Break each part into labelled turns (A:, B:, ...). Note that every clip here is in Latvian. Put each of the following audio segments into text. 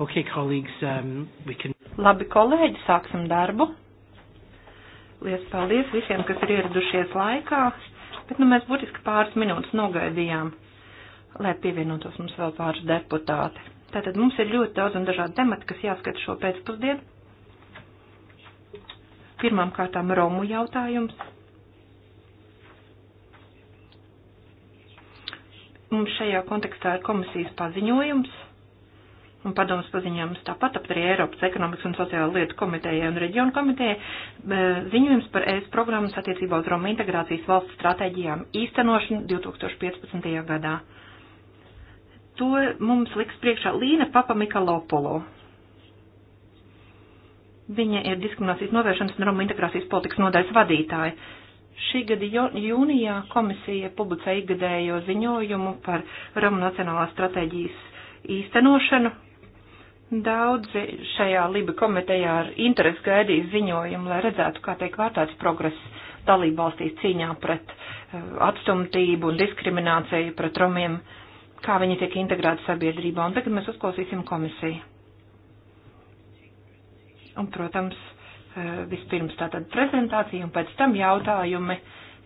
A: Okay, colleagues, um, we can... Labi,
B: kolēģi, sāksim darbu. Lielas paldies visiem, kas ir ieradušies laikā, bet nu mēs būtiski pāris minūtes nogaidījām, lai pievienotos mums vēl pāris deputāti. Tātad mums ir ļoti daudz un dažādi temati, kas jāskata šo pēcpusdienu. Pirmām kārtām Romu jautājums. Mums šajā kontekstā ir komisijas paziņojums un padomas paziņojums tāpat arī Eiropas ekonomikas un sociāla lietu komitejai un reģionu komitejai eh, ziņojums par ES programmas attiecībā uz Roma integrācijas valsts stratēģijām īstenošanu 2015. gadā. To mums liks priekšā Līna Papamikalopolo. Viņa ir diskriminācijas novēršanas un Roma integrācijas politikas nodaļas vadītāja. Šī gada jūnijā komisija publicēja ikgadējo ziņojumu par Roma nacionālās stratēģijas īstenošanu Daudzi šajā Liba komitejā ar interesi gaidīja ziņojumu, lai redzētu, kā tiek vērtāts progress dalību valstīs cīņā pret eh, atstumtību un diskrimināciju pret romiem, kā viņi tiek integrēti sabiedrībā. Un tagad mēs uzklausīsim komisiju. Un, protams, eh, vispirms tātad prezentācija un pēc tam jautājumi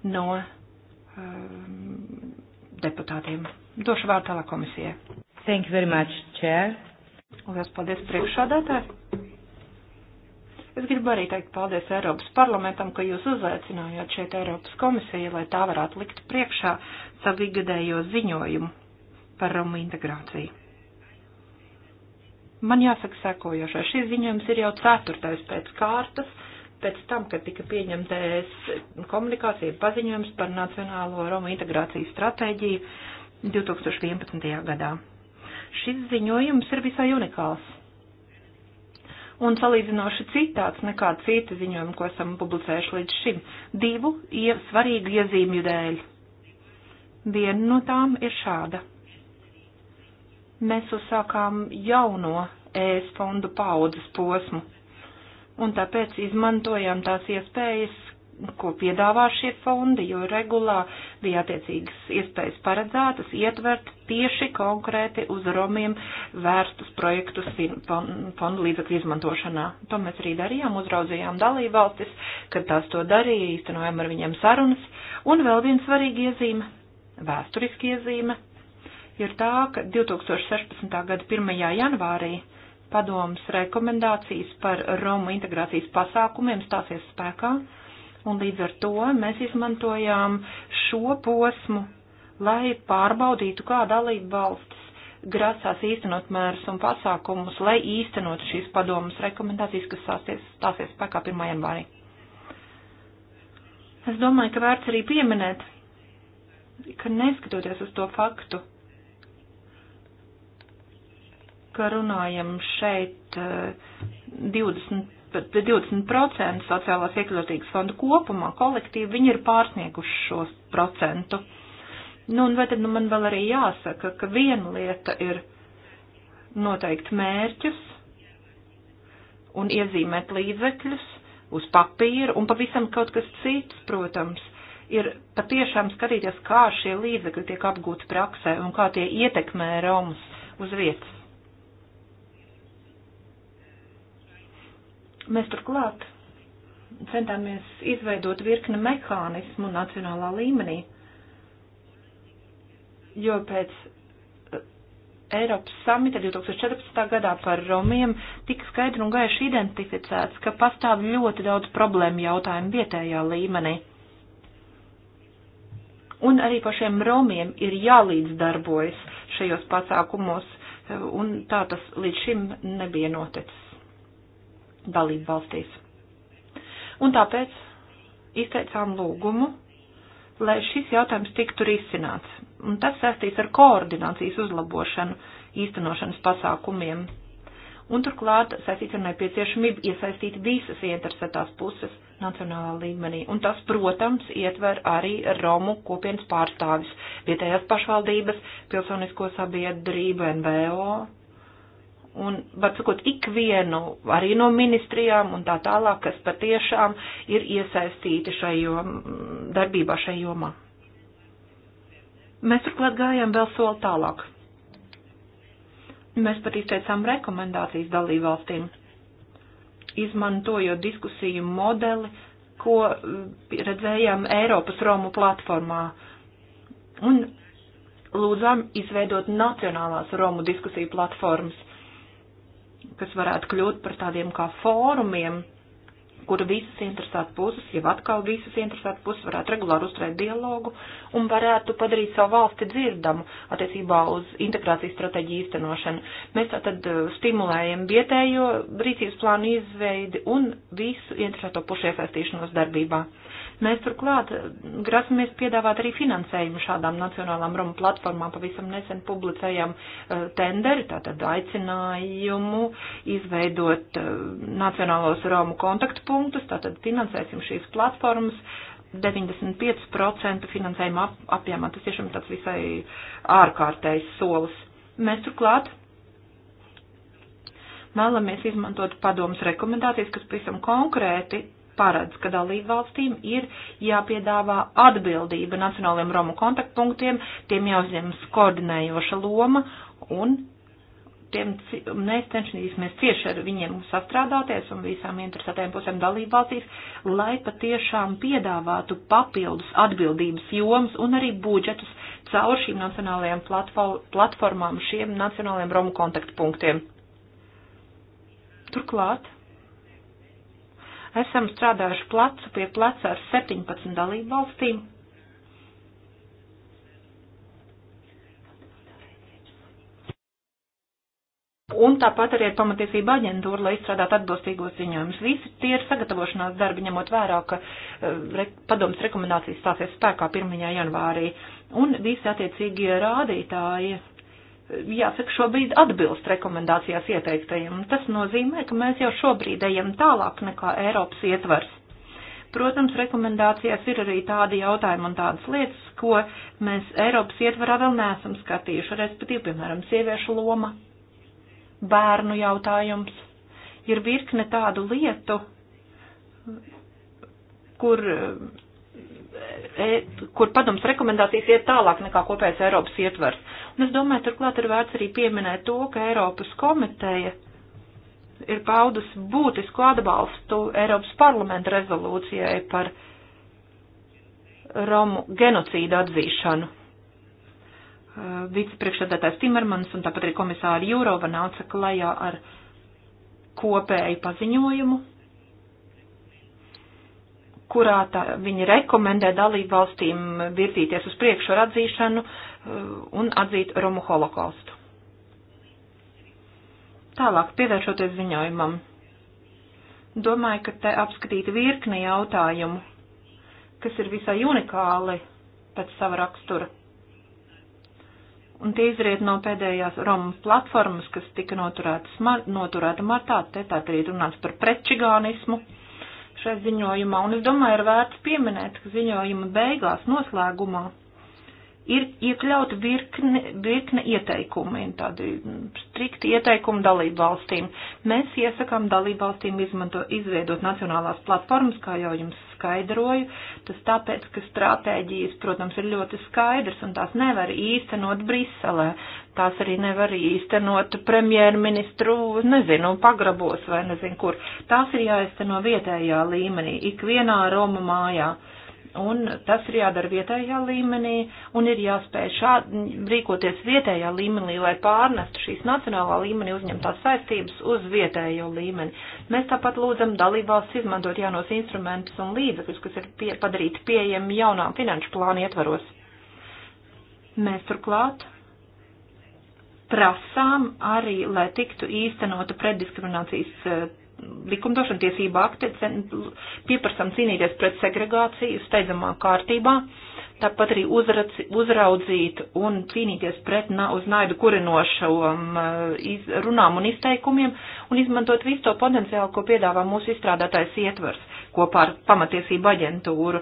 B: no um, deputātiem. Došu vārdu tālāk komisijai. Thank you very much, Chair. Lielas paldies priekšādātāji. Es gribu arī teikt paldies Eiropas parlamentam, ka jūs uzaicinājāt šeit Eiropas komisiju, lai tā varētu likt priekšā savu ikgadējo ziņojumu par Romu integrāciju. Man jāsaka sekojošais. Šis ziņojums ir jau ceturtais pēc kārtas, pēc tam, kad tika pieņemtais komunikācija paziņojums par Nacionālo Romu integrācijas stratēģiju 2011. gadā. Šis ziņojums ir visai unikāls un salīdzinoši citāds nekā citi ziņojumi, ko esam publicējuši līdz šim, divu ie, svarīgu iezīmju dēļ. Viena no tām ir šāda. Mēs uzsākām jauno ES fondu paudzes posmu, un tāpēc izmantojām tās iespējas, ko piedāvā šie fondi, jo regulā bija attiecīgas iespējas paredzētas ietvert tieši konkrēti uz romiem vērstus projektus fondu līdzekļu izmantošanā. To mēs arī darījām, uzraudzījām dalībvalstis, kad tās to darīja, īstenojām ar viņiem sarunas. Un vēl viena svarīga iezīme, vēsturiski iezīme, ir tā, ka 2016. gada 1. janvārī padomas rekomendācijas par Romu integrācijas pasākumiem stāsies spēkā un līdz ar to mēs izmantojām šo posmu, lai pārbaudītu, kā dalība valstis grasās īstenot mērus un pasākumus, lai īstenot šīs padomas rekomendācijas, kas stāsies, stāsies spēkā 1. janvārī. Es domāju, ka vērts arī pieminēt, ka neskatoties uz to faktu, ka runājam šeit 20 eh, 20% sociālās iekļautības fonda kopumā, kolektīvi, viņi ir pārsnieguši šo procentu. Nu, un vai tad nu, man vēl arī jāsaka, ka viena lieta ir noteikt mērķus un iezīmēt līdzekļus uz papīra, un pavisam kaut kas cits, protams, ir patiešām skatīties, kā šie līdzekļi tiek apgūti praksē un kā tie ietekmē Romas uz vietas. Mēs turklāt centāmies izveidot virkni mehānismu nacionālā līmenī, jo pēc eh, Eiropas samita 2014. gadā par Romiem tika skaidri un gaiši identificēts, ka pastāv ļoti daudz problēmu jautājumu vietējā līmenī. Un arī pašiem Romiem ir jālīdzdarbojas šajos pasākumos, eh, un tā tas līdz šim nebija noticis dalību valstīs. Un tāpēc izteicām lūgumu, lai šis jautājums tiktu risināts. Un tas saistīs ar koordinācijas uzlabošanu īstenošanas pasākumiem. Un turklāt saistīts ar nepieciešamību iesaistīt visas ieinteresētās puses nacionālā līmenī. Un tas, protams, ietver arī Romu kopienas pārstāvis, vietējās pašvaldības, pilsonisko sabiedrību, NVO un, var sakot, ikvienu arī no ministrijām un tā tālāk, kas patiešām ir iesaistīti šajā darbībā šajā jomā. Mēs turklāt gājām vēl soli tālāk. Mēs pat izteicām rekomendācijas dalībvalstīm, izmantojot diskusiju modeli, ko mm, redzējām Eiropas Romu platformā. Un lūdzām izveidot nacionālās Romu diskusiju platformas kas varētu kļūt par tādiem kā fórumiem, kur visas interesētas puses, jau atkal visas interesētas puses varētu regulāri uzturēt dialogu un varētu padarīt savu valsti dzirdamu attiecībā uz integrācijas strateģiju īstenošanu. Mēs tātad eh, stimulējam vietējo rīcības plānu izveidi un visu interesēto pušu iesaistīšanos darbībā. Uh, Mēs turklāt grasamies piedāvāt arī finansējumu šādām nacionālām Roma platformām. Pavisam nesen publicējām eh, tenderi, tātad aicinājumu izveidot eh, nacionālos Romu kontaktpunktus, tātad finansēsim šīs platformas. 95% finansējuma ap, apjēmā. Tas tiešām tāds visai ārkārtējs solis. Mēs turklāt vēlamies izmantot padomus rekomendācijas, kas pavisam konkrēti paredz, ka dalību valstīm ir jāpiedāvā atbildība nacionāliem Romu kontaktpunktiem, tiem jāuzņemas koordinējoša loma un tiem mēs cenšamies cieši ar viņiem sastrādāties un visām interesētajām pusēm dalībvalstīs, lai patiešām piedāvātu papildus atbildības jomas un arī budžetus caur šīm nacionālajām platformām, šiem nacionālajiem Romu kontaktpunktiem. Turklāt Esam strādājuši plecu pie pleca ar 17 dalību valstīm. Un tāpat arī ar pamatiesību aģentūru, lai izstrādātu atbilstīgos ziņojumus. Visi tie ir sagatavošanās darbi, ņemot vērā, ka eh, re, padomas rekomendācijas stāsies spēkā 1. janvārī. Un visi attiecīgie rādītāji jāsaka, šobrīd atbilst rekomendācijās ieteiktajiem. Tas nozīmē, ka mēs jau šobrīd ejam tālāk nekā Eiropas ietvars. Protams, rekomendācijās ir arī tādi jautājumi un tādas lietas, ko mēs Eiropas ietvarā vēl neesam skatījuši, respektīvi, piemēram, sieviešu loma, bērnu jautājums. Ir virkne tādu lietu, kur E, kur padoms rekomendācijas iet tālāk nekā kopējais Eiropas ietvers. Un es domāju, turklāt ir vērts arī pieminēt to, ka Eiropas komiteja ir paudus būtisku atbalstu Eiropas parlamenta rezolūcijai par Romu genocīdu atzīšanu. E, vicepriekšsēdētājs Timermans un tāpat arī komisāri Jūrova nāca klajā ar kopēju paziņojumu kurā tā, viņi rekomendē dalību valstīm virzīties uz priekšu ar atzīšanu uh, un atzīt Romu holokaustu. Tālāk, pievēršoties ziņojumam, domāju, ka te apskatīta virkne jautājumu, kas ir visai unikāli pēc sava rakstura. Un tie izriet no pēdējās Romas platformas, kas tika noturēta, noturēta martā, te tā arī runāts par prečigānismu šai ziņojumā, un es domāju, ir vērts pieminēt, ka ziņojuma beigās, noslēgumā, ir iekļauti virkne, virkne ieteikumi, tādi strikti ieteikumi dalību valstīm. Mēs iesakām dalību valstīm izmanto, izveidot nacionālās platformas, kā jau jums skaidroju, tas tāpēc, ka stratēģijas, protams, ir ļoti skaidrs un tās nevar īstenot Briselē. Tās arī nevar īstenot premjerministru, nezinu, pagrabos vai nezinu kur. Tās ir jāizteno vietējā līmenī, ikvienā Roma mājā. Uh, Un tas ir jādara vietējā līmenī un ir jāspēj šādi rīkoties vietējā līmenī, lai pārnestu šīs nacionālā līmenī uzņemtās saistības uz vietējo līmeni. Mēs tāpat lūdzam dalībvalsts izmantot jaunos instrumentus un līdzekļus, kas ir pie, padarīti pieejami jaunām finanšu plānu ietvaros. Mēs turklāt prasām arī, lai tiktu īstenota preddiskriminācijas eh, likumdošana tiesība akti pieprasam cīnīties pret segregāciju steidzamā kārtībā, tāpat arī uzraudzīt un cīnīties pret na, uz naidu kurinošam eh, iz, runām un izteikumiem un izmantot visu to potenciālu, ko piedāvā mūsu izstrādātais ietvers kopā ar pamatiesību aģentūru,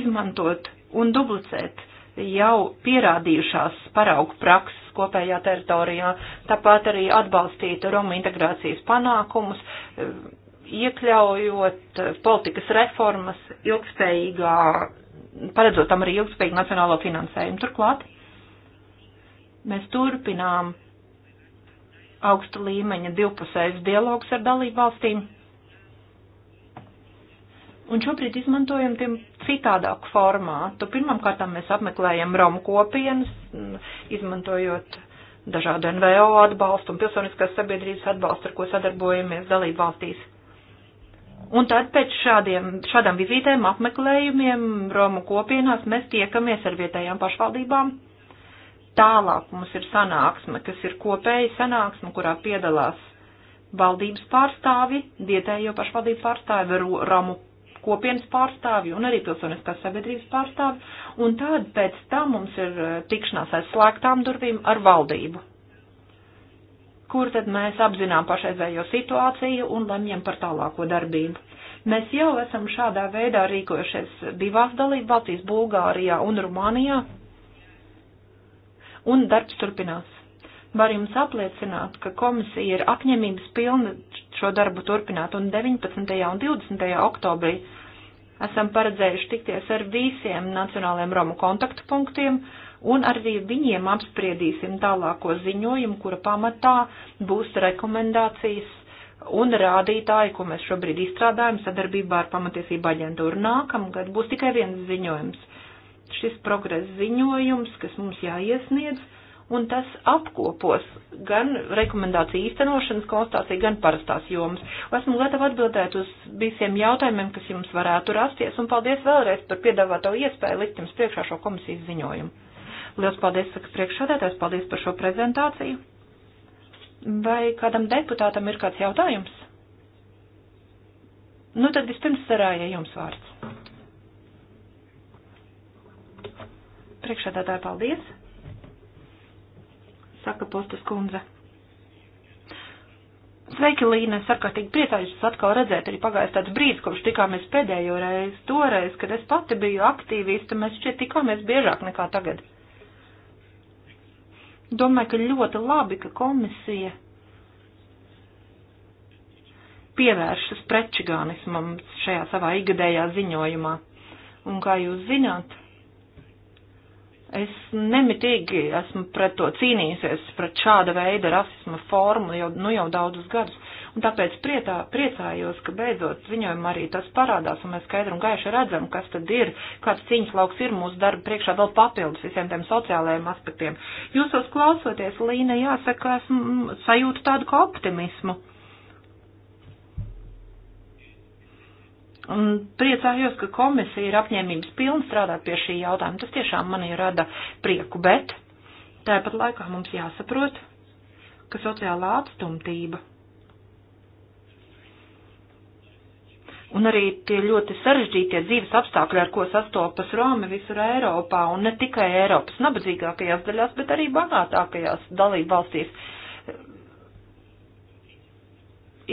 B: izmantot un dublicēt jau pierādījušās paraugu prakses kopējā teritorijā, tāpat arī atbalstīt Romu integrācijas panākumus, iekļaujot politikas reformas ilgspējīgā, paredzot tam arī ilgspējīgu nacionālo finansējumu. Turklāt mēs turpinām augsta līmeņa divpusējs dialogs ar dalību valstīm un šobrīd izmantojam tiem citādāku formātu. Pirmkārt, mēs apmeklējam Romu kopienas, mm, izmantojot dažādu NVO atbalstu un pilsoniskās sabiedrības atbalstu, ar ko sadarbojamies dalību valstīs. Un tad pēc šādiem, šādām vizītēm, apmeklējumiem Romu kopienās mēs tiekamies ar vietējām pašvaldībām. Tālāk mums ir sanāksme, kas ir kopēja sanāksme, kurā piedalās valdības pārstāvi, vietējo pašvaldību pārstāvi, Romu kopienas pārstāvju un arī pilsoniskās sabiedrības pārstāvju, un tād pēc tam mums ir eh, tikšanās aiz slēgtām durvīm ar valdību, kur tad mēs apzinām pašreizējo situāciju un lemjam par tālāko darbību. Mēs jau esam šādā veidā rīkojušies divās dalību valstīs, Bulgārijā un Rumānijā, un darbs turpinās. Var jums apliecināt, ka komisija ir apņemības pilna šo darbu turpināt un 19. un 20. oktobrī esam paredzējuši tikties ar visiem nacionālajiem Romu kontaktpunktiem un arī viņiem apspriedīsim tālāko ziņojumu, kura pamatā būs rekomendācijas un rādītāji, ko mēs šobrīd izstrādājam sadarbībā ar pamatiesību aģentūru. Nākamgad būs tikai viens ziņojums. Šis progresa ziņojums, kas mums jāiesniedz, un tas apkopos gan rekomendāciju īstenošanas konstatāciju, gan parastās jomas. Esmu gatava atbildēt uz visiem jautājumiem, kas jums varētu rasties, un paldies vēlreiz par piedāvāto iespēju likt jums priekšā šo komisijas ziņojumu. Lielas paldies, saka priekšsādētājs, paldies par šo prezentāciju. Vai kādam deputātam ir kāds jautājums? Nu tad vispirms sarāja jums vārds. Priekšādātāji, paldies! saka postas kundze. Sveiki, Līne, es ārkārtīgi priecājos jūs atkal redzēt, arī pagājis tāds brīdis, kopš tikāmies pēdējo reizi, toreiz, kad es pati biju aktīvista, mēs šķiet tikāmies biežāk nekā tagad. Domāju, ka ļoti labi, ka komisija pievēršas prečigānismam šajā savā igadējā ziņojumā. Un kā jūs zināt, Es nemitīgi esmu pret to cīnījusies, pret šāda veida rasisma formu jau, nu, jau daudzus gadus. Un tāpēc prietā, priecājos, ka beidzot ziņojumā arī tas parādās, un mēs skaidri un gaiši redzam, kas tad ir, kāds cīņas lauks ir mūsu darba priekšā vēl papildus visiem tiem sociālajiem aspektiem. Jūsos klausoties, Līna, jāsaka, esmu sajūtu tādu kā optimismu Un priecājos, ka komisija ir apņēmības pilna strādāt pie šī jautājuma. Tas tiešām manī rada prieku, bet tāpat laikā mums jāsaprot, ka sociālā atstumtība un arī tie ļoti sarežģītie dzīves apstākļi, ar ko sastopas Romi visur Eiropā, un ne tikai Eiropas nabadzīgākajās daļās, bet arī bagātākajās dalību valstīs,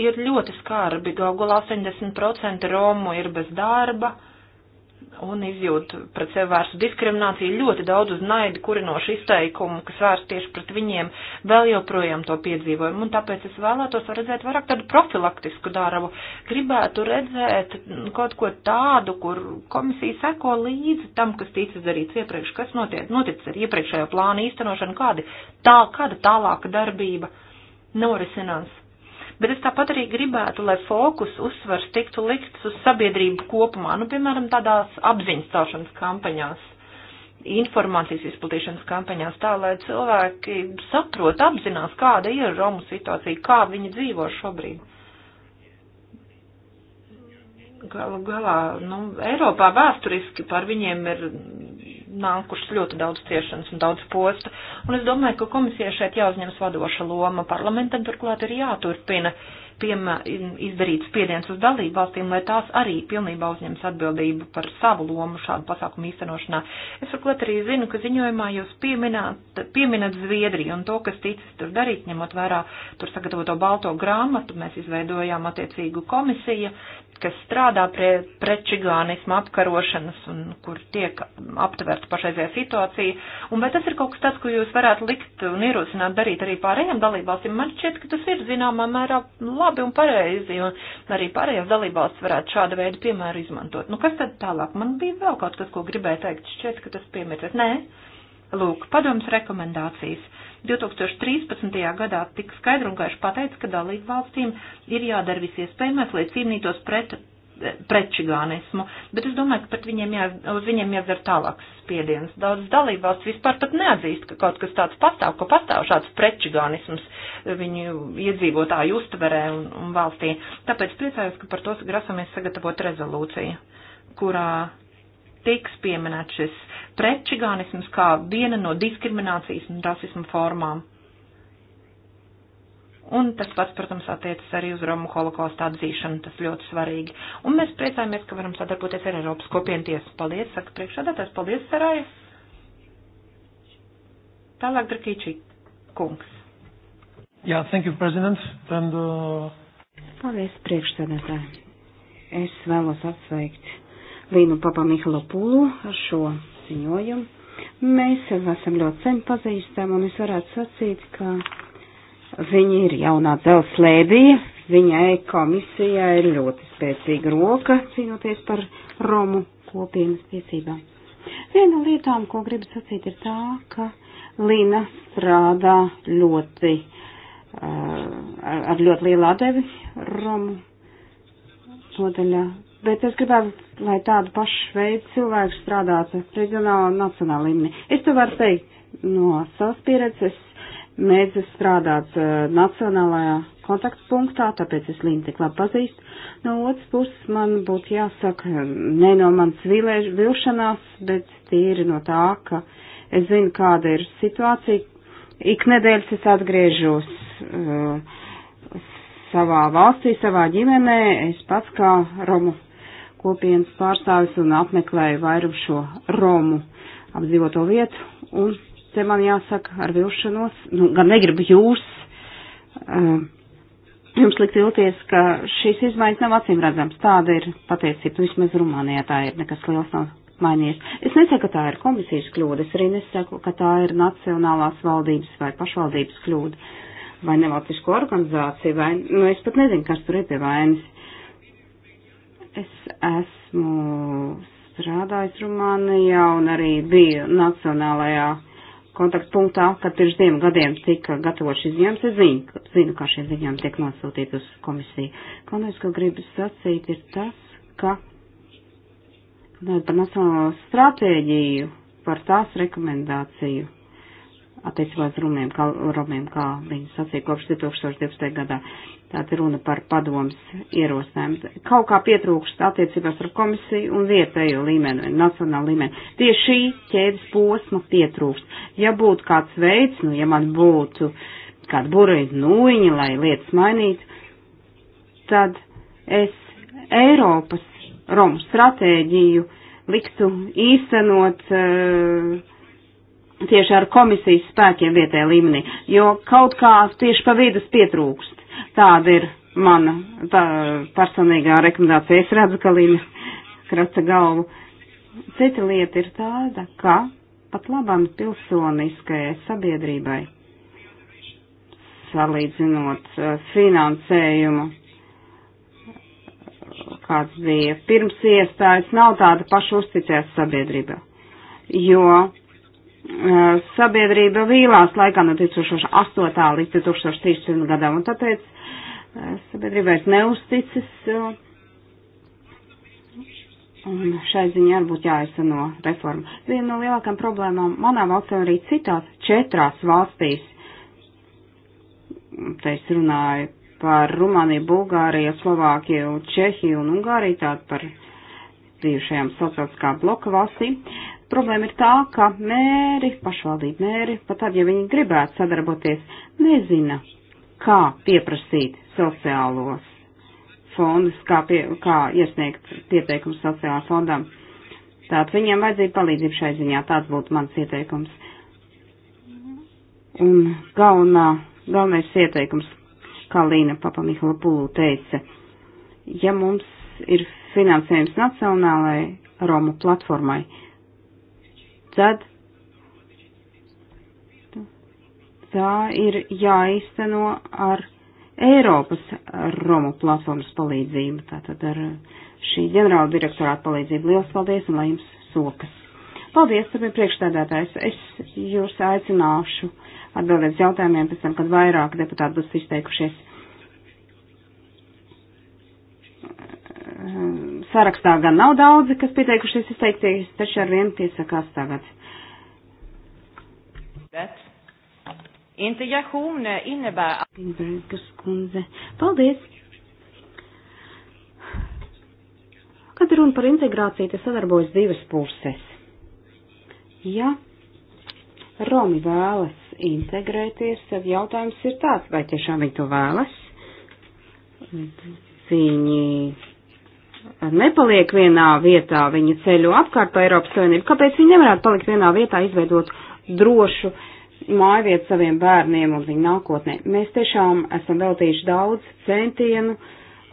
B: ir ļoti skarbi. Gaugulā 80% Romu ir bez darba un izjūt pret sevi vērstu diskrimināciju, ļoti daudz uz naidu kurinošu izteikumu, kas vērsts tieši pret viņiem, vēl joprojām to piedzīvojam. Un tāpēc es vēlētos redzēt vairāk tādu profilaktisku darbu. Gribētu redzēt kaut ko tādu, kur komisija seko līdzi tam, kas ticis darīts iepriekš, kas notiek, noticis ar iepriekšējo plānu īstenošanu, kādi tā, kāda tālāka darbība norisinās bet es tāpat arī gribētu, lai fokus uzsvars tiktu likts uz sabiedrību kopumā, nu, piemēram, tādās apziņas celšanas kampaņās informācijas izplatīšanas kampaņās tā, lai cilvēki saprot, apzinās, kāda ir Romu situācija, kā viņi dzīvo šobrīd. Galu galā, nu, Eiropā vēsturiski par viņiem ir nākušas ļoti daudz ciešanas un daudz posta. Un es domāju, ka komisija šeit jāuzņems vadoša loma. Parlamentam turklāt ir jāturpina piemē, izdarīt spiediens uz dalību valstīm, lai tās arī pilnībā uzņems atbildību par savu lomu šādu pasākumu īstenošanā. Es turklāt arī zinu, ka ziņojumā jūs pieminat, pieminat Zviedriju un to, kas ticis tur darīt, ņemot vērā tur sagatavoto balto grāmatu, mēs izveidojām attiecīgu komisiju, kas strādā pie, pret čigānismu apkarošanas un kur tiek aptverta pašreizējā situācija. Un vai tas ir kaut kas tāds, ko jūs varētu likt un ierosināt darīt arī pārējām dalībvalstīm? Man šķiet, ka tas ir zināmā mērā labi un pareizi, un arī pārējās dalībvalstis varētu šāda veida piemēru izmantot. Nu, kas tad tālāk? Man bija vēl kaut kas, ko gribēju teikt. Šķiet, ka tas piemirsies. Nē, lūk, padoms rekomendācijas. 2013. gadā tika skaidri un gaiši pateikts, ka dalību valstīm ir jādara viss iespējamais, lai cīnītos pret pretčigānismu, bet es domāju, ka pat viņiem jā, uz viņiem jāizdara tālāks spiediens. Daudz dalībvalsts vispār pat neatzīst, ka kaut kas tāds pastāv, ka pastāv šāds pretčigānisms viņu iedzīvotāju uztverē un, un valstī. Tāpēc priecājos, ka par to grasamies sagatavot rezolūciju, kurā tiks pieminēt šis pret čigānismus kā viena no diskriminācijas un rasismu formām. Un tas pats, protams, attiecas arī uz Romu holokaustu atzīšanu, tas ļoti svarīgi. Un mēs priecājamies, ka varam sadarboties ar Eiropas kopienu tiesu. Paldies, saka priekšādātājs, paldies, Saraja. Tālāk, Drakīčī, kungs.
C: Jā, yeah, thank you, President. And, uh... Paldies, priekšsēdētāji. Es vēlos apsveikt Līnu Papamihalo Pūlu ar šo ziņojumu. Mēs jau esam ļoti sen pazīstami, un es varētu sacīt, ka viņi ir jaunā dzelzslēdīja, viņai komisijai ir ļoti spēcīga roka cīnoties par Romu kopienas tiesībām. Viena no lietām, ko gribu sacīt, ir tā, ka Lina strādā ļoti, uh, ar ļoti lielu atdevi Romu nodaļā, bet es gribētu, lai tādu pašu veidu cilvēku strādātu reģionālā un nacionālā līmenī. Es to varu teikt no savas pieredzes, mēdzu strādāt uh, nacionālajā kontaktpunktā, tāpēc es Līnu tik labi pazīstu. No otras puses man būtu jāsaka, ne no manas vilēž, vilšanās, bet tīri no tā, ka es zinu, kāda ir situācija. Ik nedēļas es atgriežos uh, savā valstī, savā ģimenē, es pats kā Romu kopienas pārstāvis un apmeklēju vairumu šo Romu apdzīvoto vietu. Un te man jāsaka ar vilšanos, nu, gan negribu jūs, uh, jums likt vilties, ka šīs izmaiņas nav acīm redzams. Tāda ir patiesība, nu, vismaz Rumānijā tā ir, nekas liels nav mainījies. Es nesaku, ka tā ir komisijas kļūda, es arī nesaku, ka tā ir nacionālās valdības vai pašvaldības kļūda vai nevalstisko organizāciju, vai, nu, es pat nezinu, kas tur ir pie vainas. Es esmu strādājis Rumānijā un arī biju Nacionālajā kontaktpunktā, kad pirms diviem gadiem tika gatavots šis ziņojums. Es zinu, zinu, kā šie ziņojumi tiek nosūtīti uz komisiju. Galvenais, ko gribu sacīt, ir tas, ka par nacionālo stratēģiju, par tās rekomendāciju attiecībā uz rumiem, kā, rumiem, kā viņi sacīja kopš 2012. gadā. Tātad runa par padomus ierosinājumu. Kaut kā pietrūkst attiecībās ar komisiju un vietējo līmeni, nacionālu līmeni. Tieši šī ķēdes posma pietrūkst. Ja būtu kāds veids, nu, ja man būtu kāda burvīga nūjiņa, lai lietas mainītu, tad es Eiropas Romu stratēģiju liktu īstenot uh, tieši ar komisijas spēkiem vietējā līmenī, jo kaut kā tieši pa vidus pietrūkst Tāda ir mana tā, personīgā rekomendācija. Es redzu, ka Līna kraca galvu. Cita lieta ir tāda, ka pat labam pilsoniskajai sabiedrībai, salīdzinot eh, finansējumu, kāds bija pirms iestājas, nav tāda paša uzticēta sabiedrība. Jo Eh, sabiedrība vīlās laikā no nu, 2008. līdz 2013. gadam, un tāpēc eh, sabiedrība vairs neusticis. Eh, un šai ziņā arī būtu jāizsano reforma. Viena no lielākām problēmām manā valstī un arī citās četrās valstīs, mm, te es runāju par Rumāniju, Bulgāriju, Slovākiju, Čehiju un Ungāriju, tātad par bijušajām sociāliskā bloka valstīm, problēma ir tā, ka mēri, pašvaldību mēri, pat tad, ja viņi gribētu sadarboties, nezina, kā pieprasīt sociālos fondus, kā, pie, kā iesniegt pieteikumu sociālā fondam. Tātad viņiem vajadzīja palīdzību šai ziņā, tāds būtu mans ieteikums. Un galvenā, galvenais ieteikums, kā Līna Papamihla Pulū teica, ja mums ir finansējums nacionālai Romu platformai, uh, tad tā ir jāizteno ar Eiropas Romu platformas palīdzību, tātad ar šī ģenerāla direktorāta palīdzību. Lielas paldies un lai jums sokas! Paldies, tāpēc priekšstādātājs. Es jūs aicināšu atbildēt jautājumiem pēc tam, kad vairāk deputāti būs izteikušies. sarakstā gan nav daudzi, kas pieteikušies izteikties, taču ar vienu piesakās tagad.
D: Bet. Integration innebär...
C: Inbergas kundze. Paldies! Kad runa par integrāciju, te sadarbojas divas puses. Ja Romi vēlas integrēties, tad jautājums ir tāds, vai tiešām viņi to vēlas? Viņi nepaliek vienā vietā, viņi ceļo apkārt pa Eiropas Savienību, kāpēc viņi nevarētu palikt vienā vietā, izveidot drošu māju vietu saviem bērniem un viņu nākotnē. Mēs tiešām esam veltījuši daudz centienu,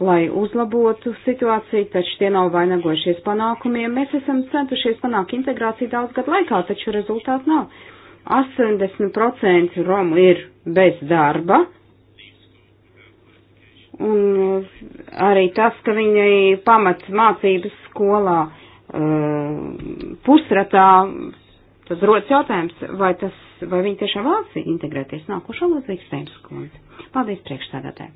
C: lai uzlabotu situāciju, taču tie nav vainagojušies panākumiem. Mēs esam centušies panākt integrāciju daudz gadu laikā, taču rezultātu nav. 80% Romu ir bez darba, Un eh, arī tas, ka viņai pamats mācības skolā eh, pusratā, tad rodas jautājums, vai, tas, vai viņi tiešām vēlas integrēties nākošā Lūdzīgas Sēmas kundze. Paldies priekšstādātē.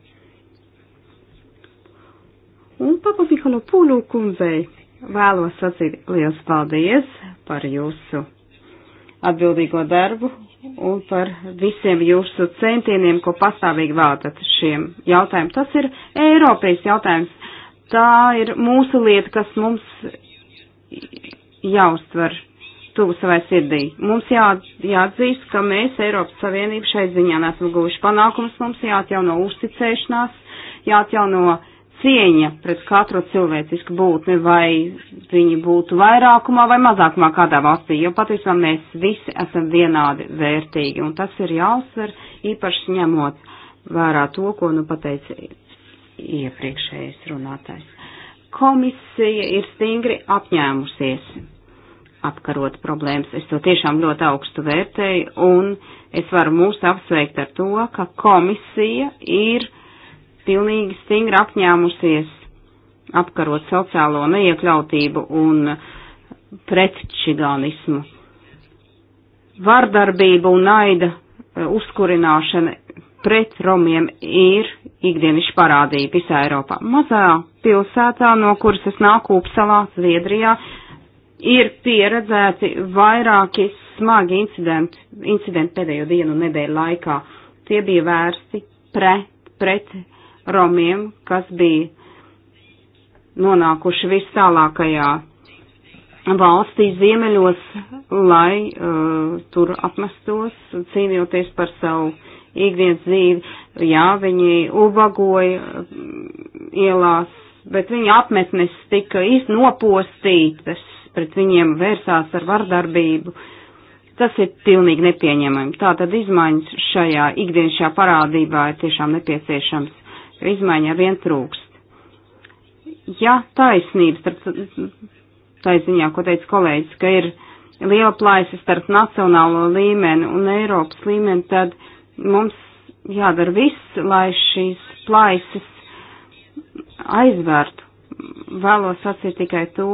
C: Un Papa Mihalo Pūlu kundzei vēlos sacīt liels paldies par jūsu atbildīgo darbu un par visiem jūsu centieniem, ko pastāvīgi veltat šiem jautājumiem. Tas ir Eiropas jautājums. Tā ir mūsu lieta, kas mums jāuztver tuvu savai sirdī. Mums jā, jāatzīst, ka mēs Eiropas Savienību šai ziņā nesam guvuši panākumus, mums jāatjauno uzticēšanās, jāatjauno cieņa pret katru cilvēcisku būtni, vai viņi būtu vairākumā vai mazākumā kādā valstī, jo patiesībā mēs visi esam vienādi vērtīgi, un tas ir jāuzsver īpaši ņemot vērā to, ko nu pateica iepriekšējais runātājs. Komisija ir stingri apņēmusies apkarot problēmas. Es to tiešām ļoti augstu vērtēju, un es varu mūs apsveikt ar to, ka komisija ir pilnīgi stingri apņēmusies apkarot sociālo neiekļautību un pretčiganismu. Vardarbība un naida e, uzkurināšana pret romiem ir ikdienišķa parādība visā Eiropā. Mazā pilsētā, no kuras es nāku Upsalā, Zviedrijā, ir pieredzēti vairāki smagi incidenti, incidenti pēdējo dienu un nedēļu laikā. Tie bija vērsti pret, pret romiem, kas bija nonākuši vis tālākajā valstī ziemeļos, lai uh, tur apmestos, cīnījoties par savu ikdienas dzīvi. Jā, viņi ubagoja mm, ielās, bet viņa apmetnes tika iznopostītas, pret viņiem vērsās ar vardarbību. Tas ir pilnīgi nepieņemami. Tātad izmaiņas šajā ikdienas šajā parādībā ir tiešām nepieciešams izmaiņa ar vien trūkst. Ja taisnības, starp taisiņā, ko teica kolēģis, ka ir liela plaisa starp nacionālo līmeni un Eiropas līmeni, tad mums jādara viss, lai šīs plaisas aizvērtu. Vēlos atsīt tikai to,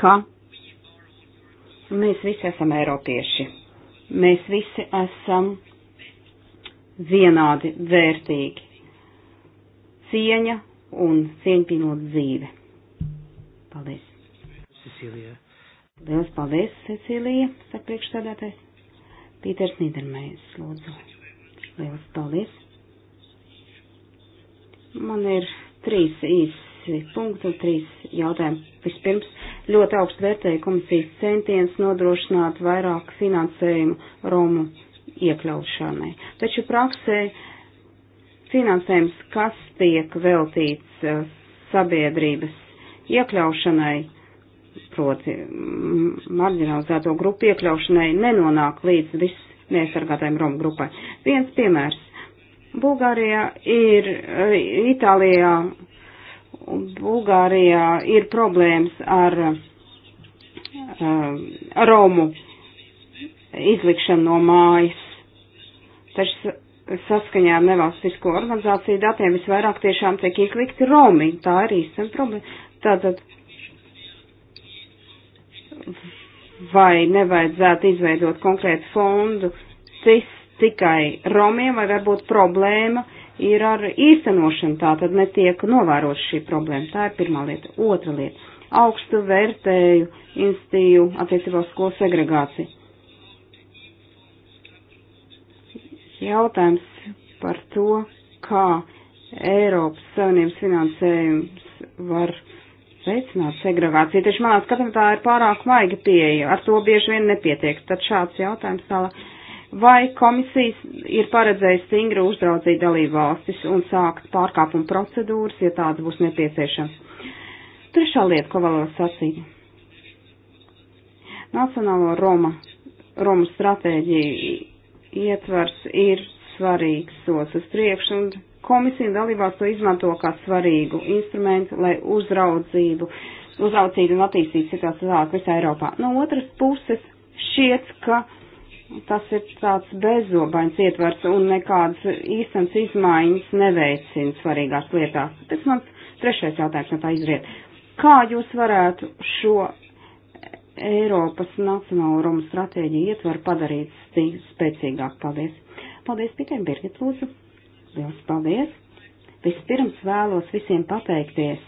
C: ka mēs visi esam eiropieši. Mēs visi esam vienādi vērtīgi cieņa un cieņpilnot dzīve. Paldies! Cecilija. Liels paldies, Cecilija, saka priekšstādātais. Pīters Nīdermējs, lūdzu. Liels paldies. Man ir trīs īsi punkti un trīs jautājumi. Vispirms ļoti augstu vērtēju komisijas centiens nodrošināt vairāk finansējumu Romu iekļaušanai. Taču praksē finansējums, kas tiek veltīts eh, sabiedrības iekļaušanai, proti marginalizēto grupu iekļaušanai, nenonāk līdz viss neaizsargātajiem Romu grupai. Viens piemērs. Bulgārijā ir, eh, Itālijā, Bulgārijā ir problēmas ar um, Romu izlikšanu no mājas. Taču saskaņā ar nevalstisko organizāciju datiem visvairāk tiešām tiek ieklikti Romi. Tā ir īstena problēma. Tātad vai nevajadzētu izveidot konkrētu fondu cis tikai Romiem, vai varbūt problēma ir ar īstenošanu, tā tad netiek novērot šī problēma. Tā ir pirmā lieta. Otra lieta - augstu vērtēju institīvu attiecībā uz skolu segregāciju. Jautājums par to, kā Eiropas Savienības finansējums var veicināt segregāciju. Taču manā skatījumā tā ir pārāk maiga pieeja, ar to bieži vien nepietiek. Tad šāds jautājums tālāk. Vai komisijas ir paredzējis stingri uzraudzīt dalību valstis un sākt pārkāpumu procedūras, ja tāds būs nepieciešams? Trešā lieta, ko vēlos sacīt. Nacionālo Roma, Romu stratēģiju ietvars ir svarīgs sots uz priekšu, un komisija dalībās to izmanto kā svarīgu instrumentu, lai uzraudzību, uzraudzītu un attīstītu situāciju tālāk visā Eiropā. No otras puses, šķiet, ka tas ir tāds bezobains ietvars un nekādas īstenas izmaiņas neveicina svarīgās lietās. Tas mans trešais jautājums no tā izriet. Kā jūs varētu šo Eiropas Nacionālo Romu stratēģiju ietver padarīt spēcīgāk. Paldies! Paldies, Pitēm Birgit Lūdzu! Liels paldies! Vispirms vēlos visiem pateikties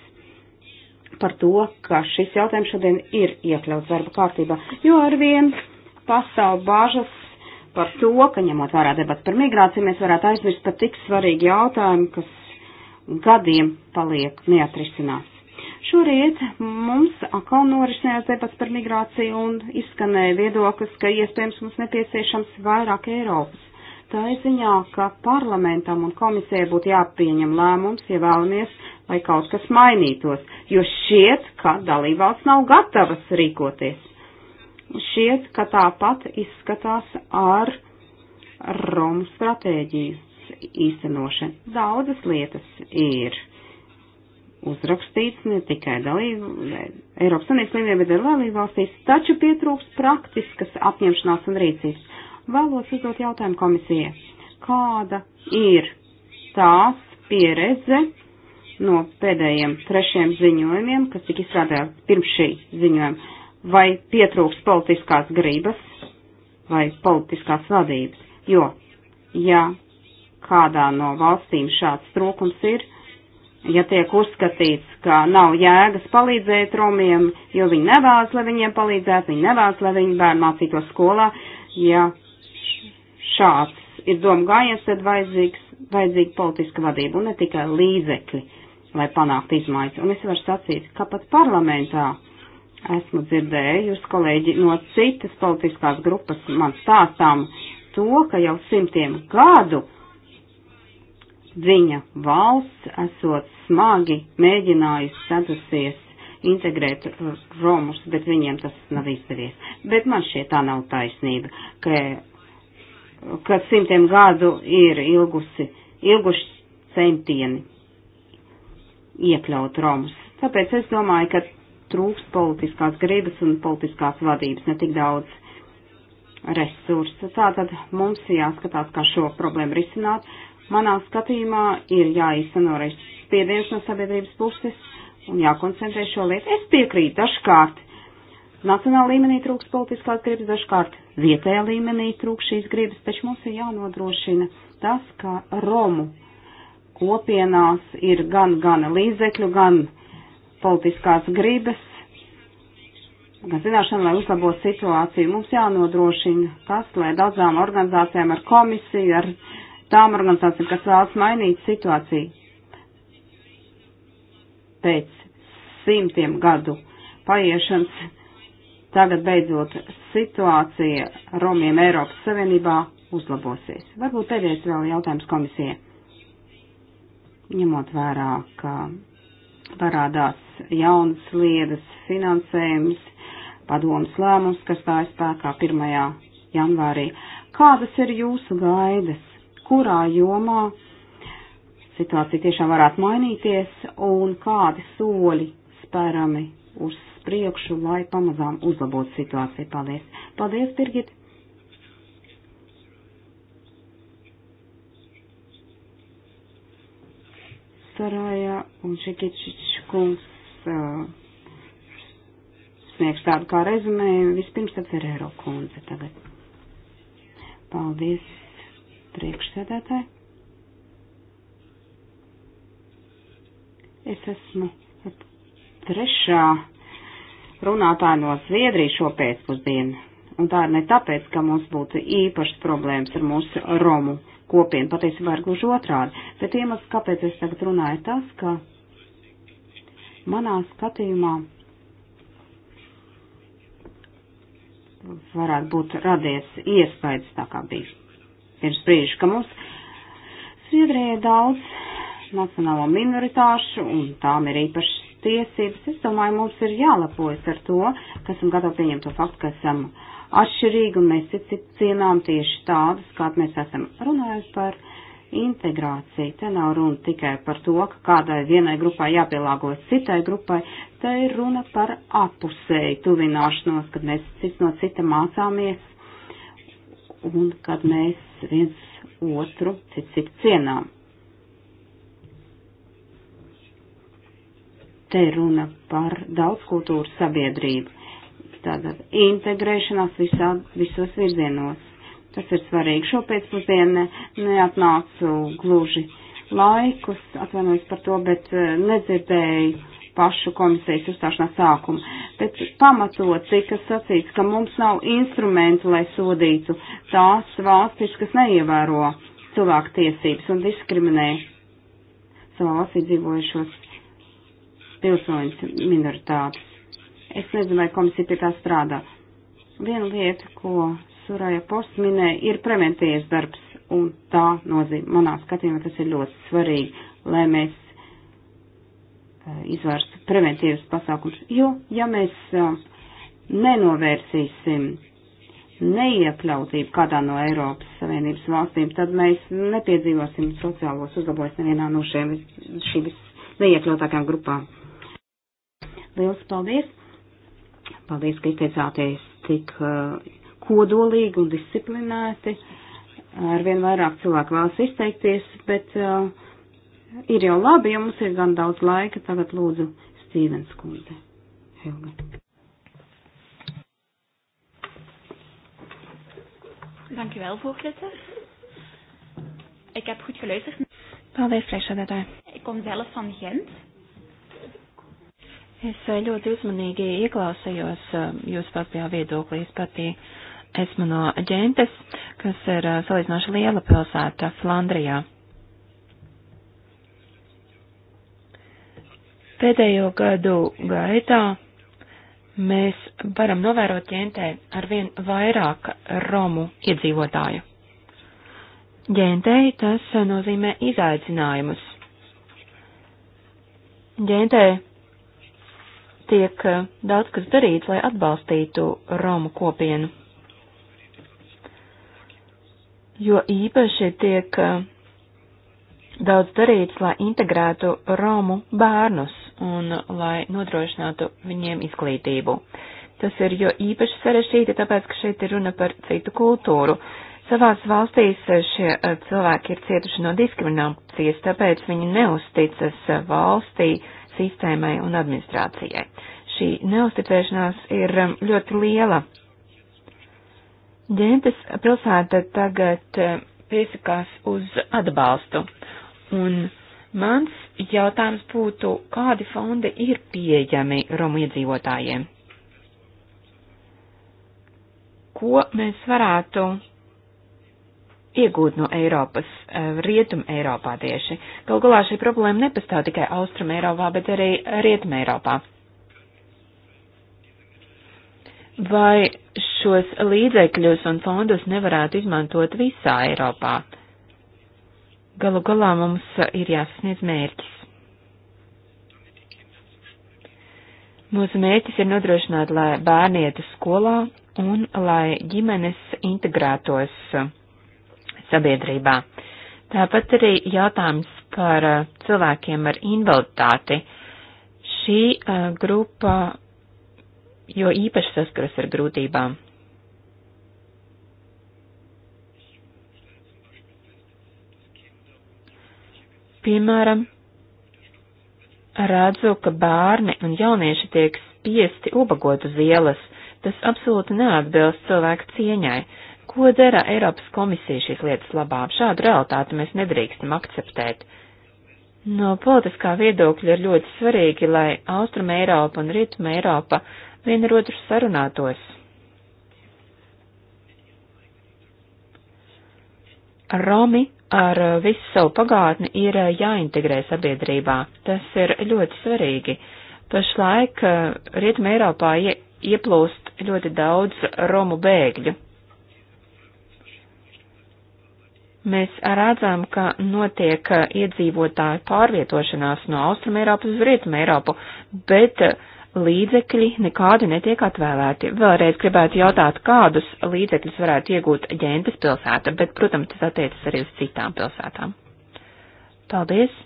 C: par to, ka šis jautājums šodien ir iekļauts darba kārtībā, jo arvien pastāv bāžas par to, ka ņemot vērā debatu par migrāciju, mēs varētu aizmirst par tik svarīgu jautājumu, kas gadiem paliek neatrisinās. Šorīt mums atkal norisinājās debats par migrāciju un izskanēja viedoklis, ka iespējams mums nepieciešams vairāk Eiropas. Tā ir ziņā, ka parlamentam un komisijai būtu jāpieņem lēmums, ja vēlamies, lai kaut kas mainītos, jo šķiet, ka dalībvalsts nav gatavas rīkoties. Šķiet, ka tāpat izskatās ar Romu stratēģijas īstenošanu. Daudzas lietas ir uzrakstīts ne tikai dalību, Eiropas Savienības līmenī, bet arī dalību valstīs, taču pietrūkst praktiskas apņemšanās un rīcības. Vēlos uzdot jautājumu komisijai. Kāda ir tās pieredze no pēdējiem trešiem ziņojumiem, kas tika izstrādāti pirms šī ziņojuma? Vai pietrūkst politiskās gribas vai politiskās vadības? Jo, ja kādā no valstīm šāds trūkums ir, ja tiek uzskatīts, ka nav jēgas palīdzēt romiem, jo viņi nevēlas, lai viņiem palīdzētu, viņi nevēlas, lai viņu bērni mācītos skolā, ja šāds ir doma gājiens, tad vajadzīgs, vajadzīga politiska vadība un ne tikai līdzekļi, lai panāktu izmaiņas. Un es varu sacīt, ka pat parlamentā esmu dzirdējusi kolēģi no citas politiskās grupas man stāstām to, ka jau simtiem gadu viņa valsts esot smagi mēģinājusi sadusties integrēt uh, romus, bet viņiem tas nav izdevies. Bet man šie tā nav taisnība, ka, ka simtiem gadu ir ilgusi, ilguši centieni iekļaut romus. Tāpēc es domāju, ka trūkst politiskās gribas un politiskās vadības ne tik daudz resursu. Tātad mums jāskatās, kā šo problēmu risināt. Manā skatījumā ir jāizsano spiediens no sabiedrības puses un jākoncentrē šo lietu. Es piekrītu dažkārt. Nacionāla līmenī trūks politiskās gribas, dažkārt vietējā līmenī trūks šīs gribas, taču mums ir jānodrošina tas, ka Romu kopienās ir gan, gan līdzekļu, gan politiskās gribas, gan zināšana, lai uzlabotu situāciju. Mums jānodrošina tas, lai daudzām organizācijām ar komisiju, ar tām organizācijām, kas vēlas mainīt situāciju, pēc simtiem gadu paiešanas. Tagad beidzot situācija Romiem Eiropas Savienībā uzlabosies. Varbūt pēdējais vēl jautājums komisijai. Ņemot vērā, ka parādās jaunas lietas, finansējums, padomas lēmums, kas stājas spēkā 1. janvārī. Kādas ir jūsu gaidas? Kurā jomā situācija tiešām varētu mainīties un kādi soļi spērami uz priekšu, lai pamazām uzlabotu situāciju. Paldies! Paldies, Birgit! Sarāja un Čekičičs kungs uh, sniegs tādu kā rezumēju. Vispirms tad Ferēro kundze tagad. Paldies, priekšsēdētāji! Es esmu trešā runātāja no Zviedrijas šo pēcpusdienu. Un tā ir ne tāpēc, ka mums būtu īpašas problēmas ar mūsu Romu kopienu, patiesībā ir gluži otrādi. Bet iemesls, kāpēc es tagad runāju, tas, ka manā skatījumā varētu būt radies iespējas tā kā bija pirms brīža, ka mums Zviedrija daudz nacionālo minoritāšu un tām ir īpašas tiesības. Es domāju, mums ir jālepojas ar to, ka esam gatavi pieņemt to faktu, ka esam atšķirīgi un mēs cienām tieši tādus, kād mēs esam runājot par integrāciju. Te nav runa tikai par to, ka kādai vienai grupai jāpielāgojas citai grupai, te ir runa par apusēju tuvināšanos, kad mēs cits no cita mācāmies un kad mēs viens otru cits citu cienām. Te runa par daudzkultūru sabiedrību. Tātad integrēšanās visā, visos virzienos. Tas ir svarīgi. Šo pēcpusdienu neatnācu gluži laikus, atvainojos par to, bet eh, nedzirdēju pašu komisijas uzstāšanās sākumu. Bet pamatot tika sacīts, ka mums nav instrumentu, lai sodītu tās valstis, kas neievēro cilvēku tiesības un diskriminē savā valstī dzīvojušos pilsoņus minoritātes. Es nezinu, vai komisija pie tā strādā. Viena lieta, ko Suraja Posts minēja, ir preventīvas darbs, un tā nozīme, manā skatījumā, tas ir ļoti svarīgi, lai mēs eh, izvērstu preventīvas pasākums, jo, ja mēs eh, nenovērsīsim neiekļautību kādā no Eiropas Savienības valstīm, tad mēs nepiedzīvosim sociālos uzlabojumus nevienā no šiem, šīm neiekļautākām grupām. Liels paldies! Paldies, ka izteicāties tik uh, kodolīgi un disciplinēti. Arvien vairāk cilvēku vēlas izteikties, bet uh, ir jau labi, jo mums ir gan daudz laika. Tagad lūdzu Stīvens kundze. Helga.
D: Dank u wel, voorzitter. Ik heb goed geluisterd. Paldies, priekšsēdētāji. Ik kom zelf van Gent. Es eh, ļoti uzmanīgi ieklausījos eh, jūsu paustajā viedoklī. Es patī esmu no Džentes, kas ir eh, salīdzinoši liela pilsēta Flandrijā. Pēdējo gadu gaitā mēs varam novērot ģentē arvien vairāk romu iedzīvotāju. Ģentei tas nozīmē izaicinājumus. Ģentei tiek eh, daudz kas darīts, lai atbalstītu Romu kopienu. Jo īpaši tiek eh, daudz darīts, lai integrētu Romu bērnus un lai nodrošinātu viņiem izglītību. Tas ir jo īpaši sarešķīti, tāpēc, ka šeit ir runa par citu kultūru. Savās valstīs eh, šie cilvēki ir cietuši no diskriminācijas, tāpēc viņi neusticas valstī, uh, sistēmai un administrācijai. Šī neusticēšanās ir um, ļoti liela. Ģentes pilsēta tagad um, piesakās uz atbalstu, un mans jautājums būtu, kādi fondi ir pieejami Romu iedzīvotājiem? Ko mēs varētu iegūt no Eiropas, eh, Rietum Eiropā tieši. Galu galā šī problēma nepastāv tikai Austrum Eiropā, bet arī Rietum Eiropā. Vai šos līdzekļus un fondus nevarētu izmantot visā Eiropā? Galu galā mums ir jāsasniedz mērķis. Mūsu mērķis ir nodrošināt, lai bērni iet uz skolā un lai ģimenes integrētos uh, sabiedrībā. Tāpat arī jautājums par uh, cilvēkiem ar invaliditāti. Šī uh, grupa jo īpaši saskaras ar grūtībām. Piemēram, redzu, ka bērni un jaunieši tiek spiesti ubagot uz ielas. Tas absolūti neatbilst cilvēku cieņai. Ko dara Eiropas komisija šīs lietas labā? Šādu realitāti mēs nedrīkstam akceptēt. No politiskā viedokļa ir ļoti svarīgi, lai Austrum Eiropa un Rietum Eiropa viena ar otru sarunātos. Romi ar visu savu pagātni ir jāintegrē sabiedrībā. Tas ir ļoti svarīgi. Pašlaik eh, Rietum Eiropā ieplūst ļoti daudz Romu bēgļu. Mēs redzam, ka notiek eh, iedzīvotāju pārvietošanās no Austrum Eiropas uz Rietum Eiropu, bet eh, līdzekļi nekādi netiek atvēlēti. Vēlreiz gribētu jautāt, kādus līdzekļus varētu iegūt ģentes pilsēta, bet, protams, tas attiecas arī uz citām pilsētām. Paldies!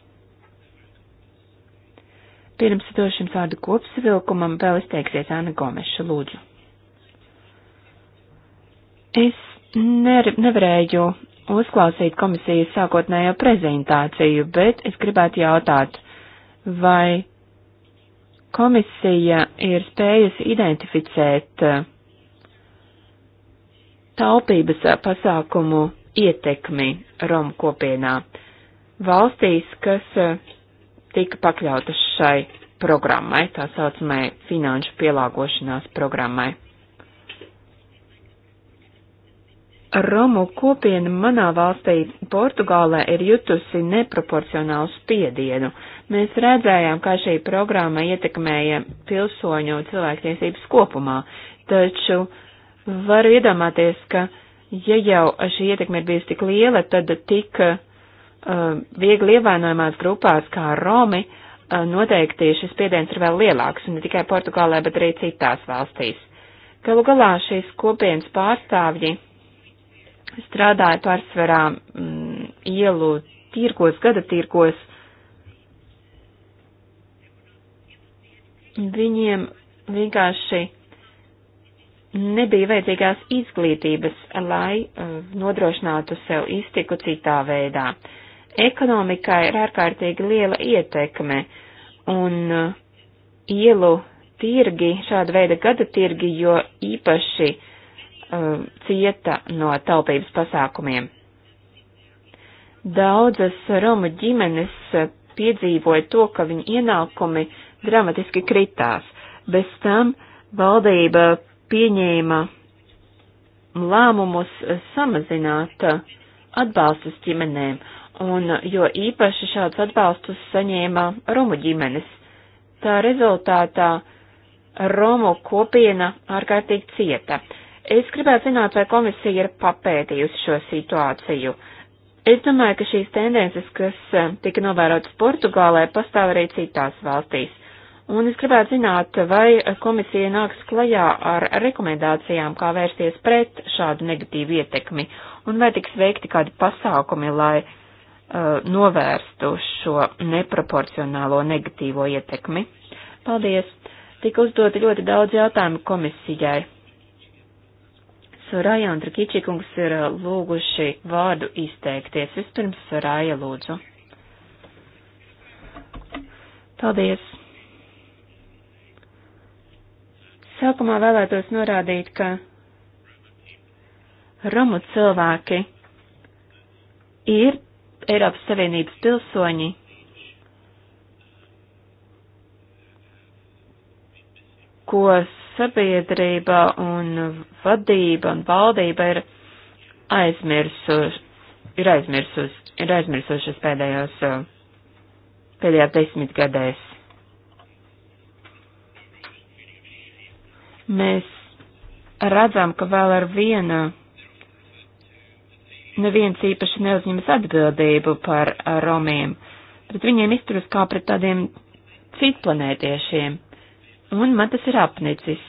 D: Pirms došam vārdu kopsavilkumam vēl izteiksies Āna Gomeša, lūdzu. Es ne, nevarēju uzklausīt komisijas sākotnējo prezentāciju, bet es gribētu jautāt, vai komisija ir spējusi identificēt eh, taupības pasākumu ietekmi Romu kopienā valstīs, kas eh, tika pakļautas šai programmai, tā saucamai finanšu pielāgošanās programmai. Romu kopiena manā valstī, Portugālē, ir jutusi neproporcionālu spiedienu. Mēs redzējām, kā šī programma ietekmēja pilsoņu cilvēktiesības kopumā, taču varu iedomāties, ka, ja jau šī ietekme ir bijusi tik liela, tad tik uh, viegli ievainojamās grupās kā Romi, uh, noteikti šis spiediens ir vēl lielāks, un ne tikai Portugālē, bet arī citās valstīs. Galu galā šīs kopienas pārstāvji strādāju pārsvarā mm, ielu tirkos, gada tirkos. Viņiem vienkārši nebija vajadzīgās izglītības, lai uh, nodrošinātu sev iztiku citā veidā. Ekonomikai ir ārkārtīgi liela ietekme, un uh, ielu tirgi, šāda veida gada tirgi, jo īpaši uh, cieta no taupības pasākumiem. Daudzas Romu ģimenes uh, piedzīvoja to, ka viņu ienākumi dramatiski kritās. Bez tam valdība pieņēma lēmumus samazināt atbalstus ģimenēm, un jo īpaši šāds atbalstus saņēma Romu ģimenes. Tā rezultātā Romu kopiena ārkārtīgi cieta. Es gribētu zināt, vai komisija ir papētījusi šo situāciju. Es domāju, ka šīs tendences, kas eh, tika novērotas Portugālē, pastāv arī citās valstīs. Un es gribētu zināt, vai komisija nāks klajā ar rekomendācijām, kā vērsties pret šādu negatīvu ietekmi, un vai tiks veikti kādi pasākumi, lai uh, novērstu šo neproporcionālo negatīvo ietekmi. Paldies! Tika uzdoti ļoti daudz jautājumu komisijai. Sorāja un Trakīčīkungs ir lūguši vārdu izteikties. Vispirms Sorāja lūdzu. Paldies! Sākumā vēlētos norādīt, ka Romu cilvēki ir Eiropas Savienības pilsoņi. kos sabiedrība un vadība un valdība ir aizmirsuši, ir aizmirsuši, ir aizmirsušas pēdējos, pēdējā desmitgadēs. Mēs redzam, ka vēl ar vienu neviens īpaši neuzņemas atbildību par romiem, pret viņiem izturas kā pret tādiem citplanētiešiem, un man tas ir apnicis.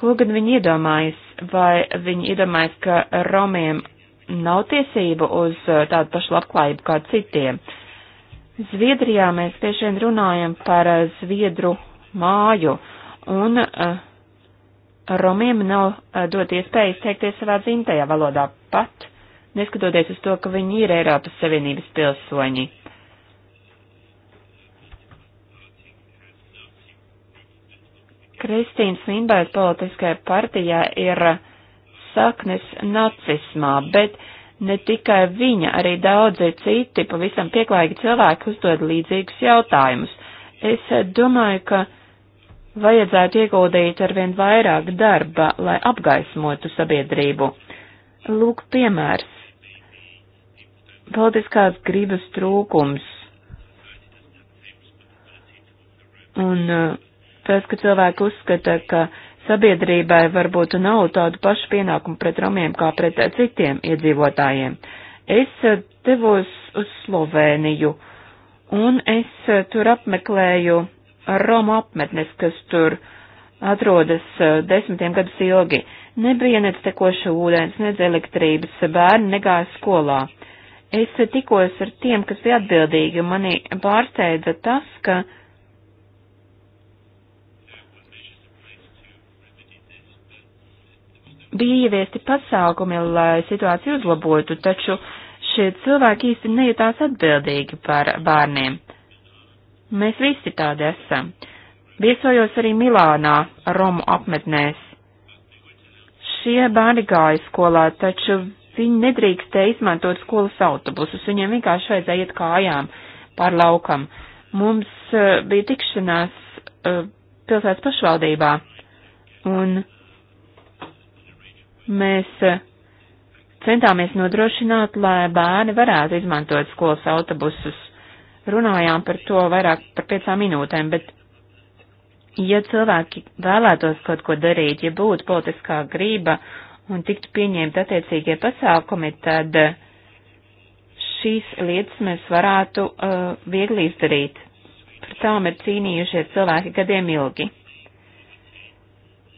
D: Ko gan viņi iedomājas? Vai viņi iedomājas, ka romiem nav tiesību uz uh, tādu pašu labklājību kā citiem? Zviedrijā mēs bieži vien runājam par uh, zviedru māju, un uh, romiem nav uh, dot iespēju izteikties savā dzimtajā valodā pat, neskatoties uz to, ka viņi ir Eiropas Savienības pilsoņi. Kristīnas Vinbērta politiskajā partijā ir saknes nacismā, bet ne tikai viņa, arī daudzi citi pavisam pieklājīgi cilvēki uzdod līdzīgus jautājumus. Es domāju, ka vajadzētu ieguldīt arvien vairāk darba, lai apgaismotu sabiedrību. Lūk, piemērs. Politiskās gribas trūkums. Un uh, Tas, ka cilvēki uzskata, ka sabiedrībai varbūt nav tādu pašu pienākumu pret romiem kā pret eh, citiem iedzīvotājiem. Es eh, devos uz Sloveniju, un es eh, tur apmeklēju Roma apmetnes, kas tur atrodas desmitiem gadus ilgi. Nebija nec tekoša ūdens, nec elektrības, bērni negāja skolā. Es tikos ar tiem, kas bija atbildīgi, un mani pārsteidza tas, ka uh, bija ieviesti pasākumi, lai situāciju uzlabotu, taču šie cilvēki īsti nejūtās atbildīgi par bērniem. Mēs visi tādi esam. Viesojos arī Milānā, Romu apmetnēs. Šie bērni gāja skolā, taču viņi nedrīkstēja izmantot skolas autobusus, viņiem vienkārši vajadzēja iet kājām pār laukam. Mums uh, bija tikšanās uh, pilsētas pašvaldībā, un mēs e, centāmies nodrošināt, lai bērni varētu izmantot skolas autobusus. Runājām par to vairāk par piecām minūtēm, bet, ja cilvēki vēlētos kaut ko darīt, ja būtu politiskā grība un tiktu pieņemti attiecīgie pasākumi, tad e, šīs lietas mēs varētu uh, viegli izdarīt. Par tām ir cīnījušies cilvēki gadiem ilgi.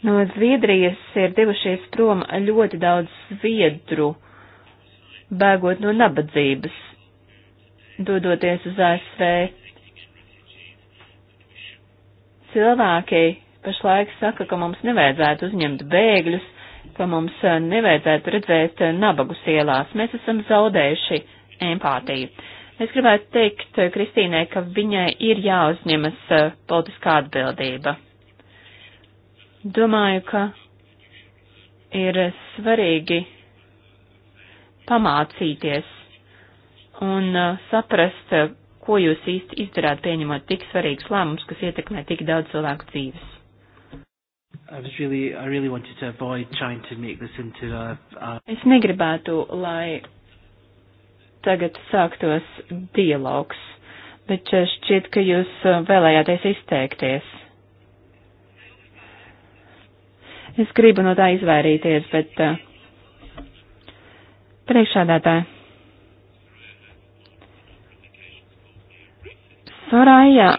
D: No Zviedrijas ir devušies prom ļoti daudz zviedru, bēgot no nabadzības, dodoties uz ASV. Cilvēki pašlaik saka, ka mums nevajadzētu uzņemt bēgļus, ka mums eh, nevajadzētu redzēt eh, nabagus ielās. Mēs esam zaudējuši empātiju. Es gribētu teikt eh, Kristīnai, ka viņai ir jāuzņemas politiskā atbildība. Domāju, ka ir svarīgi pamācīties un uh, saprast, uh, ko jūs īsti izdarāt, pieņemot tik svarīgus lēmumus, kas ietekmē tik daudz cilvēku dzīves.
A: Really, really a, a... Es
D: negribētu, lai tagad sāktos dialogs, bet uh, šķiet, ka jūs vēlējāties izteikties. Es gribu no tā izvairīties, bet uh, priekšādātāji. Sorāja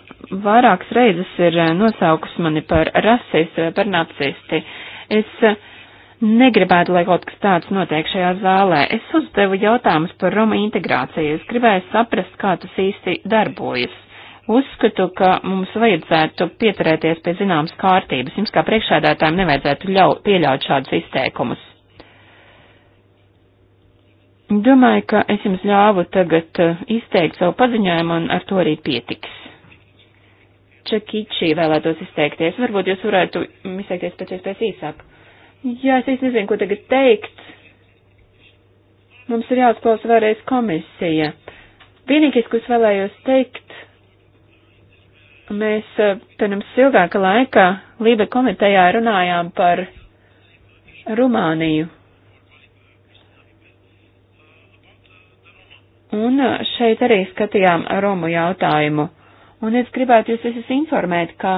D: vairākas reizes ir uh, nosaukus mani par rasistu vai uh, par nacisti. Es uh, negribētu, lai kaut kas tāds notiek šajā zālē. Es uzdevu jautājumus par Roma integrāciju. Es gribēju saprast, kā tas īsti darbojas. Uzskatu, ka mums vajadzētu pieturēties pie zināmas kārtības. Jums kā priekšādātājiem nevajadzētu ļau, pieļaut šādus izteikumus. Domāju, ka es jums ļāvu tagad uh, izteikt savu paziņojumu un ar to arī pietiks. Čekičī vēlētos izteikties. Varbūt jūs varētu izteikties pēc iespējas īsāk. Jā, es īsti nezinu, ko tagad teikt. Mums ir jāuzklausa vēlreiz komisija. Vienīgais, ko es vēlējos teikt, Mēs eh, pirms ilgāka laika Lībe komitejā runājām par Rumāniju. Un eh, šeit arī skatījām Romu jautājumu. Un es gribētu jūs visus informēt, ka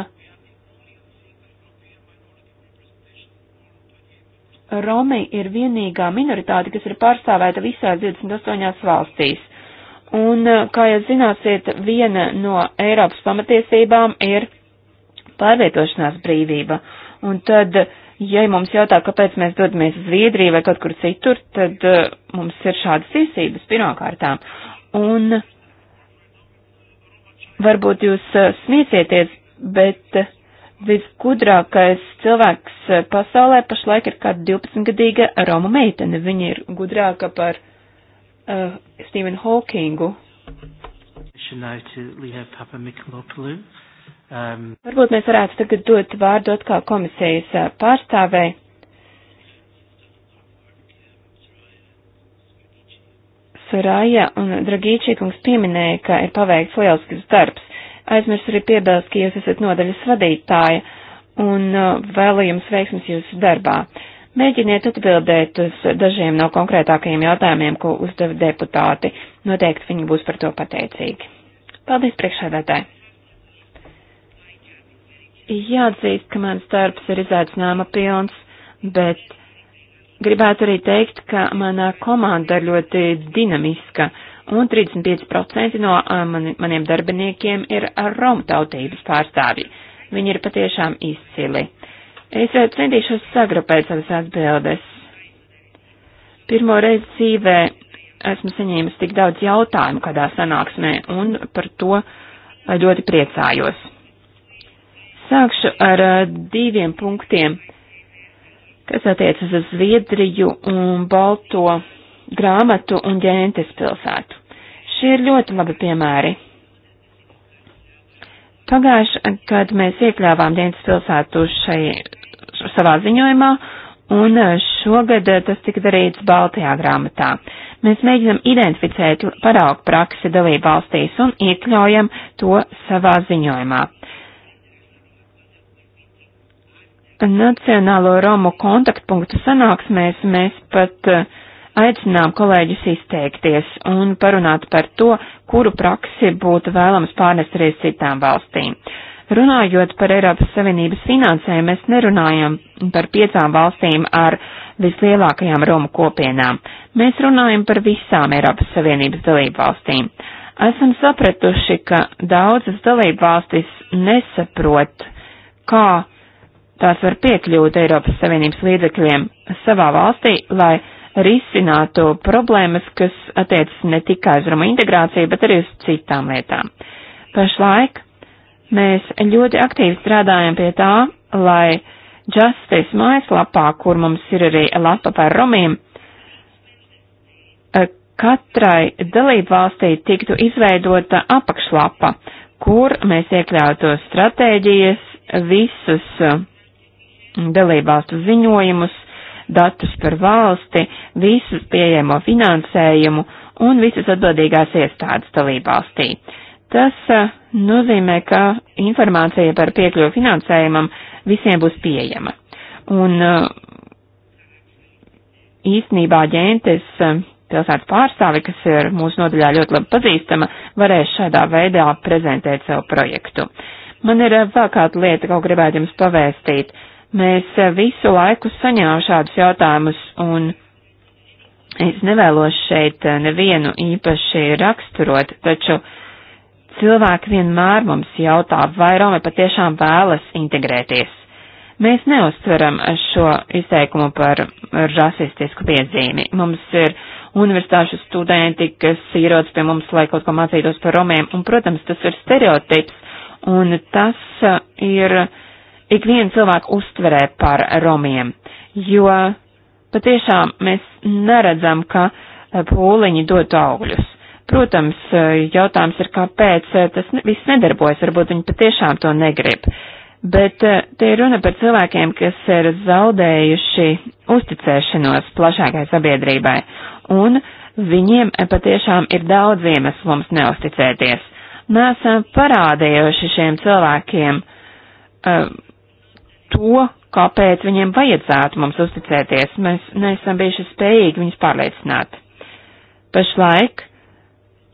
D: Romi ir vienīgā minoritāte, kas ir pārstāvēta visās 28 valstīs. Un, eh, kā jūs zināsiet, viena no Eiropas pamatiesībām ir pārvietošanās brīvība. Un tad, ja mums jautā, kāpēc mēs dodamies uz Zviedriju vai kaut kur citur, tad uh, mums ir šādas tiesības pirmkārtām. Un varbūt jūs uh, eh, smiecieties, bet uh, visgudrākais cilvēks pasaulē pašlaik ir kāda 12-gadīga Roma meitene. Viņa ir gudrāka par uh, Stephen Hawkingu.
A: Um, Varbūt
D: mēs varētu tagad dot vārdu atkal komisijas uh, pārstāvei. Sorāja un Dragīčīkungs pieminēja, ka ir paveikts lielisks darbs. Aizmirst arī piebilst, ka jūs esat nodaļas vadītāja un uh, vēlu jums veiksmas jūsu darbā. Uh, Mēģiniet atbildēt uz dažiem no konkrētākajiem jautājumiem, ko uzdeva deputāti. Noteikti viņi būs par to pateicīgi. Paldies priekšādātāji! Jāatzīst, ka mans darbs ir izaicinājuma pilns, bet gribētu arī teikt, ka manā komanda ir ļoti dinamiska un 35% no mani, maniem darbiniekiem ir ar Romu tautības pārstāvji. Viņi ir patiešām izcili. Es eh, centīšos sagrapēt savas atbildes. Pirmo reizi dzīvē esmu saņēmis tik daudz jautājumu kādā sanāksmē, un par to eh, ļoti priecājos. Sākšu ar eh, diviem punktiem, kas attiecas uz Zviedriju un Balto grāmatu un ģēntes pilsētu. Šie ir ļoti labi piemēri. Pagājuši, kad mēs iekļāvām ģēntes pilsētu šai savā ziņojumā, un e, šogad e, tas tika darīts Baltajā grāmatā. Mēs mēģinam identificēt paraugu praksi dalību valstīs un iekļaujam to savā ziņojumā. Nacionālo Romu kontaktpunktu sanāksmēs mēs pat e, aicinām kolēģus izteikties un parunāt par to, kuru praksi būtu vēlams pārnest arī citām valstīm. Uh, Runājot par Eiropas Savienības finansēm, mēs nerunājam par piecām valstīm ar vislielākajām Romu kopienām. Mēs runājam par visām Eiropas Savienības dalību valstīm. Esam sapratuši, ka daudzas dalību valstis nesaprot, kā tās var piekļūt Eiropas Savienības līdzekļiem savā valstī, lai risinātu problēmas, kas attiecas ne tikai uz Romu integrāciju, bet arī uz citām lietām. Pašlaik Mēs ļoti aktīvi strādājam pie tā, lai Justice mājaslapā, kur mums ir arī lapa par romiem, eh, katrai dalību valstī tiktu izveidota apakšlapa, kur mēs iekļautu stratēģijas, visus eh, dalību valstu ziņojumus, datus par valsti, visus pieejamo finansējumu un visas atbildīgās iestādes dalību valstī. Tas eh, nozīmē, ka informācija par piekļuvu finansējumam visiem būs pieejama. Un eh, īstenībā ģentes eh, pilsētas pārstāvi, kas ir mūsu nodaļā ļoti labi pazīstama, varēs šādā veidā prezentēt savu projektu. Man ir vēl kāda lieta, ko gribētu jums pavēstīt. Mēs visu laiku saņēmām šādus jautājumus, un es nevēlos šeit nevienu īpaši raksturot, taču uh, Cilvēki vienmēr mums jautā, vai Romi patiešām vēlas integrēties. Mēs neuztveram šo izteikumu par rasistisku piezīmi. Mums ir universitāšu studenti, kas ierodas pie mums, lai kaut ko mācītos par romiem, un, protams, tas ir stereotips, un tas ir ik viena cilvēka uztverē par romiem, jo patiešām mēs neredzam, ka pūliņi dod augļus. Protams, eh, jautājums ir, kāpēc eh, tas viss nedarbojas, varbūt viņi patiešām to negrib. Bet eh, te ir runa par cilvēkiem, kas ir zaudējuši uzticēšanos plašākai sabiedrībai, un viņiem patiešām ir daudz iemeslu mums neusticēties. Nesam parādījuši šiem cilvēkiem uh, to, kāpēc viņiem vajadzētu mums uzticēties. Mēs neesam bijuši spējīgi viņus pārliecināt. Pašlaik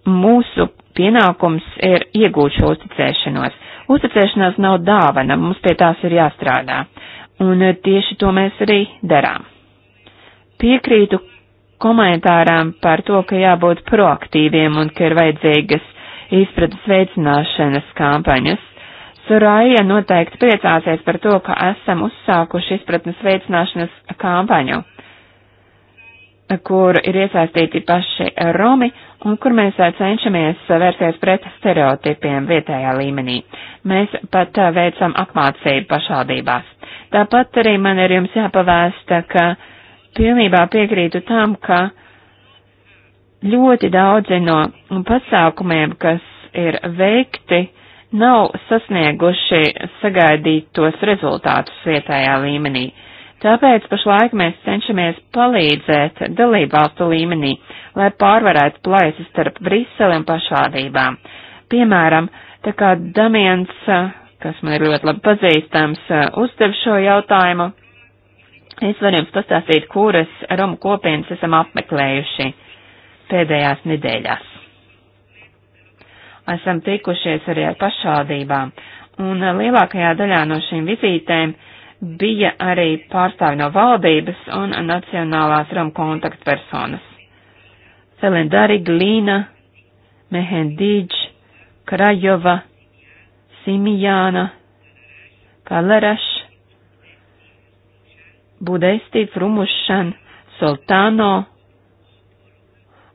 D: mūsu pienākums ir iegūt šo uzticēšanos. Uzticēšanās nav dāvana, mums pie tās ir jāstrādā. Un eh, tieši to mēs arī darām. Piekrītu komentārām par to, ka jābūt proaktīviem un ka ir vajadzīgas izpratas veicināšanas kampaņas. Sorāja noteikti priecāsies par to, ka esam uzsākuši izpratnes veicināšanas kampaņu, kur ir iesaistīti paši Romi un kur mēs eh, cenšamies eh, vērsties pret stereotipiem vietējā līmenī. Mēs pat eh, veicam apmācību pašvaldībās. Tāpat arī man ir jums jāpavēsta, ka pilnībā piekrītu tam, ka ļoti daudzi no pasākumiem, kas ir veikti, nav sasnieguši sagaidītos rezultātus vietējā līmenī. Uh, Tāpēc pašlaik mēs cenšamies palīdzēt dalībvalstu līmenī, lai pārvarētu plaisas starp Briseli un pašvaldībām. Piemēram, tā kā Damiens, kas man ir ļoti labi pazīstams, uzdev šo jautājumu, es varu jums pastāstīt, kuras Romu kopienas esam apmeklējuši pēdējās nedēļās. Esam tikušies arī ar pašvaldībām, un lielākajā daļā no šīm vizītēm uh, bija arī pārstāvi no valdības un Nacionālās Roma kontaktpersonas. Selendari, Glīna, Mehendīģ, Krajova, Simijāna, Kaleraš, Budesti, Frumušan, Soltāno,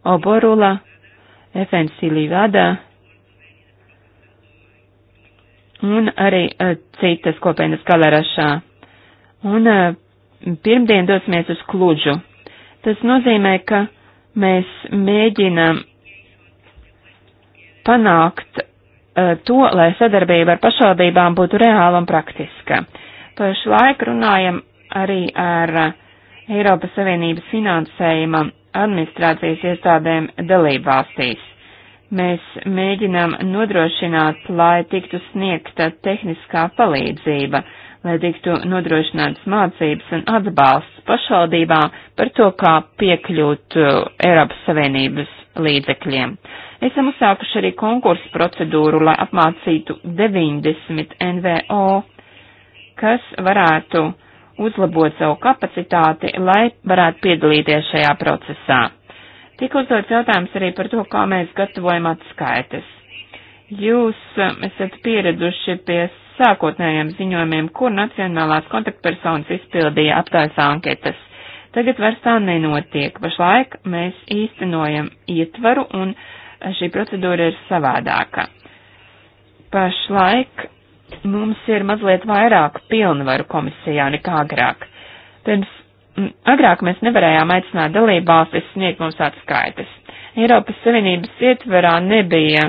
D: Oborula, Efensi Livada un arī uh, citas kopienas Kalerašā un eh, pirmdien dosimies uz Kluģu. Tas nozīmē, ka mēs mēģinam panākt eh, to, lai sadarbība ar pašvaldībām būtu reāla un praktiska. Pašlaik runājam arī ar eh, Eiropas Savienības finansējuma administrācijas iestādēm dalībvalstīs. Mēs mēģinām nodrošināt, lai tiktu sniegta tehniskā palīdzība, uh, lai tiktu nodrošināts mācības un atbalsts pašvaldībām par to, kā piekļūt uh, Eiropas Savienības līdzekļiem. Esam uzsākuši arī konkursu procedūru, lai apmācītu 90 NVO, kas varētu uzlabot savu kapacitāti, lai varētu piedalīties šajā procesā. Tika uzdots jautājums arī par to, kā mēs gatavojam atskaites. Jūs uh, esat pieraduši pie sākotnējiem ziņojumiem, kur nacionālās kontaktpersonas izpildīja aptājas anketas. Tagad vairs tā nenotiek. Pašlaik mēs īstenojam ietvaru un šī procedūra ir savādāka. Pašlaik mums ir mazliet vairāk pilnvaru komisijā nekā agrāk. Pirms agrāk mēs nevarējām aicināt dalībvalstis sniegt mums atskaites. Eiropas Savienības ietverā nebija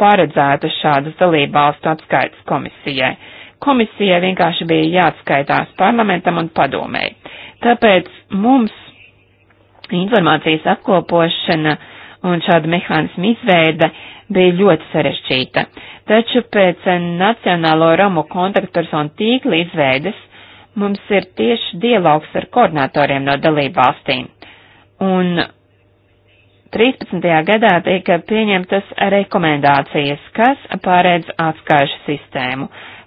D: paredzēta šādas dalībvalstu atskaitas komisijai. Komisijai vienkārši bija jāatskaitās parlamentam un padomēji. Tāpēc mums informācijas apkopošana un šāda mehānisma izveida bija ļoti sarežģīta. Taču pēc Nacionālo Romu kontaktpersonu tīkla izveides mums ir tieši dialogs ar koordinatoriem no dalībvalstīm. Un 13. gadā tika pieņemtas rekomendācijas, kas pārēdz atskaišu sistēmu.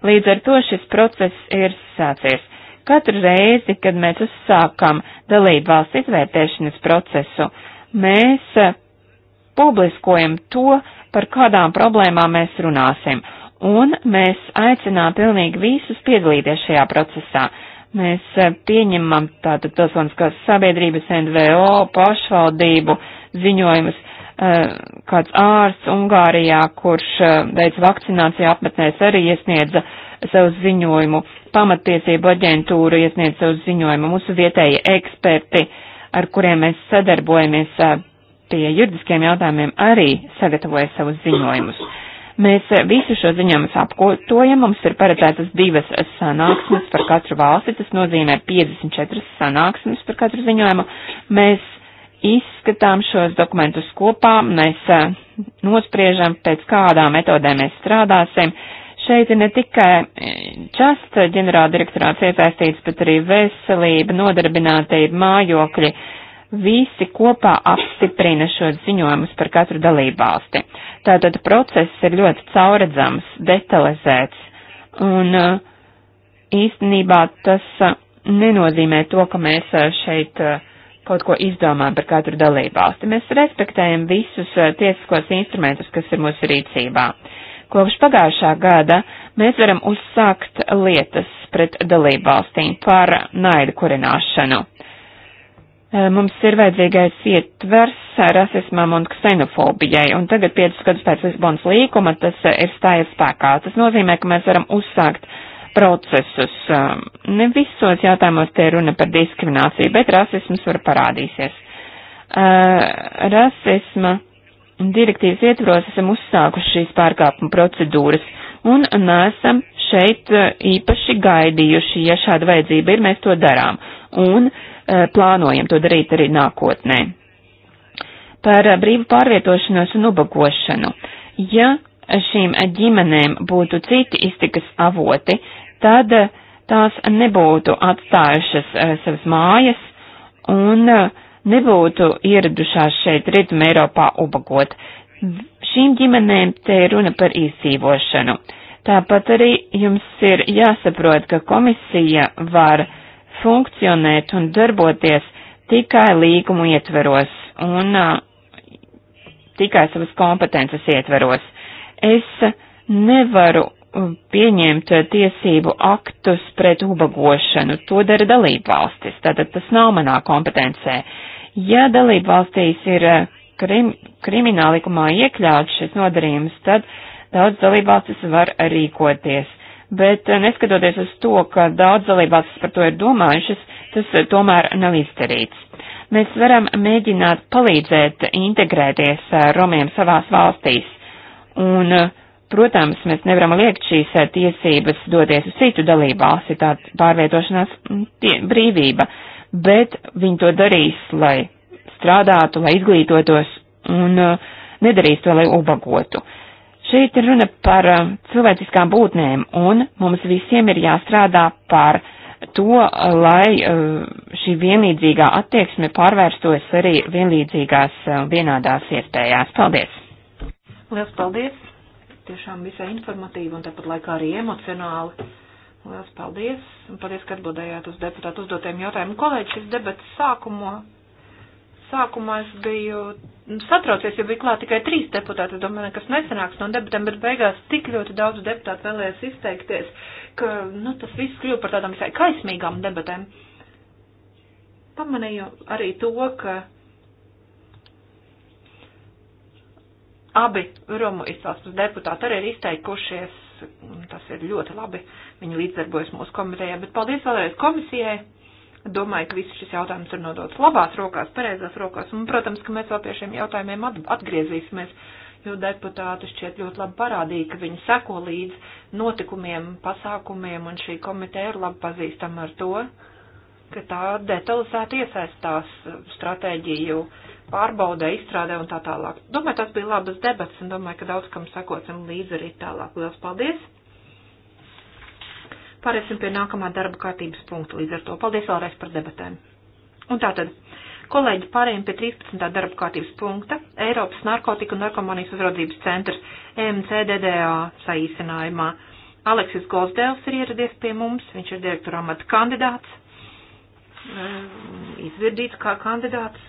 D: Līdz ar to šis process ir sācies. Katru reizi, kad mēs uzsākam dalību valsts izvērtēšanas procesu, mēs publiskojam to, par kādām problēmām mēs runāsim, un mēs aicinām pilnīgi visus piedalīties šajā procesā mēs pieņemam tātad pilsoniskās sabiedrības NVO pašvaldību ziņojumus, eh, kāds ārsts Ungārijā, kurš eh, veic vakcināciju apmetnēs, arī iesniedza savu ziņojumu, pamatiesību aģentūra iesniedz savu ziņojumu, mūsu vietējie eksperti, ar kuriem mēs sadarbojamies eh, pie juridiskiem jautājumiem, arī sagatavoja savus ziņojumus. Mēs visu šo ziņojumus apkotojam, mums ir paredzētas divas sanāksmes par katru valsti, tas nozīmē 54 sanāksmes par katru ziņojumu. Mēs izskatām šos dokumentus kopā, mēs eh, nospriežam, pēc kādām metodēm mēs strādāsim. Šeit ir ne tikai čast eh, ģenerāla direktorāts iesaistīts, bet arī veselība, nodarbinātība, mājokļi. Visi kopā apstiprina šos ziņojumus par katru dalībvalsti. Tātad process ir ļoti cauredzams, detalizēts, un eh, īstenībā tas nenozīmē to, ka mēs šeit uh, kaut ko izdomājam par katru dalībvalsti. Mēs respektējam visus eh, tiesiskos instrumentus, kas ir mūsu rīcībā. Kopš pagājušā gada mēs varam uzsākt lietas pret dalībvalstīm par naidu kurināšanu. Eh, mums ir vajadzīgais ietvers rasismam un ksenofobijai, un tagad piecus gadus pēc Lisbonas līkuma tas eh, ir stājies spēkā. Tas nozīmē, ka mēs varam uzsākt uh, procesus. Um, ne visos jautājumos te runa par diskrimināciju, bet rasisms var parādīsies. Uh, rasisma direktīvas ietvaros esam uzsākuši šīs pārkāpuma procedūras un nesam šeit uh, īpaši gaidījuši, ja šāda vajadzība ir, mēs to darām un uh, plānojam to darīt arī nākotnē. Par brīvu pārvietošanos un ubagošanu. Ja šīm ģimenēm būtu citi iztikas avoti, tad tās nebūtu atstājušas eh, savas mājas un eh, nebūtu ieradušās šeit Rietumē Eiropā ubagot. Šīm ģimenēm te ir runa par izdzīvošanu. Tāpat arī jums ir jāsaprot, ka komisija var funkcionēt un darboties tikai līgumu ietveros un uh, tikai savas kompetences ietveros. Es nevaru um, pieņemt tiesību aktus pret ubagošanu. To dara dalību valstis, tātad tas nav manā kompetencē. Ja dalību valstīs ir uh, krim, kriminālikumā iekļauts šis nodarījums, tad daudz dalību valstis var rīkoties. Bet uh, neskatoties uz to, ka daudz dalību valstis par to ir domājušas, tas uh, tomēr nav izdarīts. Mēs varam mēģināt palīdzēt integrēties romiem savās valstīs Un, eh, protams, mēs nevaram liekt šīs eh, tiesības doties uz citu dalībvalsti, tā pārvietošanās mm, tie, brīvība, bet viņi to darīs, lai strādātu, lai izglītotos un eh, nedarīs to, lai ubagotu. Šeit ir runa par cilvēciskām būtnēm, un mums visiem ir jāstrādā par to, lai šī vienlīdzīgā attieksme pārvērstos arī vienlīdzīgās vienādās iespējās.
C: Paldies!
B: Liels paldies! Tiešām visai informatīvi un tāpat laikā arī emocionāli. Liels paldies! Un paldies, ka atbildējāt uz deputātu uzdotiem jautājumiem. Kolēģi, šis debats sākumo, sākumā es biju nu, satraucies, jo bija klāt tikai trīs deputāti. Es domāju, kas nesanāks no debatēm, bet beigās tik ļoti daudz deputātu vēlējās izteikties, ka, nu, tas viss kļuva par tādām visai kaismīgām debatēm. Pamanīju arī to, ka Abi Romu izcelsmes deputāti arī ir izteikušies, tas ir ļoti labi, viņi līdzdarbojas mūsu komitejā, bet paldies vēlreiz komisijai. Domāju, ka viss šis jautājums ir nodots labās rokās, pareizās rokās, un, protams, ka mēs vēl pie šiem jautājumiem atgriezīsimies jo deputāti šķiet ļoti labi parādīja, ka viņi seko līdz notikumiem, pasākumiem, un šī komiteja ir labi pazīstama ar to, ka tā detalizēti iesaistās stratēģiju pārbaudē, izstrādē un tā tālāk. Domāju, tas bija labas debats un domāju, ka daudz kam sakosim līdzi arī tālāk. Lielas paldies! Pāriesim pie nākamā darba kārtības punkta līdz ar to. Paldies vēlreiz par debatēm. Un tātad. Kolēģi pārējiem pie 13. darba kārtības punkta - Eiropas narkotiku un narkomānijas uzraudzības centrs e MCDDA saīsinājumā. Aleksis Goldsdēls ir ieradies pie mums, viņš ir direktora amata kandidāts, ehm, izvirdīts kā kandidāts,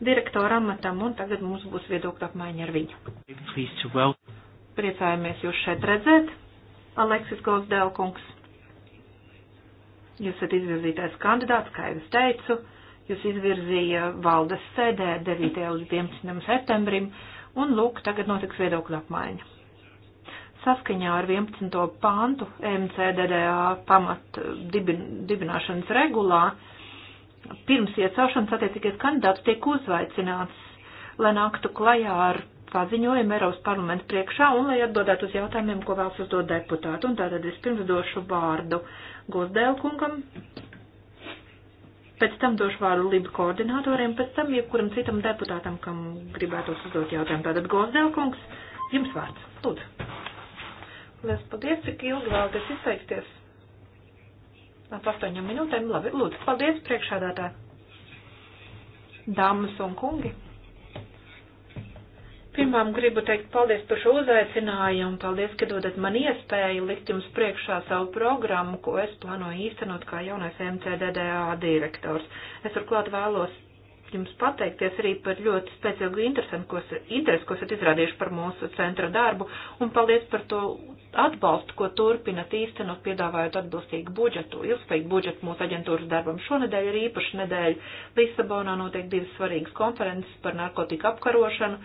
B: direktora amatam, un tagad mums būs viedokļa apmaiņa ar
A: viņu.
B: Priecājamies jūs šeit redzēt, Aleksis Goldsdēlkungs. Jūs esat izvirzītais kandidāts, kā jau es teicu, jūs izvirzīja valdes sēdē 9. līdz 11. septembrim, un lūk, tagad notiks viedokļa apmaiņa. Saskaņā ar 11. pāntu MCDDA pamat dibināšanas regulā pirms iecelšanas attiecīgais kandidāts tiek uzvaicināts, lai nāktu klajā ar paziņojumu Eiropas parlamentu priekšā un lai atbildētu uz jautājumiem, ko vēlas uzdot deputāti. Un tātad vispirms došu vārdu Gosdēlu kungam, pēc tam došu vārdu Libu koordinātoriem, pēc tam jebkuram citam deputātam, kam gribētos uzdot jautājumu. Tātad Gosdēlu kungs, jums vārds. Lūdzu. Liels paldies, cik ilgi vēlaties izteikties. Ap astoņām minūtēm. Labi, lūdzu, paldies priekšādātā. Dāmas un kungi. Pirmām gribu teikt paldies par šo uzaicinājumu, paldies, ka dodat man iespēju likt jums priekšā savu programmu, ko es plānoju īstenot kā jaunais MCDDA direktors. Es turklāt vēlos jums pateikties arī par ļoti spēcīgu interesu, ko esat izrādījuši par mūsu centra darbu, un paldies par to atbalstu, ko turpinat īstenot, piedāvājot atbilstīgu budžetu, ilgspējīgu budžetu mūsu aģentūras darbam. Šonedēļ ir īpaša nedēļa. Lisabonā notiek divas svarīgas konferences par narkotika apkarošanu,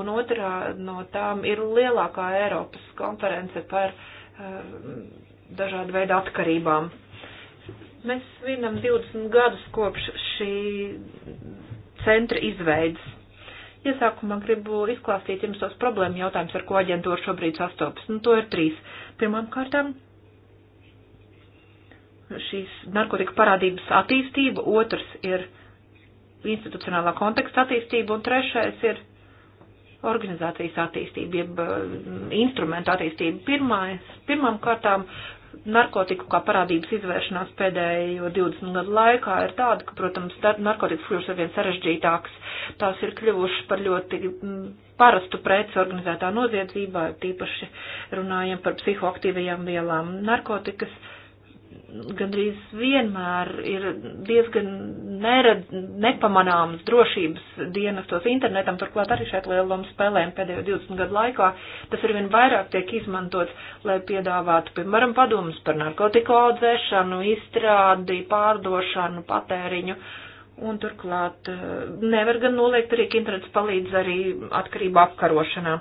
B: un otrā no tām ir lielākā Eiropas konference par eh, dažādu veidu atkarībām. Mēs svinam 20 gadus kopš šī centra izveidas Iesākumā gribu izklāstīt jums tos problēmu jautājumus, ar ko aģentūra šobrīd sastopas. Nu, to ir trīs. Pirmām kārtām šīs narkotika parādības attīstība, otrs ir institucionālā konteksta attīstība un trešais ir organizācijas attīstību, jeb mm, instrumentu attīstību. Pirmā, pirmām kārtām narkotiku kā parādības izvēršanās pēdējo 20 gadu laikā ir tāda, ka, protams, narkotikas kļūst arvien sarežģītāks. Tās ir kļuvušas par ļoti mm, parastu preci organizētā noziedzībā, tīpaši runājam par psihoaktīvajām vielām. Narkotikas uh, gandrīz vienmēr ir diezgan nerad, nepamanāmas drošības dienestos internetam, turklāt arī šeit lielu lomu spēlēm pēdējo 20 gadu laikā. Tas arvien vairāk tiek izmantots, lai piedāvātu, piemēram, padomus par narkotiku audzēšanu, izstrādi, pārdošanu, patēriņu. Un turklāt eh, nevar gan noliegt arī, ka internets palīdz arī atkarību apkarošanā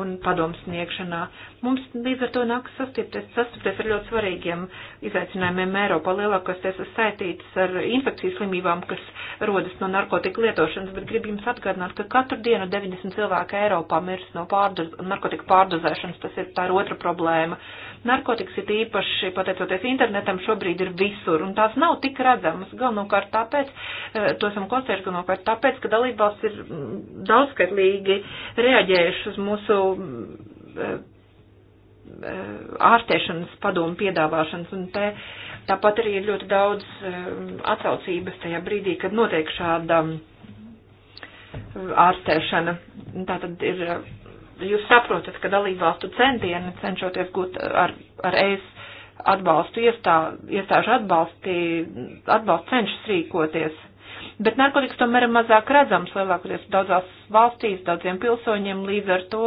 B: un padomu sniegšanā. Mums līdz ar to nāks sastipties, sastipties ar ļoti svarīgiem izaicinājumiem Eiropā. Lielākās tiesas saistītas ar infekcijas slimībām, kas rodas no narkotika lietošanas, bet gribu jums atgādināt, ka katru dienu 90 cilvēki Eiropā mirst no pārdoz, narkotika pārdozēšanas. Tas ir tā ir otra problēma. Narkotikas ir īpaši, pateicoties internetam, šobrīd ir visur, un tās nav tik redzamas. Galvenokārt tāpēc, eh, to esam konstatējuši, galvenokārt tāpēc, ka dalībvalsts ir mm, daudzskaitlīgi reaģējuši uz mūsu mm, eh, Eh, ārstēšanas padomu piedāvāšanas, un te tāpat arī ir ļoti daudz eh, atsaucības tajā brīdī, kad notiek šāda eh, ārstēšana. Tātad ir, jūs saprotat, ka dalībvalstu centieni cenšoties gūt ar, ar ES atbalstu, iestā, iestāžu atbalsti, atbalstu cenšas rīkoties bet narkotikas tomēr ir mazāk redzams lielākoties daudzās valstīs, daudziem pilsoņiem, līdz ar to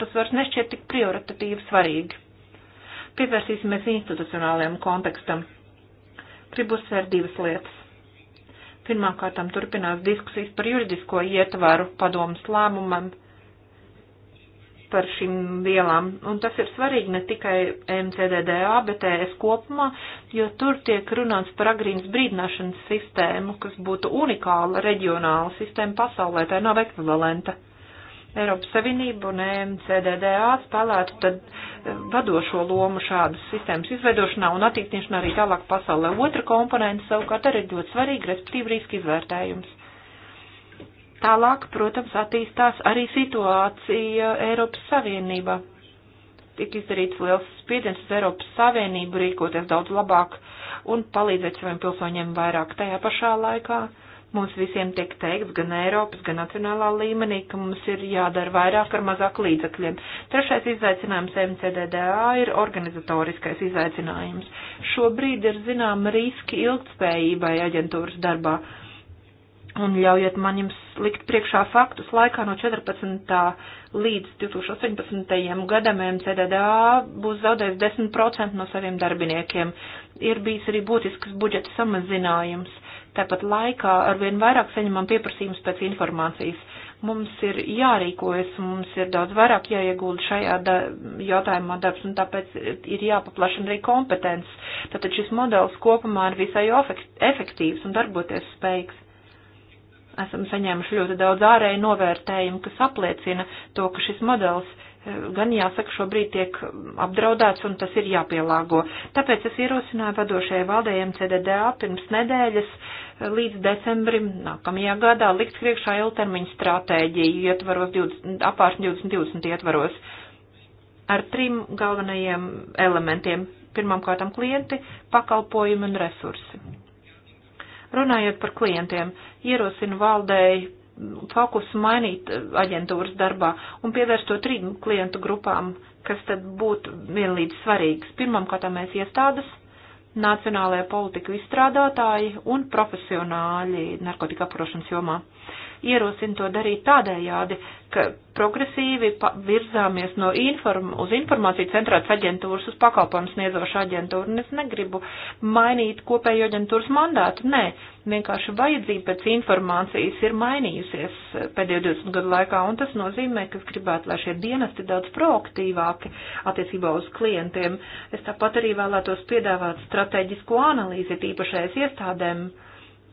B: tas vairs nešķiet tik prioritatīvi svarīgi. Pievērsīsimies institucionālajiem kontekstam. Gribu uzsvērt divas lietas. Pirmkārt, turpinās diskusijas par juridisko ietvaru padomas lēmumam par šīm vielām. Un tas ir svarīgi ne tikai MCDDA, bet ES kopumā, jo tur tiek runāts par agrīnas brīdināšanas sistēmu, kas būtu unikāla reģionāla sistēma pasaulē, tā nav ekvivalenta. Eiropas Savienība un MCDDA spēlētu tad eh, vadošo lomu šādas sistēmas izveidošanā un attīstīšanā arī tālāk pasaulē. Otra komponenta savukārt arī ir ļoti svarīga, respektīvi riska izvērtējums Tālāk, protams, attīstās arī situācija Eiropas Savienībā. Tik izdarīts liels spiediens uz Eiropas Savienību rīkoties daudz labāk un palīdzēt saviem pilsoņiem vairāk. Tajā pašā laikā mums visiem tiek teikts gan Eiropas, gan nacionālā līmenī, ka mums ir jādara vairāk ar mazāk līdzakļiem. Trešais izaicinājums MCDDA ir organizatoriskais izaicinājums. Šobrīd ir zinām riski ilgtspējībai aģentūras darbā Un ļaujiet man jums likt priekšā faktus. Laikā no 14. līdz 2018. gadam MCDDA būs zaudējis 10% no saviem darbiniekiem. Ir bijis arī būtisks budžeta samazinājums. Tāpat laikā arvien vairāk saņemam pieprasījums pēc informācijas. Mums ir jārīkojas, mums ir daudz vairāk jāiegūda šajā da jautājumā darbs, un tāpēc ir jāpaplašina arī kompetences. Tātad šis modelis kopumā ir visai efektīvs un darboties spējīgs Esam saņēmuši ļoti daudz ārēju novērtējumu, kas apliecina to, ka šis modelis e, gan jāsaka, šobrīd tiek apdraudēts un tas ir jāpielāgo. Tāpēc es ierosināju vadošajai valdējiem CDDA pirms nedēļas e, līdz decembrim nākamajā gadā likt priekšā ilgtermiņa stratēģiju ietvaros 20, apāršņu 2020 ietvaros ar trim galvenajiem elementiem. Pirmkārt, klienti, pakalpojumi un resursi Runājot par klientiem, ierosinu valdēji fokusu mainīt aģentūras darbā un pievērst to trim klientu grupām, kas tad būtu vienlīdz svarīgas. Pirmkārt, mēs iestādes, nacionālajā politiku izstrādātāji un profesionāļi narkotika apkarošanas jomā. Uh, ierosina to darīt tādējādi, ka progresīvi virzāmies no inform uz informāciju centrētas aģentūras uz pakalpojumu sniedzošu aģentūru, un es negribu mainīt kopējo aģentūras mandātu, nē, vienkārši vajadzība pēc informācijas ir mainījusies pēdējo 20 gadu laikā, un tas nozīmē, ka es gribētu, lai šie dienesti daudz proaktīvāki attiecībā uz klientiem. Es tāpat arī vēlētos piedāvāt strateģisko analīzi tīpašais iestādēm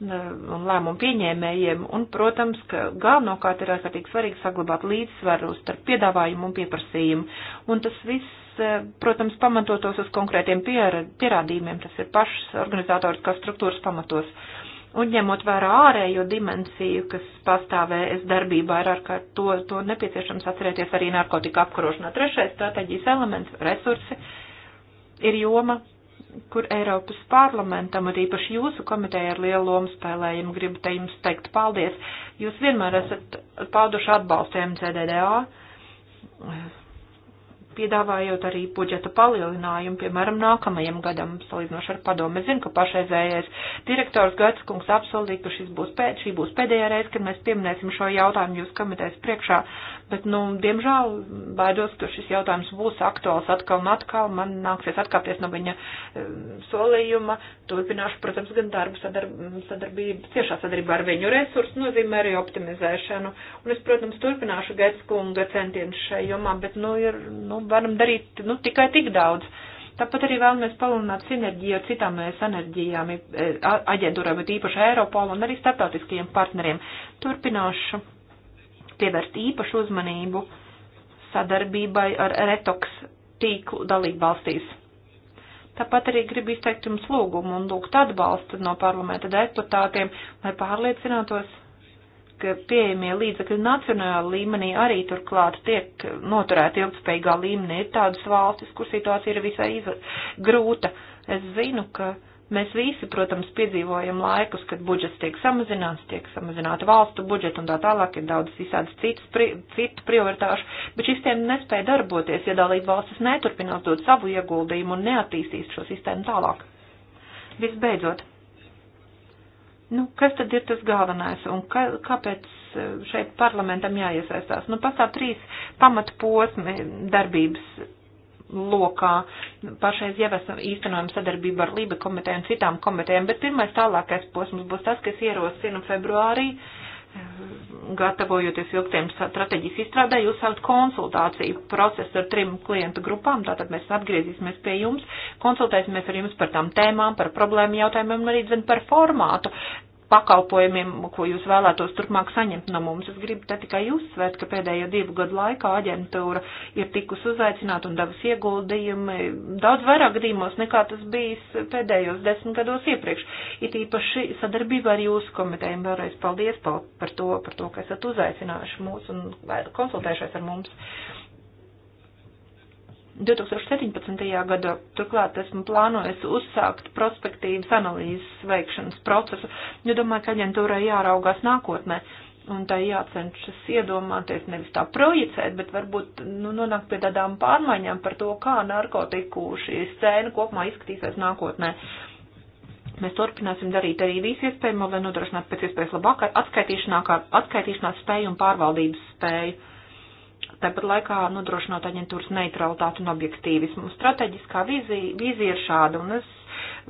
B: un eh, lēmumu pieņēmējiem, un, protams, ka galvenokārt ir ārkārtīgi svarīgi saglabāt līdzsvaru starp piedāvājumu un pieprasījumu, un tas viss, eh, protams, pamatotos uz konkrētiem pierādījumiem, tas ir pašas organizatoriskās struktūras pamatos. Un ņemot vērā ārējo dimensiju, kas pastāvēs darbībā, ir ārkārt to, to nepieciešams atcerēties arī narkotika apkarošanā. Trešais strateģijas elements - resursi ir joma, kur Eiropas parlamentam, arī paši jūsu komiteja ar lielu lomu spēlējumu, gribu te jums teikt paldies. Jūs vienmēr esat pauduši atbalstu MCDDA, piedāvājot arī budžeta palielinājumu, piemēram, nākamajam gadam, salīdzinoši ar padomu. Es zinu, ka pašreizējais direktors Gatskungs apsolīja, ka šis būs pēd, šī būs pēdējā reize, kad mēs pieminēsim šo jautājumu jūs komitejas priekšā. Uh, bet, nu, diemžēl baidos, ka šis jautājums būs aktuāls atkal un atkal. Man nāksies atkāpties no viņa um, solījuma. Turpināšu, protams, gan darbu sadarb sadarbību, ciešā sadarbībā ar viņu resursu nozīmē arī optimizēšanu. Un es, protams, turpināšu Getskunga centienus šai jomā, bet, nu, ir, nu, varam darīt, nu, tikai tik daudz. Tāpat arī vēlamies palielināt sinerģiju ar citām mēs enerģijām, e, aģentūrām, bet īpaši Eiropolu un arī starptautiskajiem partneriem. Turpināšu pievērst īpašu uzmanību sadarbībai ar retoks tīklu dalību valstīs. Tāpat arī gribu izteikt jums lūgumu un lūgt atbalstu no parlamenta deputātiem, lai pārliecinātos, ka pieejamie līdzekļi nacionāla līmenī arī turklāt tiek noturēti ilgspējīgā līmenī. Ir tādas valstis, kur situācija ir visai grūta. Es zinu, ka uh, Mēs visi, protams, piedzīvojam laikus, kad budžets tiek samazināts, tiek samazināta valstu budžeta un tā tālāk ir daudz visādas citas, pri, citu prioritāšu, bet šis tiem nespēja darboties, ja dalība valstis neturpinās dot savu ieguldījumu un neattīstīs šo sistēmu tālāk. Visbeidzot nu, kas tad ir tas galvenais un ka, kāpēc eh, šeit parlamentam jāiesaistās? Nu, pastāv trīs pamatposmi darbības lokā. Pašreiz jau esam īstenojam sadarbību ar Lība komitejām un citām komitejām, bet pirmais tālākais posms būs tas, kas ierosina februārī, eh, gatavojoties ilgtiem strateģijas izstrādē, jūs saukt konsultāciju procesu ar trim klientu grupām, tātad mēs atgriezīsimies pie jums, konsultēsimies ar jums par tām tēmām, par problēmu jautājumiem, arī dzen par formātu, pakalpojumiem, ko jūs vēlētos turpmāk saņemt no mums. Es gribu te tikai uzsvērt, ka pēdējo divu gadu laikā aģentūra ir tikus uzaicināta un devusi ieguldījumi daudz vairāk gadījumos nekā tas bijis pēdējos desmit gados iepriekš. It īpaši sadarbībā ar jūsu komitējiem vēlreiz paldies par to, par to, ka esat uzaicinājuši mūs un konsultējušies ar mums. 2017. gadā turklāt esmu plānojis uzsākt prospektīvas analīzes veikšanas procesu, jo domāju, ka aģentūrai jāraugās nākotnē un tai jācenšas iedomāties, nevis tā projicēt, bet varbūt nu, nonākt pie tādām pārmaiņām par to, kā narkotiku šī scēna kopumā izskatīsies nākotnē. Mēs turpināsim darīt arī visu iespējamo, lai nodrošinātu pēc iespējas labāk atskaitīšanās spēju un pārvaldības spēju tāpat laikā nodrošinot aģentūras neutralitāti un objektīvismu. Strateģiskā vīzija, vīzija ir šāda, un es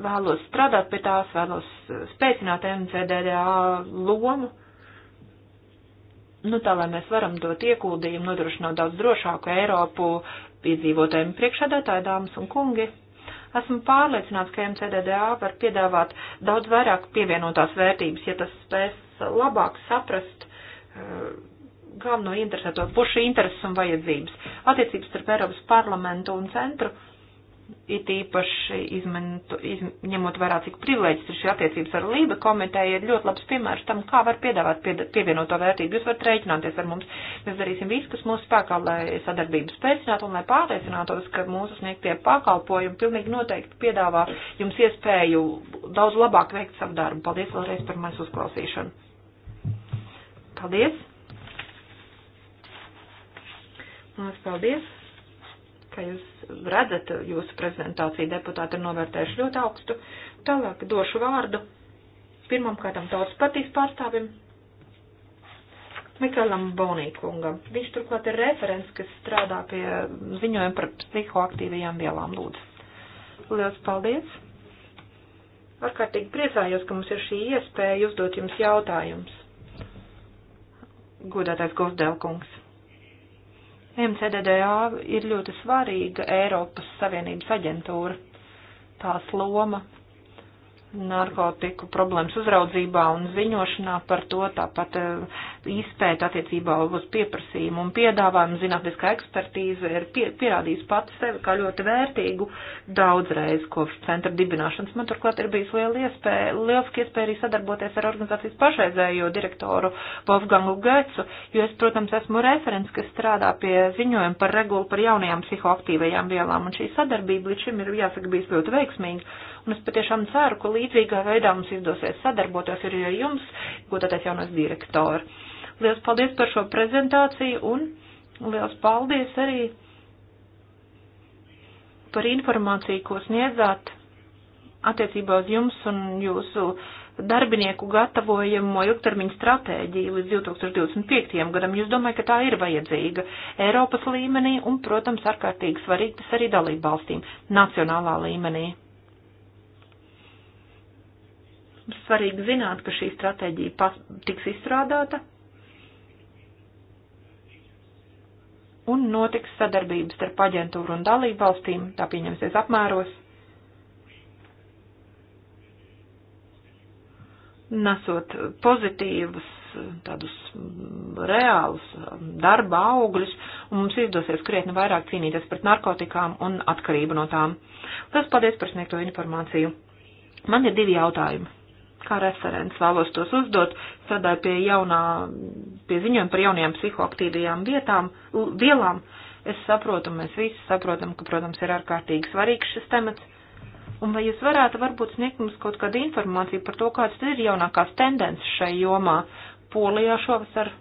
B: vēlos strādāt pie tās, vēlos eh, spēcināt MCDDA lomu, nu tā, lai mēs varam dot ieguldījumu, nodrošinot daudz drošāku Eiropu piedzīvotājiem priekšādātāju dāmas un kungi. Esmu pārliecināts, ka MCDDA var piedāvāt daudz vairāk pievienotās vērtības, ja tas spēs labāk saprast uh, galveno interesēto pušu intereses un vajadzības. Attiecības starp Eiropas parlamentu un centru it īpaši izmanto, izņemot vērā, cik privileģis ir šī attiecības ar Lība komiteju, ir ļoti labs piemērs tam, kā var piedāvāt pie, pievienoto vērtību. Jūs varat rēķināties ar mums. Mēs darīsim visu, kas mūsu spēkā, lai sadarbības pēcinātu un lai pārliecinātos, ka mūsu sniegtie pakalpojumi pilnīgi noteikti piedāvā jums iespēju daudz labāk veikt savu darbu. Paldies vēlreiz par mēs uzklausīšanu. Paldies! Lās, nu, paldies! Kā jūs redzat, jūsu prezentāciju deputāti ir novērtējuši ļoti augstu. Tālāk došu vārdu pirmam kādam tautas partijas pārstāvim Mikēlam Bonīkungam. Viņš turklāt ir referents, kas strādā pie ziņojuma par psihoaktīvajām vielām lūdzu. Lielas paldies! Ārkārtīgi priecājos, ka mums ir šī iespēja uzdot jums jautājumus. Godātais Gosdelkungs. MCDDA ir ļoti svarīga Eiropas Savienības aģentūra. Tās loma narkotiku problēmas uzraudzībā un ziņošanā par to, tāpat eh, izpēta attiecībā uz pieprasījumu un piedāvājumu. Zinātniskā ekspertīze ir pie, pierādījusi pati sevi kā ļoti vērtīgu daudzreiz kopš centra dibināšanas. Man turklāt ir bijis liela iespēja, lieliski iespēja arī sadarboties ar organizācijas pašreizējo direktoru Wolfgangu Gecu, jo es, protams, esmu referents, kas strādā pie ziņojuma par regulu par jaunajām psihoaktīvajām vielām, un šī sadarbība līdz šim ir, jāsaka, bijis ļoti veiksmīga Un es patiešām ceru, ka līdzīgā veidā mums izdosies sadarboties arī ar jums, ko tātad jaunais direktori. Liels paldies par šo prezentāciju un liels paldies arī par informāciju, ko sniedzāt attiecībā uz jums un jūsu darbinieku gatavojamo ilgtermiņu stratēģiju līdz 2025. gadam. Jūs domājat, ka tā ir vajadzīga Eiropas līmenī un, protams, ārkārtīgi svarīgi tas arī dalību valstīm nacionālā līmenī. Svarīgi zināt, ka šī stratēģija pas, tiks izstrādāta un notiks sadarbības starp aģentūru un dalību valstīm, tā pieņemsies apmēros, nesot pozitīvus, tādus reālus darba augļus, un mums izdosies krietni vairāk cīnīties pret narkotikām un atkarību no tām. Tas paldies par sniegto informāciju. Man ir divi jautājumi kā referents vēlos tos uzdot, strādāju pie jaunā, pie ziņojuma par jaunajām psihoaktīvajām vietām, vielām. Es saprotu, mēs visi saprotam, ka, protams, ir ārkārtīgi svarīgs šis temats. Un vai jūs varētu varbūt sniegt mums kaut kādu informāciju par to, kādas ir jaunākās tendences šai jomā? Polijā šovasar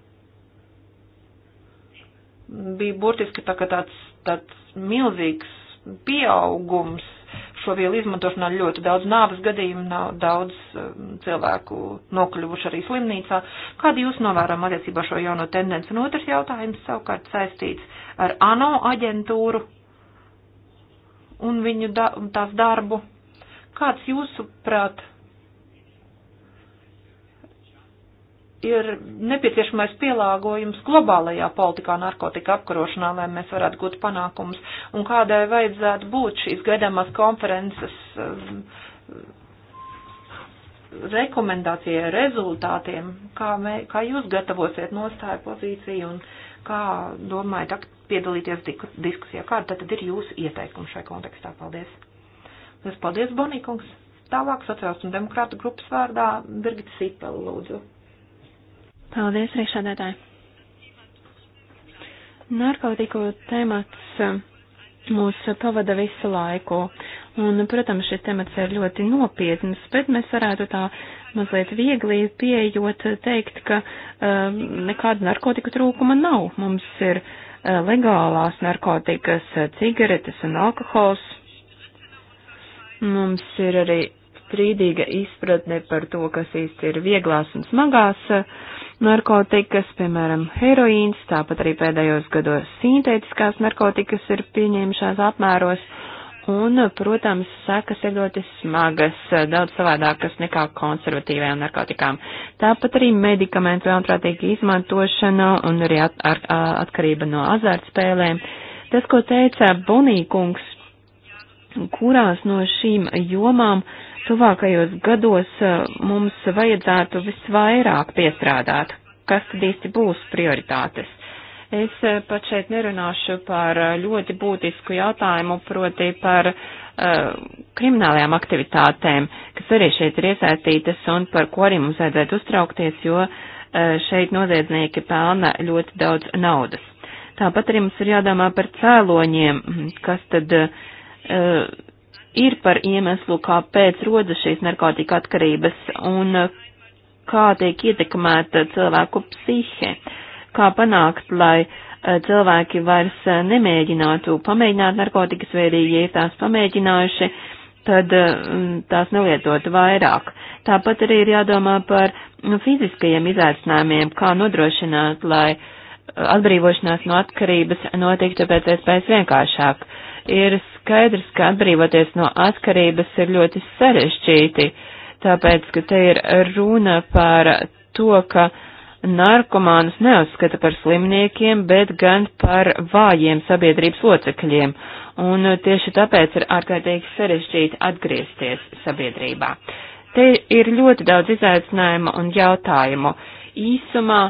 B: bija burtiski tā, tāds, tāds milzīgs pieaugums šo vielu izmantošanā ļoti daudz nāves gadījumu, nav daudz um, cilvēku nokļuvuši arī slimnīcā. Kādi jūs novērām attiecībā šo jauno tendenci? Un otrs jautājums savukārt saistīts ar ANO aģentūru un viņu da tās darbu. Kāds jūsuprāt ir nepieciešamais pielāgojums globālajā politikā narkotika apkarošanā, lai mēs varētu gūt panākumus, un kādai vajadzētu būt šīs gaidāmās konferences um, rekomendācijai, rezultātiem, kā, mē, kā jūs gatavosiet nostāju pozīciju un kā domājat piedalīties diskusijā, kāda tad ir jūsu ieteikuma šai kontekstā. Paldies! Lies paldies, Bonīkungs! Tālāk sociāls un demokrāta grupas vārdā Birgit Sipel,
C: lūdzu.
D: Paldies, priekšādētāji. Narkotiku temats eh, mūs pavada visu laiku. Un, protams, šis temats ir ļoti nopietns, bet mēs varētu tā mazliet viegli pieejot teikt, ka uh, nekāda narkotika trūkuma nav. Mums ir uh, legālās narkotikas, cigaretes un alkohols. Mums ir arī strīdīga izpratne par to, kas īsti ir vieglās un smagās uh, narkotikas, piemēram, heroīns, tāpat arī pēdējos gados sintētiskās narkotikas ir pieņemšās apmēros, un, protams, sekas ir ļoti smagas, daudz savādākas nekā konservatīvajām narkotikām. Tāpat arī medikamentu ļaunprātīga izmantošana un arī at, ar, atkarība no azartspēlēm. Tas, ko teica Bonīkungs, kurās no šīm jomām uh, tuvākajos gados eh, mums vajadzētu visvairāk piestrādāt, kas tad īsti būs prioritātes. Es eh, pat šeit nerunāšu par eh, ļoti būtisku jautājumu, proti par uh, kriminālajām aktivitātēm, kas arī šeit ir iesaistītas un par ko arī mums vajadzētu uztraukties, jo uh, šeit noziedznieki pelna ļoti daudz naudas. Tāpat arī mums ir jādomā par cēloņiem, kas tad uh, ir par iemeslu, kāpēc rodas šīs narkotika atkarības un uh, kā tiek ietekmēta cilvēku psihe, kā panākt, lai uh, cilvēki vairs uh, nemēģinātu pamēģināt narkotikas, vai arī, ja ir tās pamēģinājuši, tad mm, tās nelietotu vairāk. Tāpat arī ir jādomā par mm, fiziskajiem izaicinājumiem, kā nodrošināt, lai atbrīvošanās no atkarības notiktu pēc iespējas vienkāršāk. Uh, ir skaidrs, ka atbrīvoties no atkarības ir ļoti sarežģīti, tāpēc, ka te ir runa par to, ka narkomānus neuzskata par slimniekiem, bet gan par vājiem sabiedrības locekļiem, un tieši tāpēc ir ārkārtīgi sarežģīti atgriezties sabiedrībā. Te ir ļoti daudz izaicinājumu un jautājumu. Īsumā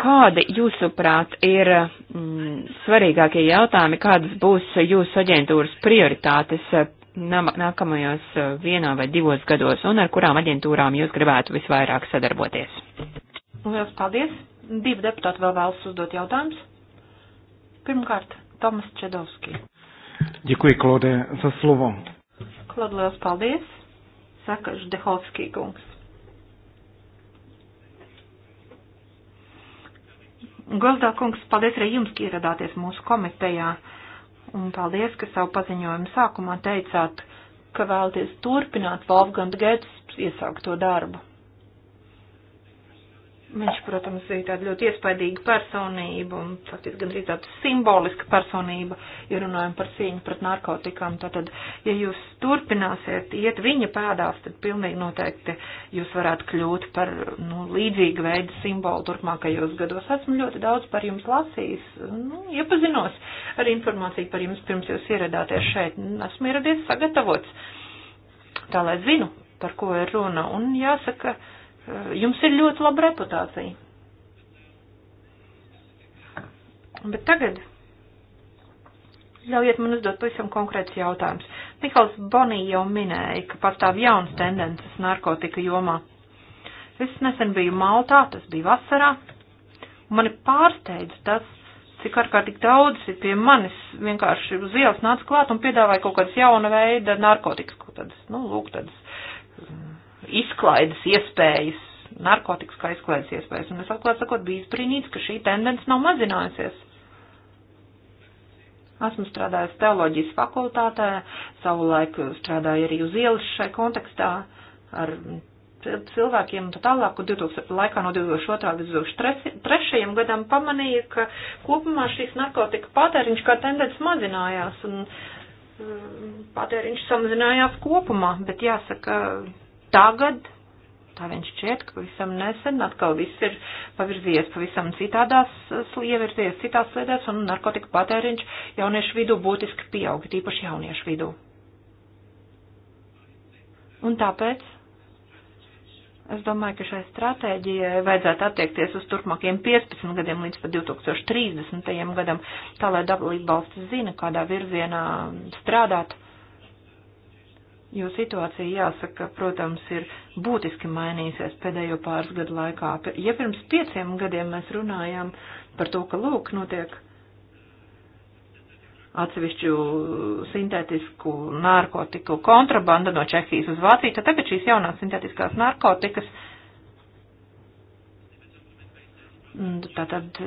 D: kādi jūsuprāt ir mm, svarīgākie jautājumi, kādas būs jūsu aģentūras prioritātes eh, nākamajos eh, vienā vai divos gados, un ar kurām aģentūrām jūs gribētu visvairāk sadarboties?
B: Lielas paldies! Divi deputāti vēl vēlas uzdot jautājumus. Pirmkārt, Tomas Čedovski.
D: Děkuji, Klode,
A: za slovo.
B: Klod, liels paldies! Saka Ždehovskī kungs. Goldā kungs, paldies arī jums, ka ieradāties mūsu komitejā, un paldies, ka savu paziņojumu sākumā teicāt, ka vēlaties turpināt Wolfgang Gets iesākto darbu. Viņš, protams, bija tāda ļoti iespaidīga personība un faktiski gandrīz tāda simboliska personība, ja runājam par cīņu pret narkotikām. Tātad, ja jūs turpināsiet iet viņa pēdās, tad pilnīgi noteikti jūs varētu kļūt par nu, līdzīgu veidu simbolu turpmākajos gados. Esmu ļoti daudz par jums lasījis, nu, iepazinos ar informāciju par jums pirms jūs ieradāties šeit. Esmu ieradies sagatavots, tā lai zinu, par ko ir runa. Un jāsaka, Jums ir ļoti laba reputācija. Bet tagad ļaujiet man uzdot pavisam konkrēts jautājums. Mihals Bonī jau minēja, ka pastāv jaunas tendences narkotika jomā. Es nesen biju Maltā, tas bija vasarā, un mani pārsteidz tas, cik ārkārtīgi daudz ir pie manis vienkārši uz ielas nāca klāt un piedāvāja kaut kādas jauna veida narkotikas, kaut kādas, nu, lūk, tādas izklaides iespējas, narkotikas kā izklaides iespējas. Un es atklāt sakot, biju brīnīts, ka šī tendence nav mazinājusies. Esmu strādājis teoloģijas fakultātē, savulaik strādāju arī uz ielas šai kontekstā ar cilvēkiem un tā tālāk, un 2000, laikā no 2002 līdz 2003 gadam pamanīju, ka kopumā šīs narkotika patēriņš kā tendence mazinājās, un mm, patēriņš samazinājās kopumā, bet jāsaka, tagad, tā viņš šķiet, ka pavisam nesen atkal viss ir pavirzies pavisam citādās, eh, ievirzies citās sliedēs, un narkotika patēriņš jauniešu vidū būtiski pieaug, tīpaši jauniešu vidū. Un tāpēc es domāju, ka šai stratēģijai vajadzētu attiekties uz turpmākajiem 15 gadiem līdz pat 2030. gadam, tā lai dalība valsts zina, kādā virzienā strādāt jo situācija, jāsaka, protams, ir būtiski mainīsies pēdējo pāris gadu laikā. Ja pirms pieciem gadiem mēs runājām par to, ka lūk, notiek atsevišķu sintētisku narkotiku kontrabanda no Čehijas uz Vāciju, tad tagad šīs jaunās sintētiskās narkotikas mm, tātad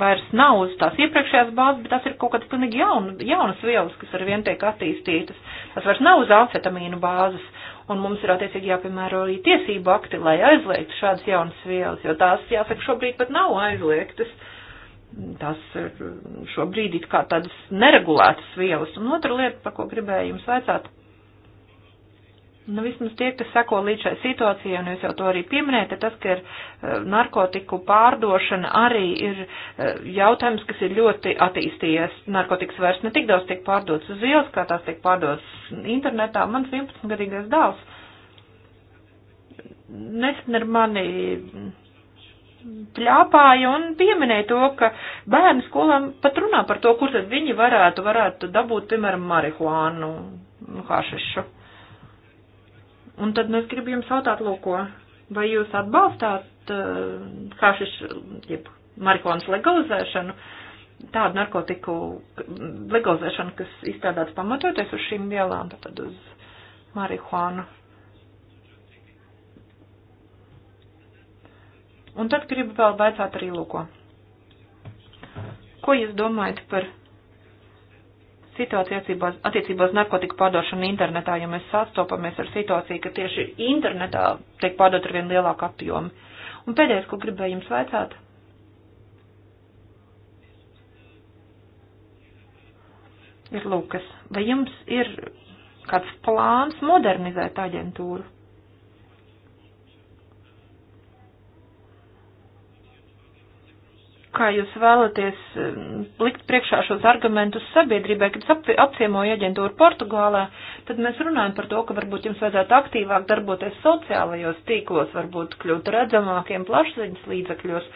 B: vairs nav uz tās iepriekšējās bāzes, bet tās ir kaut kādas pilnīgi jaun, jaunas vielas, kas ar vien tiek attīstītas. Tas vairs nav uz amfetamīnu bāzes, un mums ir attiecīgi jāpiemēro arī tiesību akti, lai aizliegtu šādas jaunas vielas, jo tās, jāsaka, šobrīd pat nav aizliegtas. Tās šobrīd ir kā tādas neregulētas vielas. Un otra lieta, par ko gribēju jums vaicāt, Nu, vismaz tie, kas sako līdz šai situācijai, un jūs jau to arī pieminējat, tas, ka ir uh, narkotiku pārdošana arī ir uh, jautājums, kas ir ļoti attīstījies. Narkotikas vairs ne tik daudz tiek pārdots uz ielas, kā tās tiek pārdots internetā. Mans 11-gadīgais dēls nesen ar mani pļāpāja un pieminēja to, ka bērnu skolām pat runā par to, kur tad viņi varētu, varētu dabūt, piemēram, marihuānu, hašišu. Un tad nu, es gribu jums jautāt, lūko, vai jūs atbalstāt eh, kā šis, jeb marihuānas legalizēšanu, tādu narkotiku legalizēšanu, kas izstrādāts pamatoties uz šīm vielām, tātad uz marihuānu. Un tad gribu vēl baicāt arī lūko. Ko jūs domājat par situācija attiecībās, attiecībās narkotiku pārdošanu internetā, ja mēs sastopamies ar situāciju, ka tieši internetā tiek pārdot ar vien lielāku apjomu. Un pēdējais, ko gribēju jums vaicāt. Ir Lūkas, vai jums ir kāds plāns modernizēt aģentūru? kā jūs vēlaties um, likt priekšā šos argumentus sabiedrībai, kad es apciemoju aģentūru Portugālē, tad mēs runājam par to, ka varbūt jums vajadzētu aktīvāk darboties sociālajos tīklos, varbūt kļūt redzamākiem plašsaziņas līdzakļos,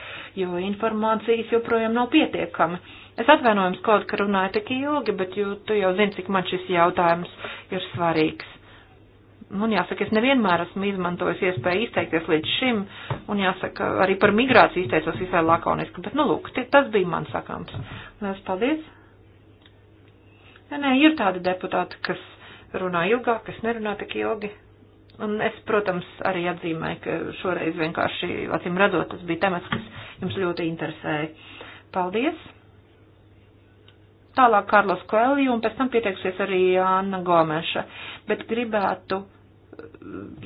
B: jo informācijas joprojām nav pietiekami. Es atvainojums kaut, ka runāju tik ilgi, bet jū, tu jau zini, cik man šis jautājums ir svarīgs man jāsaka, es nevienmēr esmu izmantojis iespēju izteikties līdz šim, un jāsaka, arī par migrāciju izteicos visai lakoniski, bet, nu, lūk, tas bija man sakāms. Lielas paldies! Ja, nē, ir tādi deputāti, kas runā ilgāk, kas nerunā tik ilgi. Un es, protams, arī atzīmēju, ka šoreiz vienkārši, acīm redzot, tas bija temats, kas jums ļoti interesēja. Paldies! Tālāk Karlos Koeliju un pēc tam pieteiksies arī Anna Gomeša, bet gribētu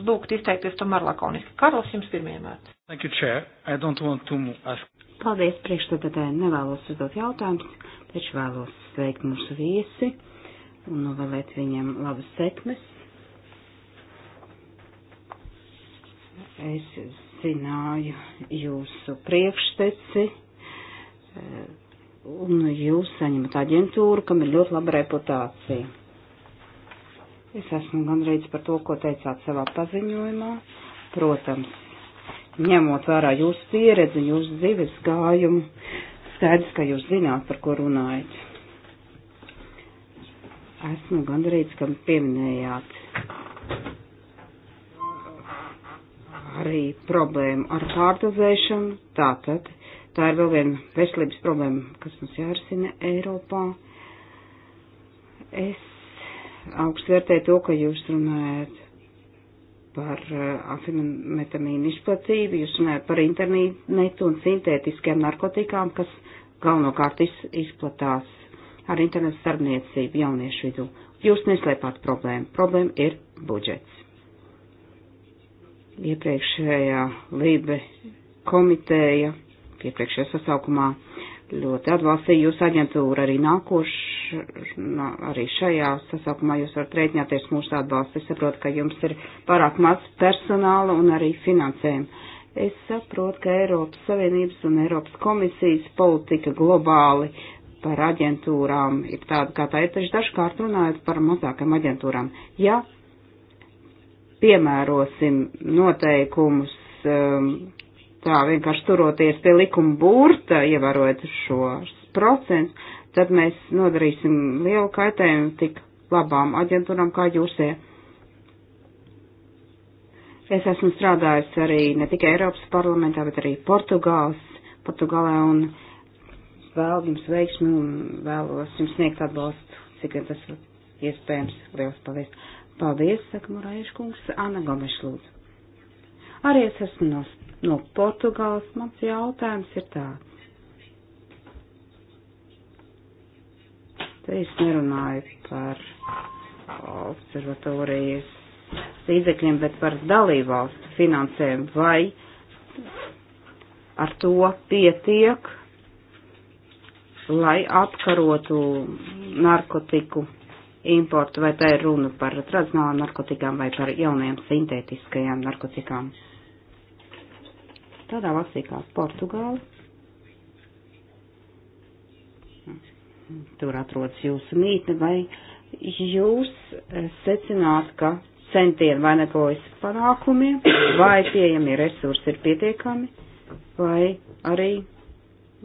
B: lūgt izteikties
C: tomēr lakoniski. Karls, jums pirmajam vārds. Thank you, Chair. I don't want to ask. Paldies, priekšstādātāji. Nevēlos uzdot jautājumus, taču vēlos sveikt mūsu viesi un novēlēt viņiem labas sekmes. Es zināju jūsu priekšteci eh, un jūs saņemat aģentūru, kam ir ļoti laba reputācija. Es esmu gandrīz par to, ko teicāt savā paziņojumā. Protams, ņemot vērā jūsu pieredzi, jūsu dzīves gājumu, skaidrs, ka jūs zināt, par ko runājat. Esmu gandrīz, kam pieminējāt arī problēmu ar pārdozēšanu. Tātad tā ir vēl viena veselības problēma, kas mums jārisina Eiropā. Es augstu vērtēju to, ka jūs runājat par eh, afimetamīnu izplatību, jūs runājat par internetu un sintētiskiem narkotikām, kas galvenokārt izplatās ar internetu starpniecību jauniešu vidū. Jūs neslēpāt problēmu. Problēma ir budžets. Iepriekšējā Lībe komiteja, iepriekšējā sasaukumā ļoti atbalstīja jūsu aģentūru arī nākoš, arī šajā sasaukumā jūs varat rēķināties mūsu atbalstu. Es saprotu, ka jums ir pārāk maz personāla un arī finansējuma. Es saprotu, ka Eiropas Savienības un Eiropas komisijas politika globāli par aģentūrām ir tāda, kā tā ir, taču dažkārt runājot par mazākām aģentūrām. Ja piemērosim noteikumus, um, tā vienkārši turoties pie likuma burta, ievērojot šos procentus, tad mēs nodarīsim lielu kaitējumu tik labām aģentūram kā jūsē. Es esmu strādājis arī ne tikai Eiropas parlamentā, bet arī Portugāls, Portugālē un vēl jums veiksmi un vēlos jums sniegt atbalstu, cik vien tas iespējams. Liels paldies! Paldies, saka Murājuškungs, Anna Gomeša lūdzu. Arī es esmu no no nu, Portugāles. Mans jautājums ir tāds. Te es nerunāju par observatorijas līdzekļiem, bet par dalībvalstu finansēm. Vai ar to pietiek, lai apkarotu narkotiku importu, vai tā ir runa par tradicionālām narkotikām vai par jaunajām sintētiskajām narkotikām? tādā valstī kā Portugāla. Tur atrodas jūsu mītne, vai jūs eh, secināt, ka centieni vainagojas panākumiem, vai pieejami resursi ir pietiekami, vai arī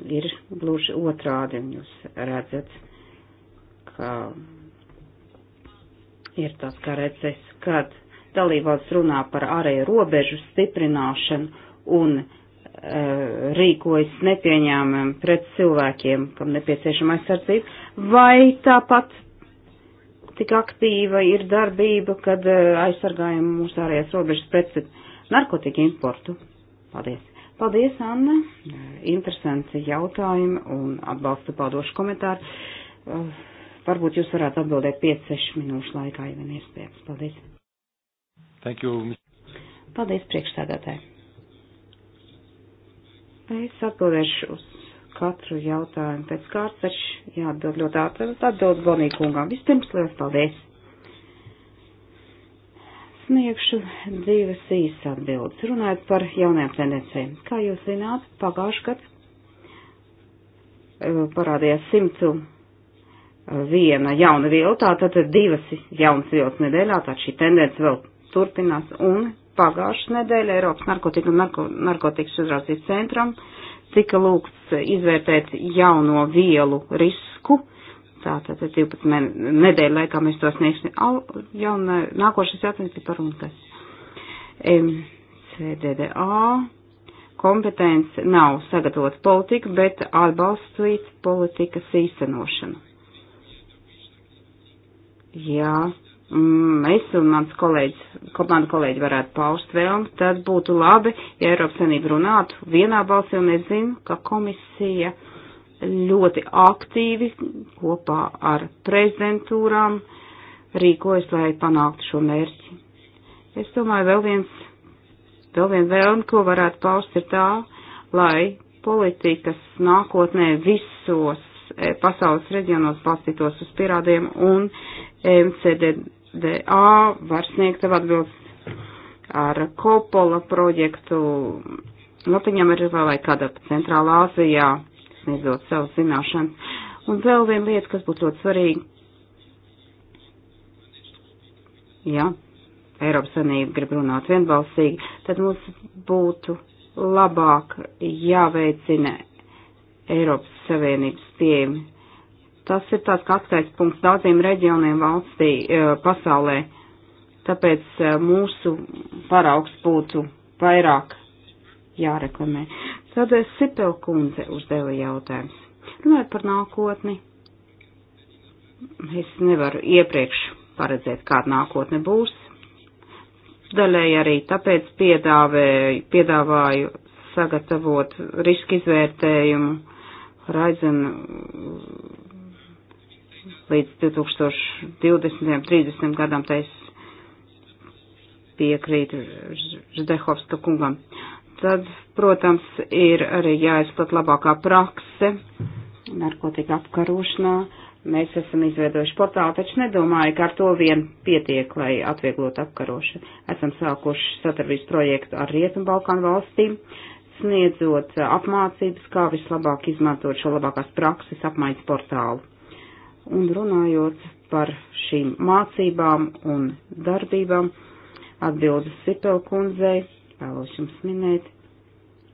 C: ir gluži otrādi, un jūs redzat, ka ir tāds kā redzes, kad dalībvalsts runā par ārēju robežu stiprināšanu un Eh, rīkojas nepieņēmami pret cilvēkiem, kam nepieciešama aizsardzība, vai tāpat tik aktīva ir darbība, kad eh, aizsargājam mūsu ārējās robežas pret narkotiku importu. Paldies! Paldies, Anna! Interesanti jautājumi un atbalsta paldošu komentāru. Eh, varbūt jūs varētu atbildēt 5-6 minūšu laikā, ja vien iespējams. Paldies! Thank you. Paldies, priekšstādātāji! Es atbildēšu uz katru jautājumu pēc kārtas, taču jāatbild ļoti ātri. Atbild Bonija kungām. Vispirms liels paldies. Sniegšu divas īsas atbildes. Runājot par jaunajām tendencēm. Kā jūs zināt, pagājuši gads eh, parādījās simtu viena jauna viela, tātad divas jaunas vielas nedēļā, tātad šī tendence vēl turpinās, un Pagājušas nedēļa Eiropas narkotika un narko, narkotikas uzraudzības centram tika lūgts izvērtēt jauno vielu risku. Tātad 12 nedēļu laikā mēs to sniegsim. Jauna, nākošais jautājums ir par un kas. CDDA kompetence nav sagatavot politiku, bet atbalstīt politikas īstenošanu. Jā. Ja Mm, es un mans kolēģis, mani kolēģi varētu paust vēlmi, tad būtu labi, ja Eiropas Savienība runātu vienā balsī, un es zinu, ka komisija ļoti aktīvi kopā ar prezidentūrām rīkojas, lai panāktu šo mērķi. Es domāju, vēl viens, vēl viens vēlmi, ko varētu paust, ir tā, lai politikas nākotnē visos e, pasaules reģionos balstītos uz pirādiem un e, MCD DA var sniegt savu atbilst ar Kopola projektu Latviņamerikā vai kādā centrālā Āzijā, sniedzot savu zināšanu. Un vēl viena lieta, kas būtu ļoti svarīga. Ja Eiropas Savienība grib runāt vienbalsīgi, tad mums būtu labāk jāveicina Eiropas Savienības pieejami Tas ir tāds kā atskaits punkts daudziem reģioniem valstī, e, pasaulē. Tāpēc e, mūsu paraugs būtu vairāk jāreklamē. Tad e, Sipel kundze uzdeva jautājums. Runājot par nākotni, es nevaru iepriekš paredzēt, kāda nākotne būs. Daļēji arī tāpēc piedāvēju, piedāvāju sagatavot riska izvērtējumu Horizon līdz 2020. 30. gadam, tā es piekrītu Ždehovska kungam. Tad, protams, ir arī jāizplat labākā prakse narkotika apkarošanā. Mēs esam izveidojuši portālu, taču nedomāju, ka ar to vien pietiek, lai atvieglot apkarošanu. Esam sākuši sadarbības projektu ar Rietumbalkānu valstīm, sniedzot apmācības, kā vislabāk izmantot šo labākās prakses apmaiņas portālu un runājot par šīm mācībām un darbībām, atbildes Sipelkundzei, vēlos jums minēt,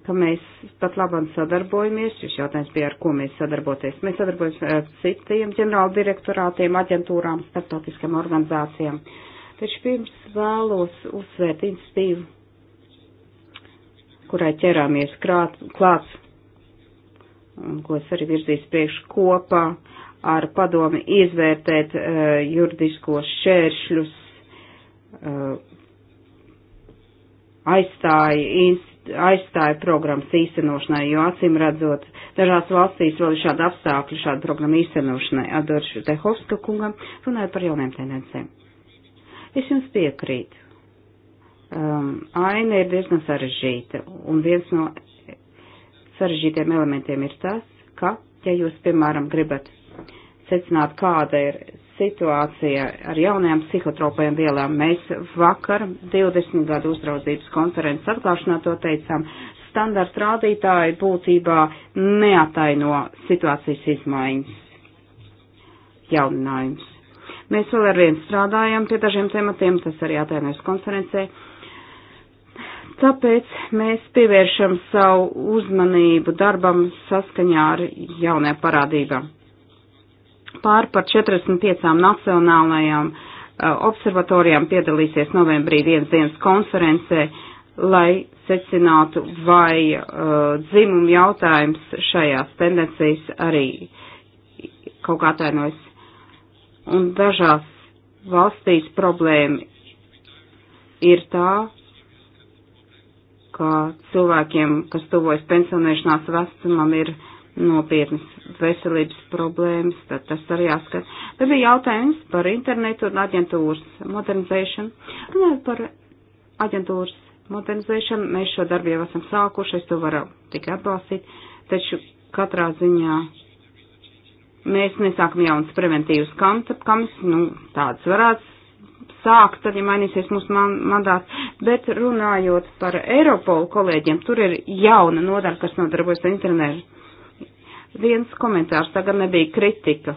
C: ka mēs pat labam sadarbojamies, šis jautājums bija, ar ko mēs sadarboties. Mēs sadarbojamies ar citiem ģenerāla direktorātiem, aģentūrām, starptautiskām organizācijām. Taču pirms vēlos uzsvērt institīvu, kurai ķerāmies krāt, klāt, un ko es arī virzīju priekš kopā ar padomi izvērtēt uh, juridiskos šēršļus, uh, aizstāja, inst, aizstāja programmas īstenošanai, jo acīm redzot, dažās valstīs vēl ir šāda apstākļa šāda programma īstenošanai. Adoršu Tehovska kungam runāja par jauniem tendencēm. Es jums piekrītu. Um, aina ir diezgan sarežģīta, un viens no sarežģītiem elementiem ir tas, ka, ja jūs, piemēram, gribat secināt, kāda ir situācija ar jaunajām psihotropajām vielām. Mēs vakar 20 gadu uzraudzības konferences atklāšanā to teicām. Standarta rādītāji būtībā neataino situācijas izmaiņas, jauninājums. Mēs vēl ar vienu strādājam pie dažiem tematiem, tas arī atainojas konferencē. Tāpēc mēs pievēršam savu uzmanību darbam saskaņā ar jaunajām parādībām pār par 45 nacionālajām uh, observatorijām piedalīsies novembrī vienas dienas konferencē, lai secinātu, vai uh, dzimumu jautājums šajās tendencijas arī kaut kā tainojas. Un dažās valstīs problēma ir tā, ka cilvēkiem, kas tuvojas pensionēšanās vecumam, ir uh, nopietnas veselības problēmas, tad tas arī jāskat. Tad bija jautājums par internetu un aģentūras modernizēšanu. Runājot par aģentūras modernizēšanu, mēs šo darbu jau esam sākuši, es to varu tikai atbalstīt, taču katrā ziņā mēs nesākam jaunas preventīvas kampaņas, nu, tādas varētu sākt, tad, ja mainīsies mūsu mandāts, bet runājot par Eiropolu kolēģiem, tur ir jauna nodaļa, kas nodarbojas ar internetu Viens komentārs, tā gan nebija kritika.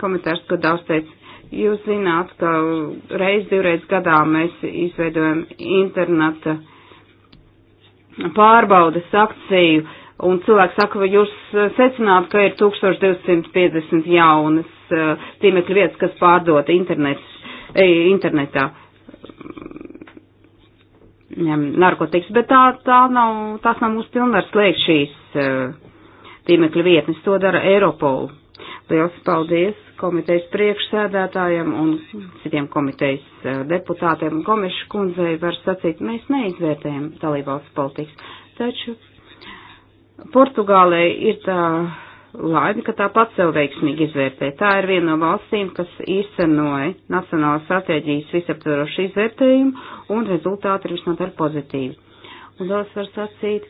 C: Komentārs, ko daudz teica. Jūs zināt, ka reiz, divreiz gadā mēs izveidojam interneta pārbaudes akciju, un cilvēki saka, vai jūs eh, secināt, ka ir 1250 jaunas eh, tīmekļa vietas, kas pārdota internets, eh, internetā narkotikas, bet tā, tā nav, tās nav mūsu pilnvars slēgt šīs uh, tīmekļa vietnes. To dara Eiropola. Liels paldies komitejas priekšsēdētājiem un citiem komitejas deputātiem. Gomeša kundzei var sacīt, mēs neizvērtējam dalībvalsts politikas, taču Portugālei ir tā laime, ka tā pats sev veiksmīgi izvērtē. Tā ir viena no valstīm, kas īstenoja nacionālās stratēģijas visaptvarošu izvērtējumu, un rezultāti ir visnotaļ pozitīvi. Un vēl es varu sacīt,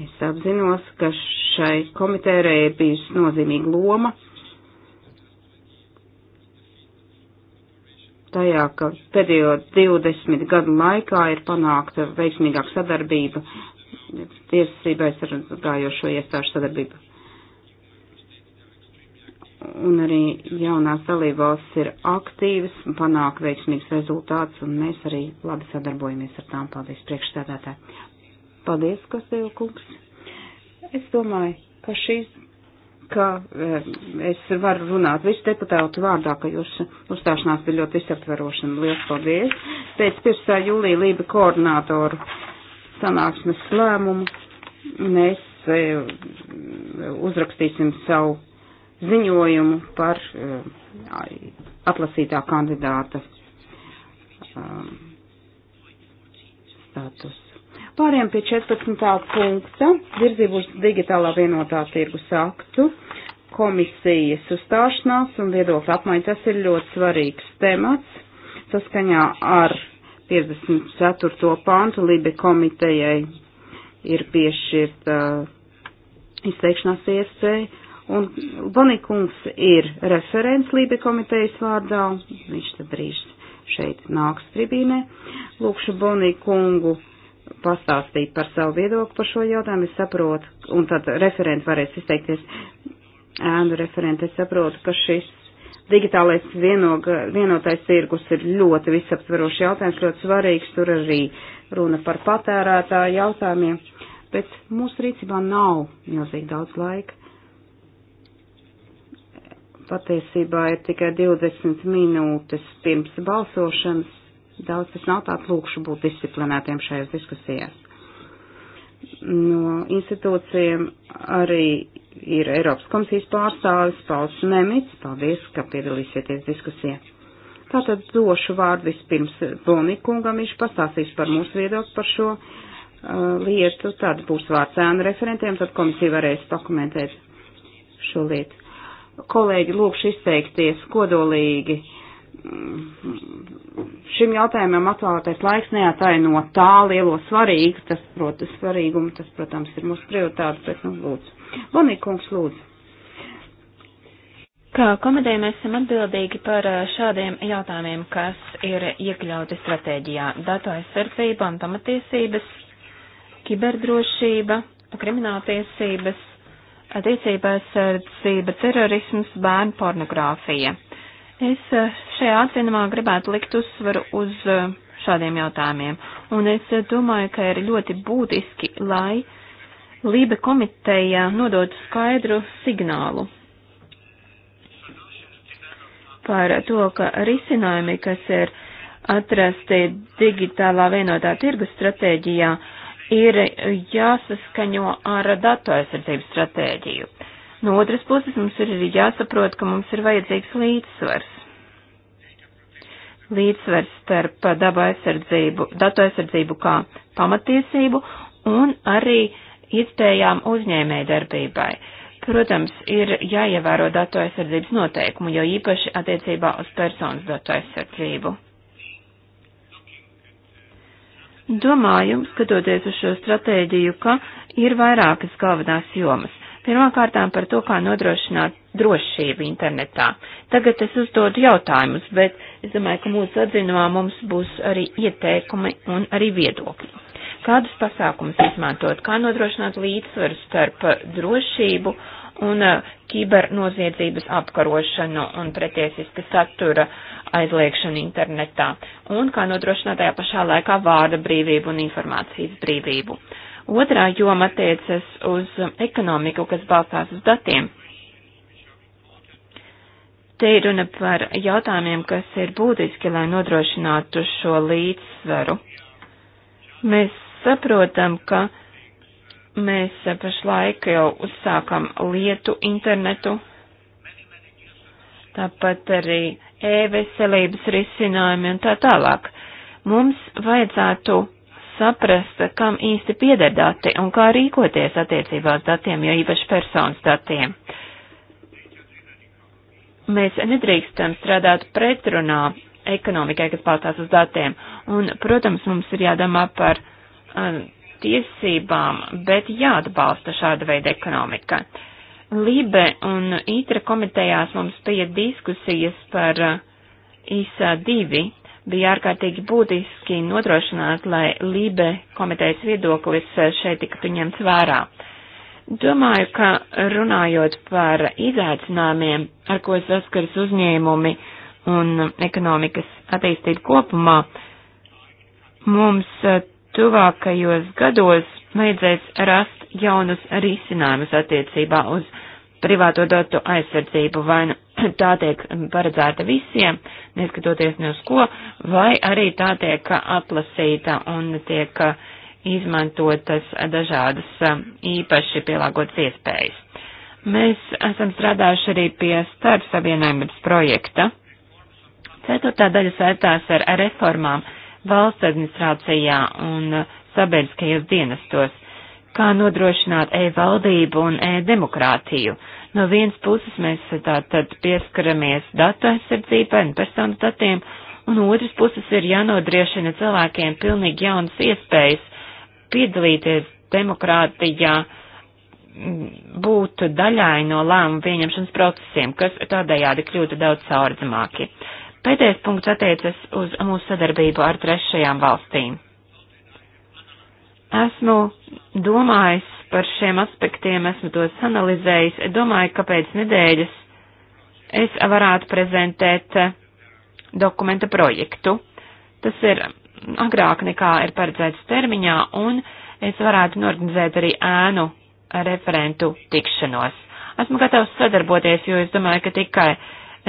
C: Es apzinos, ka šai komitērē ir bijusi nozīmīga loma tajā, ka pēdējo 20 gadu laikā ir panākta veiksmīgāka sadarbība, tiesībai sargājošo iestāžu sadarbība. Un arī jaunās dalībvalstis ir aktīvas un panāk veiksmīgs rezultāts, un mēs arī labi sadarbojamies ar tām. Paldies priekšstādātāji. Paldies, Kostēva kungs. Es domāju, ka šīs, ka e, es varu runāt visu deputātu vārdā, ka jūs uzstāšanās bija ļoti visaptverošana. Lielas paldies. Pēc 1. jūlija Lība koordinātoru sanāksmes lēmumu mēs e, uzrakstīsim savu ziņojumu par e, atlasītā kandidāta status. Pāriem pie 14. punkta virzību uz digitālā vienotā tirgus aktu komisijas uzstāšanās un viedokļu apmaiņa. Tas ir ļoti svarīgs temats saskaņā ar 54. pāntu Libe komitejai ir piešķirta uh, izteikšanās iespēja. Un Bonikungs ir referents Lībe komitejas vārdā, viņš tad drīz šeit nāks tribīnē. Lūkšu Bonikungu pastāstīt par savu viedokli par šo jautājumu, es saprotu, un tad referenti varēs izteikties. Ēnu referenti, es saprotu, ka šis digitālais vienoga, vienotais tirgus ir ļoti visaptverošs jautājums, ļoti svarīgs, tur arī runa par patērētāju jautājumiem, bet mūsu rīcībā nav milzīgi daudz laika. Patiesībā ir tikai 20 minūtes pirms balsošanas, daudz kas nav tāds lūkšu būt disciplinētiem šajās diskusijās. No institūcijiem arī ir Eiropas komisijas pārstāvis Pauls Nemits. Paldies, ka piedalīsieties diskusijā. Tātad došu vārdu vispirms Bonikungam, viņš pastāstīs par mūsu viedokli par šo uh, lietu, tad būs vārds ēnu referentiem, tad komisija varēs pakomentēt šo lietu. Kolēģi, lūkšu izteikties kodolīgi. Uh, šim jautājumam atvēlētais laiks neataino tā lielo svarīgu, tas, protams, svarīgumu, tas, protams, ir mūsu prioritāte, bet, nu, lūdzu. Bonīkungs, lūdzu. Kā komiteja mēs esam atbildīgi par
D: šādiem jautājumiem, kas ir iekļauti stratēģijā - datu aizsardzība un pamatiesības, kiberdrošība, krimināltiesības, attiecībā aizsardzība, terorisms, bērnu pornogrāfija. Es eh, šajā atzinumā gribētu likt uzsvaru uz eh, šādiem jautājumiem, un es eh, domāju, ka ir ļoti būtiski, lai Lība komiteja nodotu skaidru signālu par to, ka risinājumi, kas ir atrasti digitālā vienotā tirgus stratēģijā, ir jāsaskaņo ar datu aizsardzības stratēģiju. No otras puses mums ir arī jāsaprot, ka mums ir vajadzīgs līdzsvars. Līdzsvars starp daba aizsardzību, datu aizsardzību kā pamatiesību un arī iespējām uzņēmēja darbībai. Protams, ir jāievēro datu aizsardzības noteikumu, jo īpaši attiecībā uz personas datu aizsardzību. Domāju, skatoties uz šo stratēģiju, ka ir vairākas galvenās jomas Pirmkārtām par to, kā nodrošināt drošību internetā. Tagad es uzdodu jautājumus, bet es domāju, ka mūsu atzinumā mums būs arī ieteikumi un arī viedokļi. Kādus pasākumus izmantot, kā nodrošināt līdzsvaru starp drošību un uh, kibernoziedzības apkarošanu un pretiesiska satura aizliekšanu internetā, un kā nodrošināt tajā pašā laikā vārda brīvību un informācijas brīvību. Otrā joma attiecas uz ekonomiku, kas balstās uz datiem. Te ir runa par jautājumiem, kas ir būtiski, lai nodrošinātu šo līdzsvaru. Mēs saprotam, ka mēs pašlaik jau uzsākam lietu internetu, tāpat arī e-veselības risinājumi un tā tālāk. Mums vajadzētu saprast, kam īsti pieder dati un kā rīkoties attiecībā uz datiem, jo īpaši personas datiem. Mēs nedrīkstam strādāt pretrunā ekonomikai, kas balstās uz datiem. Un, protams, mums ir jādomā par uh, tiesībām, bet jāatbalsta šāda veida ekonomika. Libe un ITRA komitejās mums bija diskusijas par uh, ISA 2 bija ārkārtīgi būtiski nodrošināt, lai Lībe komitejas viedoklis eh, šeit tiktu ņemts vērā. Domāju, ka runājot par izaicinājumiem, ar ko saskars uzņēmumi un ekonomikas attīstība kopumā, mums eh, tuvākajos gados vajadzēs rast jaunus risinājumus attiecībā uz privāto datu aizsardzību vai nu tā tiek paredzēta visiem, neskatoties ne uz ko, vai arī tā tiek atlasīta un tiek izmantotas dažādas um, īpaši pielāgotas iespējas. Mēs esam strādājuši arī pie starp savienojumības projekta. Ceturtā daļa saistās ar reformām valsts administrācijā un uh, sabiedriskajos dienestos, kā nodrošināt e-valdību un e-demokrātiju. No vienas puses mēs tātad pieskaramies datu aizsardzībai un personu datiem, un no otras puses ir jānodriešina cilvēkiem pilnīgi jaunas iespējas piedalīties demokrātijā, būt daļai no lēmumu pieņemšanas procesiem, kas tādējādi kļūtu daudz caurdzamāki. Pēdējais punkts attiecas uz mūsu sadarbību ar trešajām valstīm. Esmu domājis par šiem aspektiem, esmu tos analizējis. Es domāju, ka pēc nedēļas es varētu prezentēt eh, dokumenta projektu. Tas ir agrāk nekā ir paredzēts termiņā, un es varētu norganizēt arī ēnu referentu tikšanos. Esmu gatavs sadarboties, jo es domāju, ka tikai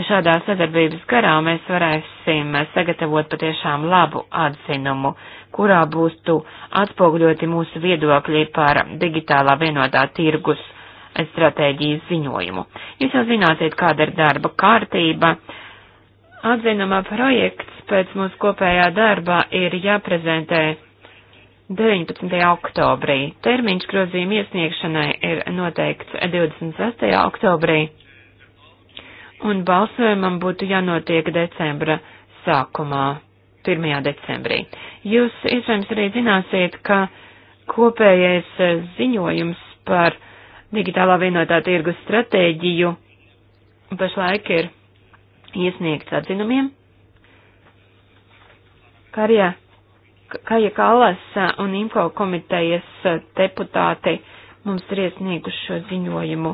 D: šādā sadarbības garā mēs varēsim sagatavot patiešām labu atzinumu. Uh, kurā būtu atpogļoti mūsu viedokļi par digitālā vienotā tirgus stratēģijas ziņojumu. Jūs jau zināsiet, kāda ir darba kārtība. Atzinumā projekts pēc mūsu kopējā darba ir jāprezentē 19. oktobrī. Termiņš grozījuma iesniegšanai ir noteikts 26. oktobrī, un balsojumam būtu jānotiek decembra sākumā, 1. decembrī. Jūs iespējams arī zināsiet, ka kopējais e, ziņojums par digitālā vienotā tirgus stratēģiju pašlaik ir iesniegts atzinumiem. Karjā, Kaja Kalas e, un Imko komitejas e, deputāti mums ir iesnieguši šo ziņojumu.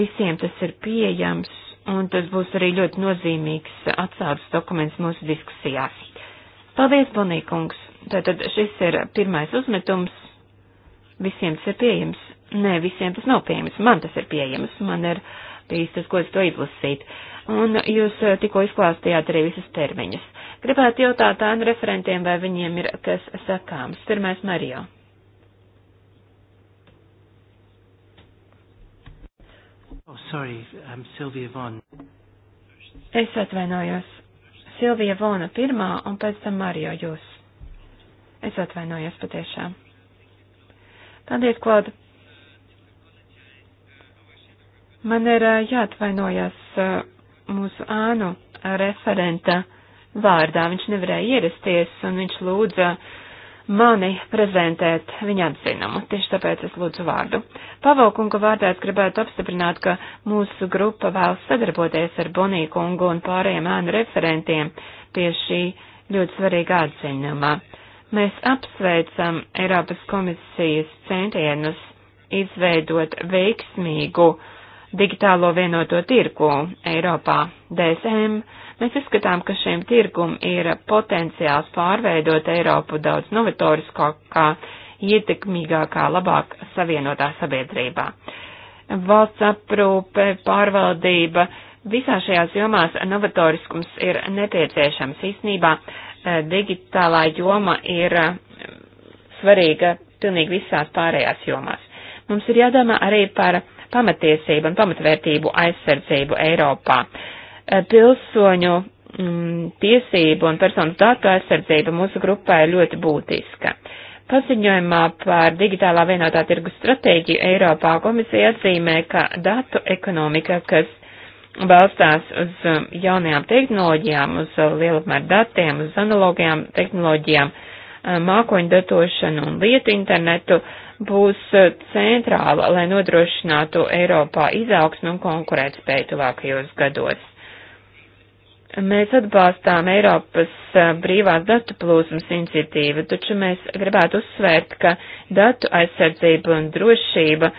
D: Visiem tas ir pieejams, un tas būs arī ļoti nozīmīgs atsauces dokuments mūsu diskusijās. Paldies, Bonīkungs. Tātad šis ir pirmais uzmetums. Visiem tas ir pieejams. Nē, visiem tas nav pieejams. Man tas ir pieejams. Man ir bijis tas gods to izlasīt. Un jūs eh, tikko izklāstījāt arī visas termiņus. Gribētu jautāt ānu referentiem, vai viņiem ir kas sakāms. Pirmais Marijo.
A: Oh, sorry, I'm Sylvia Von.
D: Es atvainojos. Silvija Vona pirmā un pēc tam Mario jūs. Es atvainojos patiešām. Paldies, Klauda. Man ir jāatvainojas mūsu ānu referenta vārdā. Viņš nevarēja ierasties un viņš lūdza uh, mani prezentēt viņa atzinumu. Tieši tāpēc es lūdzu vārdu. Pavalkunga vārdā es gribētu apstiprināt, ka mūsu grupa vēlas sadarboties ar Bonīkungu un pārējiem ēnu referentiem pie šī ļoti svarīga atzinuma. Mēs apsveicam Eiropas komisijas centienus izveidot veiksmīgu digitālo vienoto tirku Eiropā DSM Mēs uzskatām, ka šiem tirgum ir potenciāls pārveidot Eiropu daudz novatoriskākā, ietekmīgākā, labāk savienotā sabiedrībā. Valsts aprūpe, pārvaldība, visā šajās jomās novatoriskums ir nepieciešams. Īsnībā eh, digitālā joma ir eh, svarīga pilnīgi visās pārējās jomās. Mums ir jādomā arī par pamatiesību un pamatvērtību aizsardzību Eiropā. Uh, Eh, pilsoņu mm, tiesību un personas datu aizsardzība mūsu grupā ir ļoti būtiska. Paziņojumā par digitālā vienotā tirgus stratēģiju Eiropā komisija atzīmē, ka datu ekonomika, kas balstās uz um, jaunajām tehnoloģijām, uz uh, lielapmēr datiem, uz analogajām tehnoloģijām, uh, mākoņdatošanu un lietu internetu, būs uh, centrāla, lai nodrošinātu Eiropā izaugsmu un konkurētspēju tuvākajos gados. Mēs atbalstām Eiropas eh, brīvās datu plūsmas iniciatīvu, taču mēs gribētu uzsvērt, ka datu aizsardzība un drošība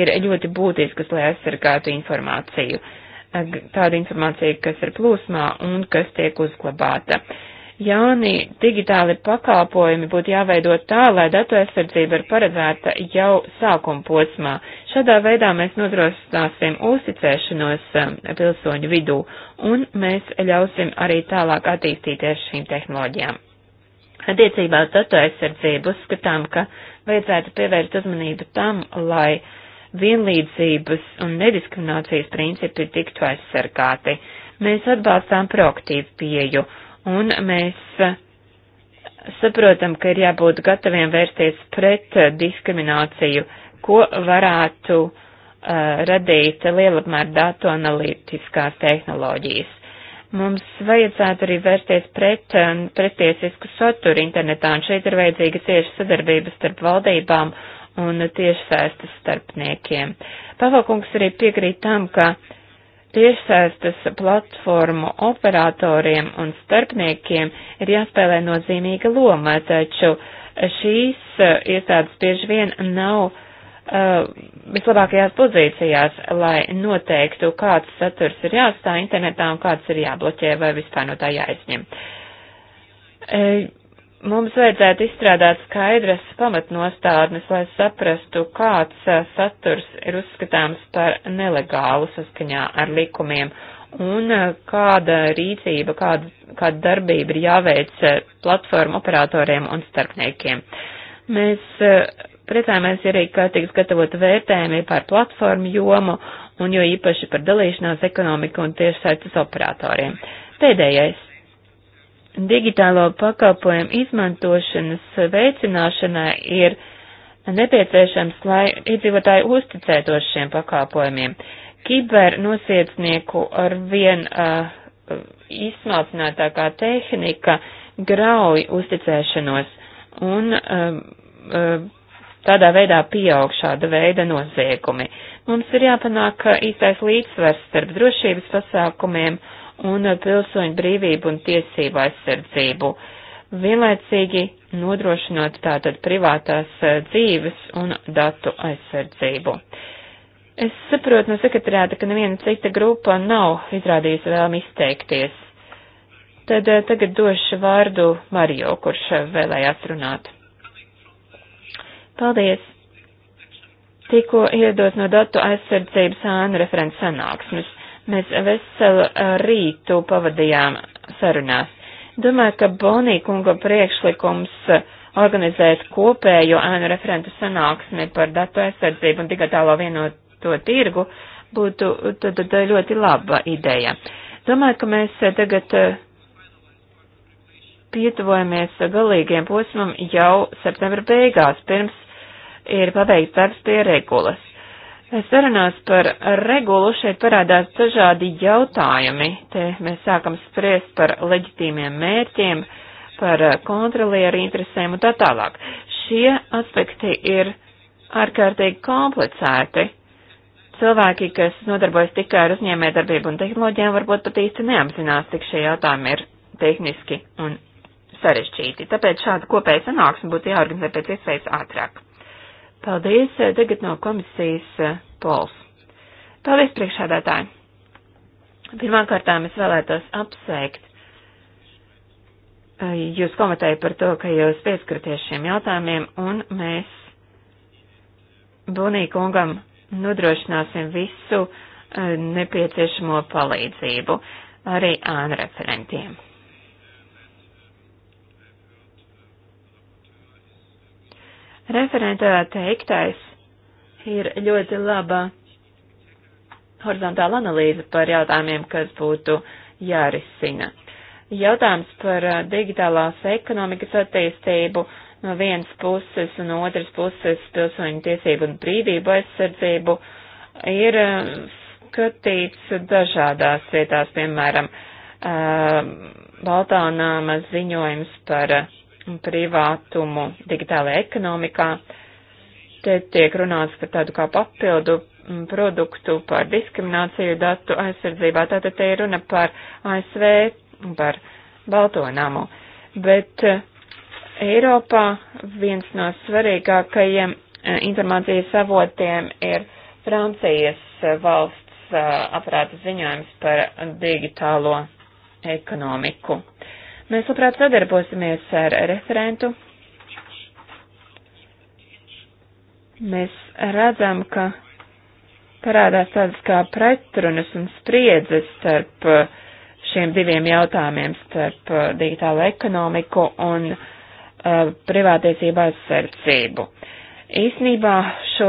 D: ir ļoti būtiskas, lai aizsargātu informāciju. Tāda informācija, kas ir plūsmā un kas tiek uzglabāta. Uh, Jauni digitāli pakalpojumi būtu jāveido tā, lai datu aizsardzība ir paredzēta jau sākuma posmā. Šādā veidā mēs nodrošināsim uzticēšanos um, pilsoņu vidū un mēs ļausim arī tālāk attīstīties šīm tehnoloģijām. Attiecībā uz datu aizsardzību uzskatām, ka vajadzētu pievērst uzmanību tam, lai vienlīdzības un nediskriminācijas principi tiktu aizsargāti. Mēs atbalstām proaktīvu pieju un mēs saprotam, ka ir jābūt gataviem vērsties pret diskrimināciju, ko varētu uh, radīt lielapmēr datu analītiskās tehnoloģijas. Mums vajadzētu arī vērsties pret pretiesisku saturu internetā, un šeit ir vajadzīga cieša sadarbība starp valdībām un tiešsaistes starpniekiem. Pavalkungs arī piekrīt tam, ka uh, tiešsaistes platformu operatoriem un starpniekiem ir jāspēlē nozīmīga loma, taču šīs eh, iestādes bieži vien nav uh, vislabākajās pozīcijās, lai noteiktu, kāds saturs ir jāatstāj internetā un kāds ir jābloķē vai vispār no tā jāizņem. Uh, mums vajadzētu izstrādāt skaidras pamatnostādnes, lai saprastu, kāds saturs ir uzskatāms par nelegālu saskaņā ar likumiem un kāda rīcība, kāda, kāda darbība ir jāveic platformu operatoriem un starpniekiem. Mēs priecājamies arī, ka tiks gatavota vērtējumi par platformu jomu un jo īpaši par dalīšanās ekonomiku un tiešsaistes operatoriem. Pēdējais digitālo pakalpojumu izmantošanas veicināšanai ir nepieciešams, lai iedzīvotāji uzticētos šiem pakalpojumiem. Kiber nosiecnieku ar vien uh, izsmalcinātākā tehnika grauj uzticēšanos un uh, uh, tādā veidā pieaug šāda veida noziegumi. Mums ir jāpanāk īstais līdzsvars starp drošības pasākumiem, uh, un pilsoņu brīvību un tiesību aizsardzību, vienlaicīgi nodrošinot tātad privātās e, dzīves un datu aizsardzību. Es saprotu no sekretariāta, ka neviena cita grupa nav izrādījusi vēlmi izteikties. Tad e, tagad došu vārdu Marijo, kurš vēlējās runāt. Paldies! Tikko iedot no datu aizsardzības ānu referents sanāksmes. Mēs veselu rītu pavadījām sarunās. Domāju, ka Bonī kunga priekšlikums organizēt kopējo ēnu referentu sanāksmi par datu aizsardzību un digitālo vienoto tirgu būtu tad, tad ļoti laba ideja. Domāju, ka mēs tagad pietuvojamies galīgiem posmam jau septembra beigās, pirms ir pabeigts darbs pie regulas. Sarunās par regulu šeit parādās dažādi jautājumi. Te mēs sākam spriest par leģitīmiem mērķiem, par kontrolieru interesēm un tā tālāk. Šie aspekti ir ārkārtīgi komplicēti. Cilvēki, kas nodarbojas tikai ar uzņēmējdarbību un tehnoloģijām, varbūt pat īsti neapzinās, cik šie jautājumi ir tehniski un sarežģīti. Tāpēc šāda kopēja sanāksme būtu jāorganizē pēc iespējas ātrāk. Paldies. Eh, Tagad no komisijas eh, pols. Paldies, priekšādātāji. Pirmkārtām es vēlētos apsveikt eh, jūs komiteju par to, ka jūs pieskarties šiem jautājumiem, un mēs Bonīkungam nodrošināsim visu nepieciešamo palīdzību arī ānreferentiem. referentiem. Referentē teiktais ir ļoti laba horizontāla analīze par jautājumiem, kas būtu jārisina. Jautājums par uh, digitālās ekonomikas attīstību no vienas puses un no otras puses pilsoņu tiesību un brīvību aizsardzību ir uh, skatīts dažādās vietās, piemēram, uh, Baltānāmas ziņojums par privātumu digitālajā ekonomikā. Te tiek runāts par tādu kā papildu mm, produktu par diskrimināciju datu aizsardzībā. Tātad te ir runa par ASV, par Balto namu. Bet eh, Eiropā viens no svarīgākajiem eh, informācijas avotiem ir Francijas eh, valsts aprāta ziņojums par digitālo ekonomiku. Uh, Mēs labprāt sadarbosimies ar referentu. Mēs redzam, ka parādās tādas kā pretrunas un spriedzes starp uh, šiem diviem jautājumiem, starp uh, digitālo ekonomiku un uh, privātiesību aizsardzību. Īsnībā šo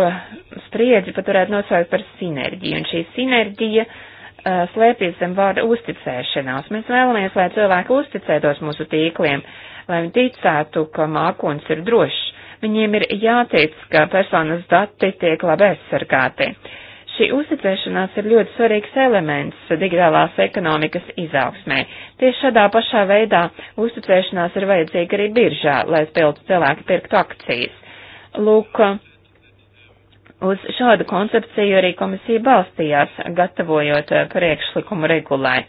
D: spriedzi pat varētu nosaukt par sinerģiju, un šī sinerģija uh, Eh, slēpjas zem vārda uzticēšanās. Mēs vēlamies, lai cilvēki uzticētos mūsu tīkliem, lai viņi ticētu, ka mākonis ir drošs. Viņiem ir jātic, ka personas dati tiek labi aizsargāti. Šī uzticēšanās ir ļoti svarīgs elements digitālās ekonomikas izaugsmē. Tieši šādā pašā veidā uzticēšanās ir vajadzīga arī biržā, lai spilgtu cilvēki pirktu akcijas. Lūk, uh, Uz šādu koncepciju arī komisija balstījās, gatavojot eh, priekšlikumu regulai.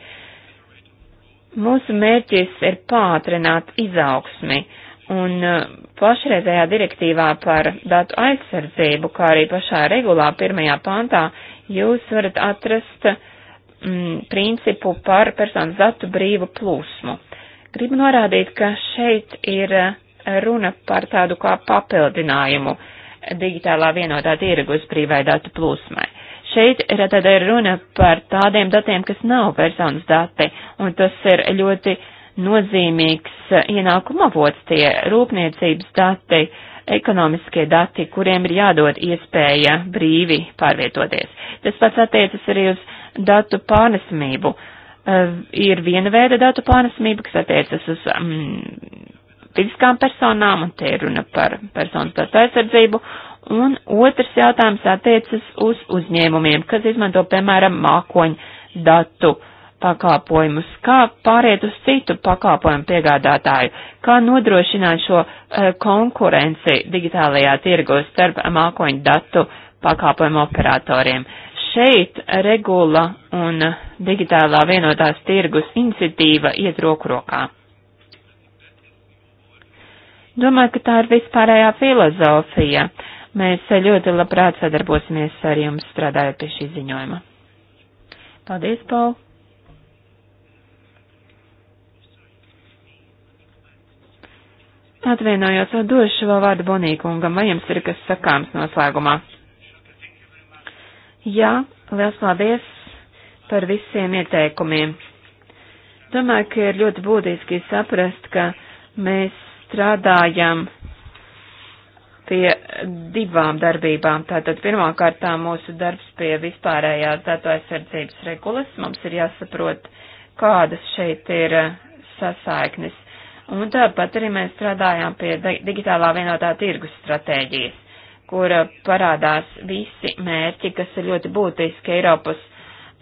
D: Mūsu mērķis ir pātrināt izaugsmi, un eh, pašreizējā direktīvā par datu aizsardzību, kā arī pašā regulā pirmajā pantā, jūs varat atrast mm, principu par personas datu brīvu plūsmu. Gribu norādīt, ka šeit ir eh, runa par tādu kā papildinājumu. Uh, digitālā vienotā tirgus brīvai datu plūsmai. Šeit ir tad runa par tādiem datiem, kas nav personas dati, un tas ir ļoti nozīmīgs eh, ienākuma avots tie rūpniecības dati, ekonomiskie dati, kuriem ir jādod iespēja brīvi pārvietoties. Tas pats attiecas arī uz datu pārnesamību. Uh, eh, ir viena veida datu pārnesamība, kas attiecas uz um, fiziskām personām, un te ir runa par personas datu aizsardzību, un otrs jautājums attiecas uz uzņēmumiem, kas izmanto, piemēram, mākoņu datu pakāpojumus, kā pāriet uz citu pakāpojumu piegādātāju, kā nodrošināt šo uh, konkurenci digitālajā tirgu starp mākoņu datu pakāpojumu operatoriem. Šeit regula un digitālā vienotās tirgus iniciatīva iet roku rokā. Domāju, ka tā ir vispārējā filozofija. Mēs ļoti labprāt sadarbosimies ar jums strādājot pie šī ziņojuma. Paldies, Paul! Atvienojos, došu vēl vārdu Bonīkungam, vai jums ir kas sakāms noslēgumā? Jā, liels paldies par visiem ieteikumiem. Domāju, ka ir ļoti būtiski saprast, ka mēs strādājam pie divām darbībām. Tātad pirmkārtām mūsu darbs pie vispārējās datu aizsardzības regulas. Mums ir jāsaprot, kādas šeit ir sasaiknes. Un tāpat arī mēs strādājām pie digitālā vienotā tirgus stratēģijas, kur parādās visi mērķi, kas ir ļoti būtiski Eiropas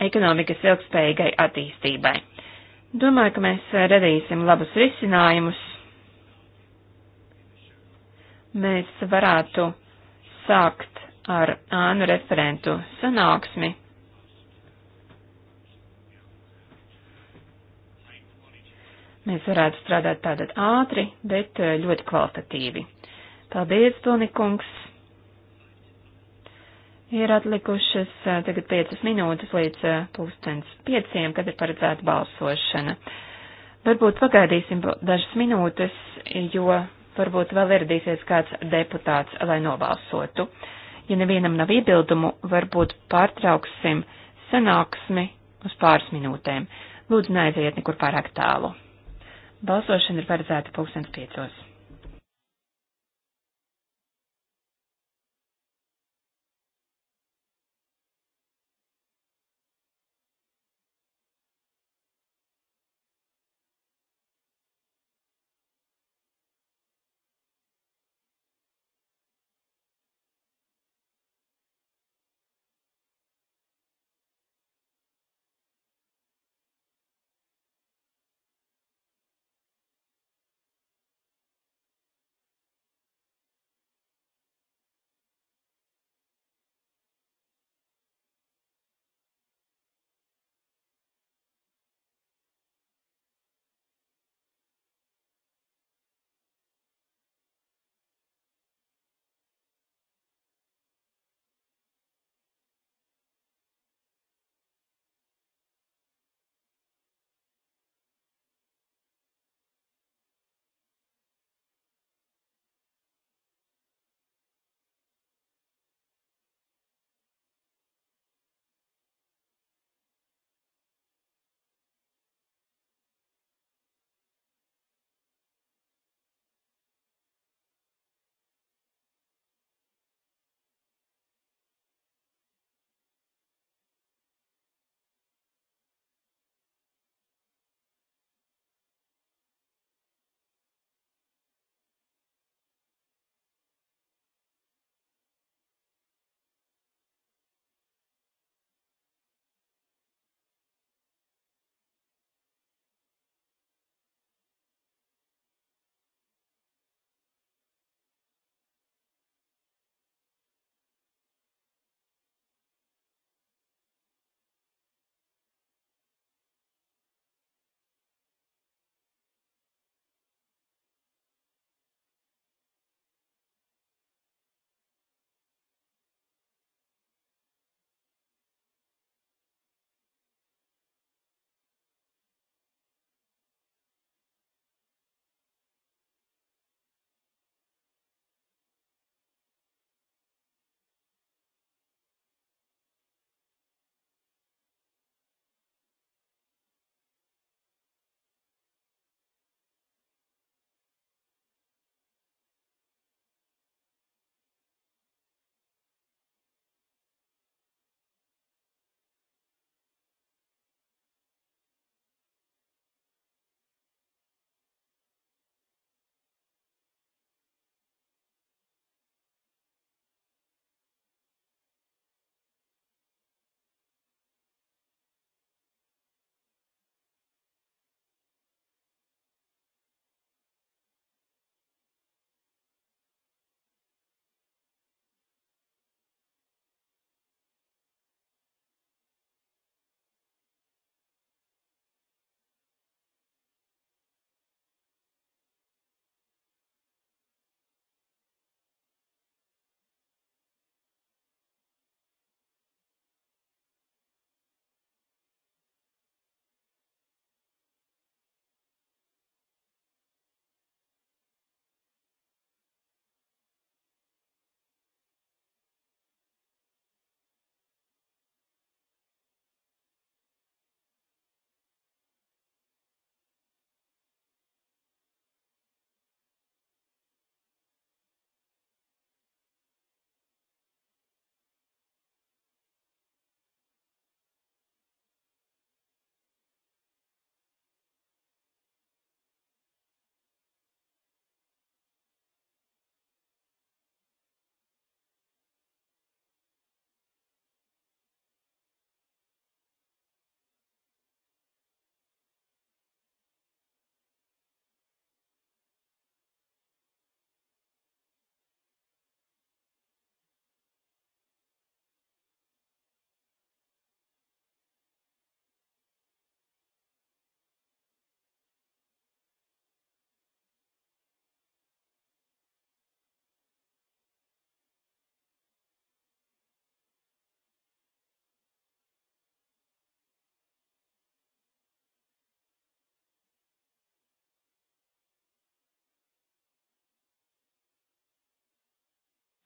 D: ekonomikas ilgspējīgai attīstībai. Domāju, ka mēs radīsim labus risinājumus mēs varētu sākt ar ānu referentu sanāksmi. Mēs varētu strādāt tātad ātri, bet eh, ļoti kvalitatīvi. Paldies, Tonikungs! Ir atlikušas eh, tagad 5 minūtes līdz eh, pūkstens 5, kad ir paredzēta balsošana. Varbūt pagaidīsim dažas minūtes, jo varbūt vēl ieradīsies kāds deputāts, lai nobalsotu. Ja nevienam nav iebildumu, varbūt pārtrauksim sanāksmi uz pāris minūtēm. Lūdzu, neaiziet nekur pārāk tālu. Balsošana ir paredzēta pulkstens piecos.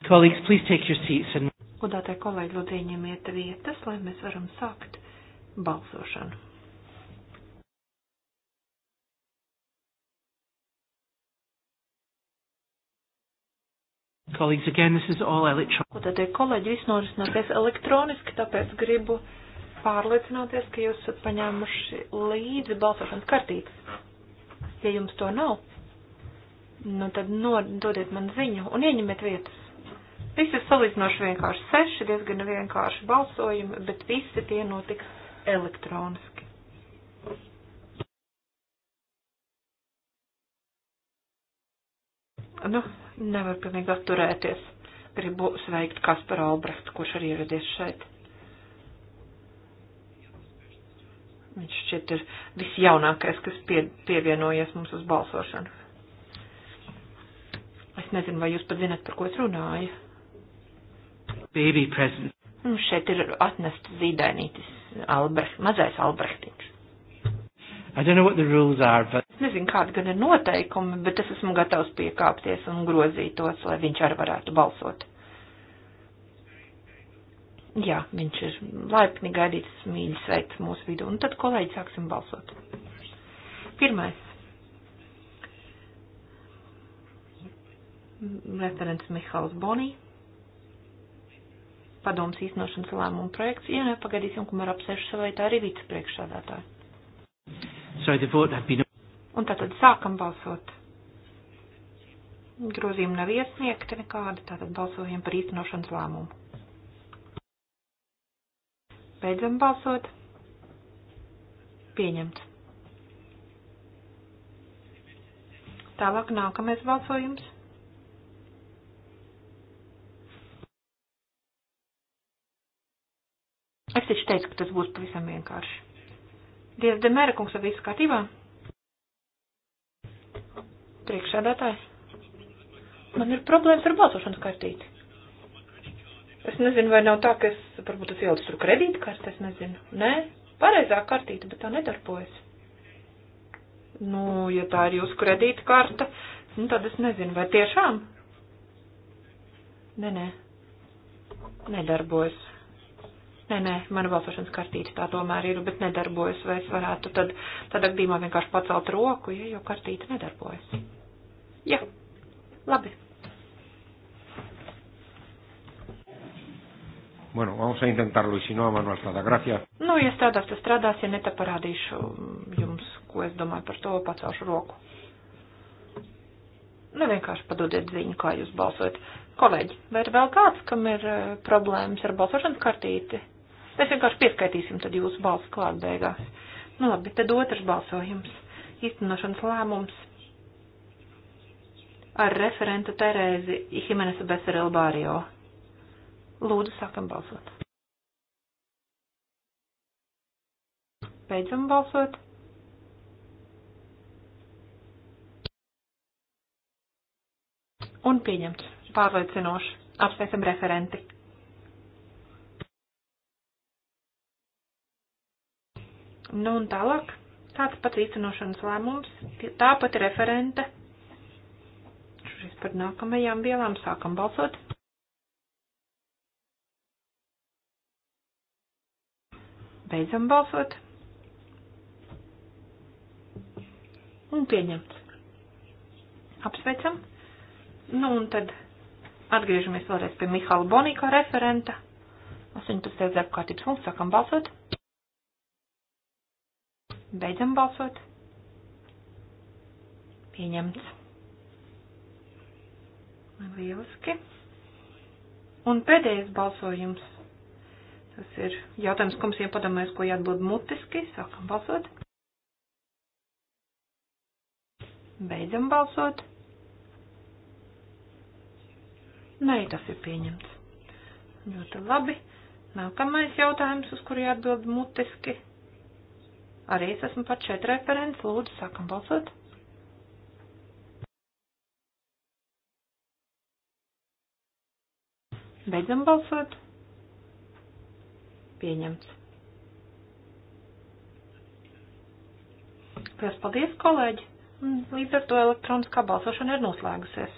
A: Colleagues, please take your seats and...
B: Godātie kolēģi, lūdzu ieņemiet vietas, lai mēs varam sākt
A: balsošanu. Colleagues, again, this is all electronic.
B: Tātad, kolēģi, viss norisināsies elektroniski, tāpēc gribu pārliecināties, ka jūs esat paņēmuši līdzi balsošanas kartītes. Ja jums to nav, nu tad no, dodiet man ziņu un ieņemiet vietas. Viss ir salīdzinoši vienkārši seši, diezgan vienkārši balsojumi, bet visi tie notika elektroniski. Nu, nevar pilnīgi atturēties. Gribu sveikt Kasparu Albrecht, kurš arī ieradies šeit. Viņš šķiet ir visjaunākais, kas pie, pievienojies mums uz balsošanu. Es nezinu, vai jūs pat zinat, par ko es runāju
A: baby present.
B: Un nu, šeit ir atnest zīdainītis Albrecht, mazais Albrechtiņš.
A: I don't know what the rules are, but.
B: Es nezinu, kāda gan ir noteikumi, bet es esmu gatavs piekāpties un grozītos, lai viņš arī varētu balsot. Jā, viņš ir laipni gaidīts, mīļi sveic mūsu vidu, un tad kolēģi sāksim balsot. Pirmais. Referents Mihāls Bonī padomas īstenošanas lēmumu projekts, ja nepagaidīsim, kamēr apsēšu savai tā arī vicepriekšsādātāju. Un tātad sākam balsot. Grozījumi nav iesniegti nekādi, tātad balsojam par īstenošanas lēmumu. Beidzam balsot. Pieņemts. Tālāk nākamais balsojums. Es taču teicu, ka tas būs pavisam vienkārši. Dievs, Demēra kungs, vai viss kārtībā? Priekšsēdētājs. Man ir problēmas ar balsošanas kartīti. Es nezinu, vai nav tā, ka es, varbūt es ielicu tur kredītkarti, es nezinu. Nē, pareizā kartīte, bet tā nedarbojas. Nu, ja tā ir jūsu kredītkarta, nu tad es nezinu, vai tiešām. Nē, nē, nedarbojas. Nē, nē, mana balsošanas kartīte tā tomēr ir, bet nedarbojas, vai es varētu tad, tad gadījumā vienkārši pacelt roku, ja jau kartīte nedarbojas. Jā, labi.
E: Bueno, vamos a intentarlo y si no, a mano alzada.
A: Gracias.
B: Nu, ja strādās, tad strādās, ja ne, tad parādīšu jums, ko es domāju par to, pacelšu roku. Nu, vienkārši padodiet ziņu, kā jūs balsojat. Kolēģi, vai ir vēl kāds, kam ir eh, problēmas ar balsošanas kartīti? Mēs vienkārši pieskaitīsim tad jūsu balsu klāt beigās. Nu labi, tad otrs balsojums. Īstenošanas lēmums ar referentu Terēzi Himenesa Beserel Bārio. Lūdzu, sākam balsot. Beidzam balsot. Un pieņemts. Pārliecinoši. Apsveicam referenti. Nu un tālāk, tāds pats īstenošanas lēmums, tāpat referente. Šis par nākamajām vielām sākam balsot. Beidzam balsot. Un pieņemts. Apsveicam. Nu un tad atgriežamies vēlreiz pie Mihaila Bonika referenta. 18. darbkārtības punkts sākam balsot. Beidzam balsot. Pieņemts. Lieliski. Un pēdējais balsojums. Tas ir jautājums komisijai padomājas, ko jāatbild mutiski. Sākam balsot. Beidzam balsot. Nē, tas ir pieņemts. Ļoti labi. Nākamais jautājums, uz kuru jāatbild mutiski. Arī es esmu par četru referents. Lūdzu, sākam balsot. Beidzam balsot. Pieņemts. Lielas paldies, kolēģi! Līdz ar to elektroniskā balsošana ir noslēgusies.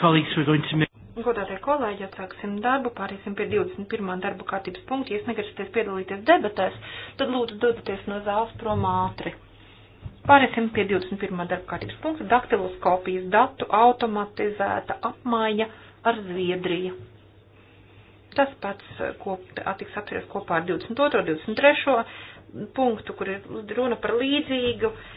A: Colleagues, we're going to make...
B: Godātie kolēģi, atsāksim darbu, pāriesim pie 21. darba kārtības punkta. Ja negrasaties piedalīties debatēs, tad lūdzu dodaties no zāles prom ātri. Pāriesim pie 21. darba kārtības punkta - daktiloskopijas datu automatizēta apmaiņa ar Zviedriju. Tas pats, ko attiks atceries kopā ar 22. un 23. punktu, kur ir runa par līdzīgu uh,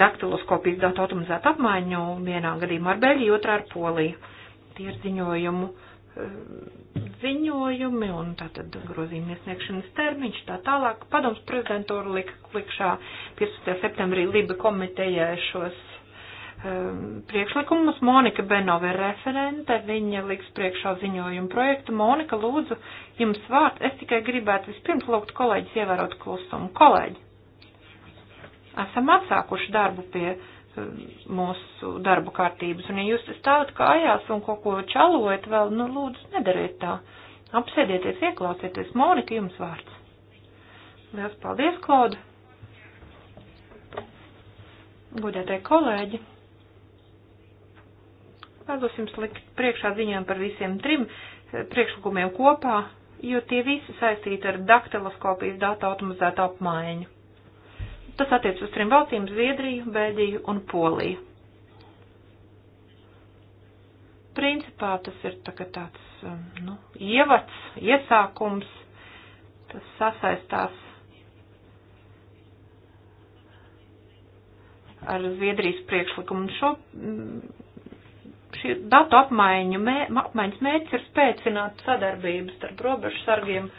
B: daktiloskopijas datu automatizētu apmaiņu vienā gadījumā ar Beļģiju, otrā ar Poliju. Tie ir ziņojumu, eh, ziņojumi un tātad grozījuma iesniegšanas termiņš, tā tālāk. Padoms prezidentūra lika klikšā 15. septembrī Liba komitejā šos um, priekšlikumus. Monika Benova ir referente, viņa liks priekšā ziņojumu projektu. Monika, lūdzu, jums vārds. Es tikai gribētu vispirms lūgt kolēģis ievērot klusumu. Kolēģi! esam atsākuši darbu pie um, mūsu darbu kārtības, un ja jūs stāvat kājās un kaut ko čalojat vēl, nu lūdzu, nedariet tā. Apsēdieties, ieklausieties, Monika, jums vārds. Lielas paldies, Klauda. Godētie kolēģi. Vēlos jums likt priekšā ziņām par visiem trim eh, priekšlikumiem kopā, jo tie visi saistīti ar daktiloskopijas datu automatizētu apmaiņu. Tas attiec uz trim valstīm - Zviedriju, Bēļģiju un Poliju. Principā tas ir tā tāds um, nu, ievads, iesākums, tas sasaistās ar Zviedrijas priekšlikumu. Šo mm, šī datu apmaiņu, mē, apmaiņas mērķis ir spēcināt sadarbības starp robežu sargiem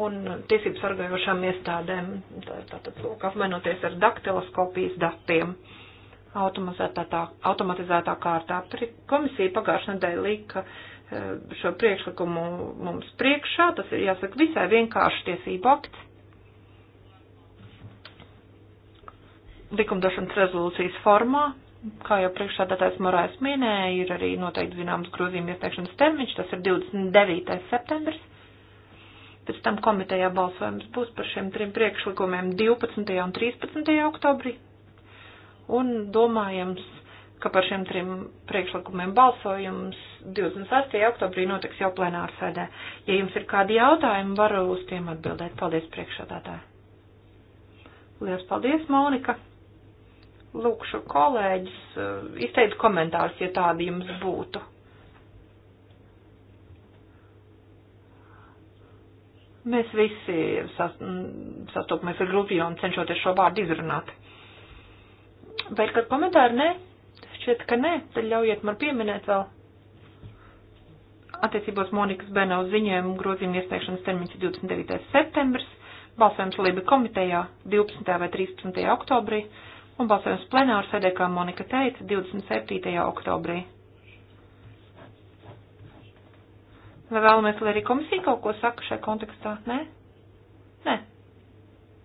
B: un tiesību sargājošām iestādēm, tātad, lūk, apmainoties ar daktiloskopijas datiem automatizētā, automatizētā kārtā. Komisija pagājušajā nedēļā lika eh, šo priekšlikumu mums priekšā, tas ir jāsaka visai vienkārši tiesību akts. Likumdošanas rezolūcijas formā, kā jau priekšsādātājs Morais minēja, ir arī noteikti zināms grozījuma iesniegšanas termiņš, tas ir 29. septembris. Pēc tam komitejā balsojums būs par šiem trim priekšlikumiem 12. un 13. oktobrī. Un domājams, ka par šiem trim priekšlikumiem balsojums 26. oktobrī notiks jau plenāra sēdē. Ja jums ir kādi jautājumi, varu uz tiem atbildēt. Paldies priekšsādātāji. Lielas paldies, Monika. Lūkšu kolēģis eh, izteikt komentārus, ja tādi jums būtu. Mēs visi sastopamies ar grūtību un cenšoties šo vārdu izrunāt. Vai ir kādi komentāri? Nē, šķiet, ka nē, tad ļaujiet man pieminēt vēl attiecībos Monikas Benovas ziņojumu grozījuma iesniegšanas termiņš ir 29. septembris, balsojums Lība komitejā 12. vai 13. oktobrī un balsojums plenāru sēdē, kā Monika teica, 27. oktobrī. Vai vēlamies, lai arī komisija kaut ko saka šajā kontekstā? Nē? Nē.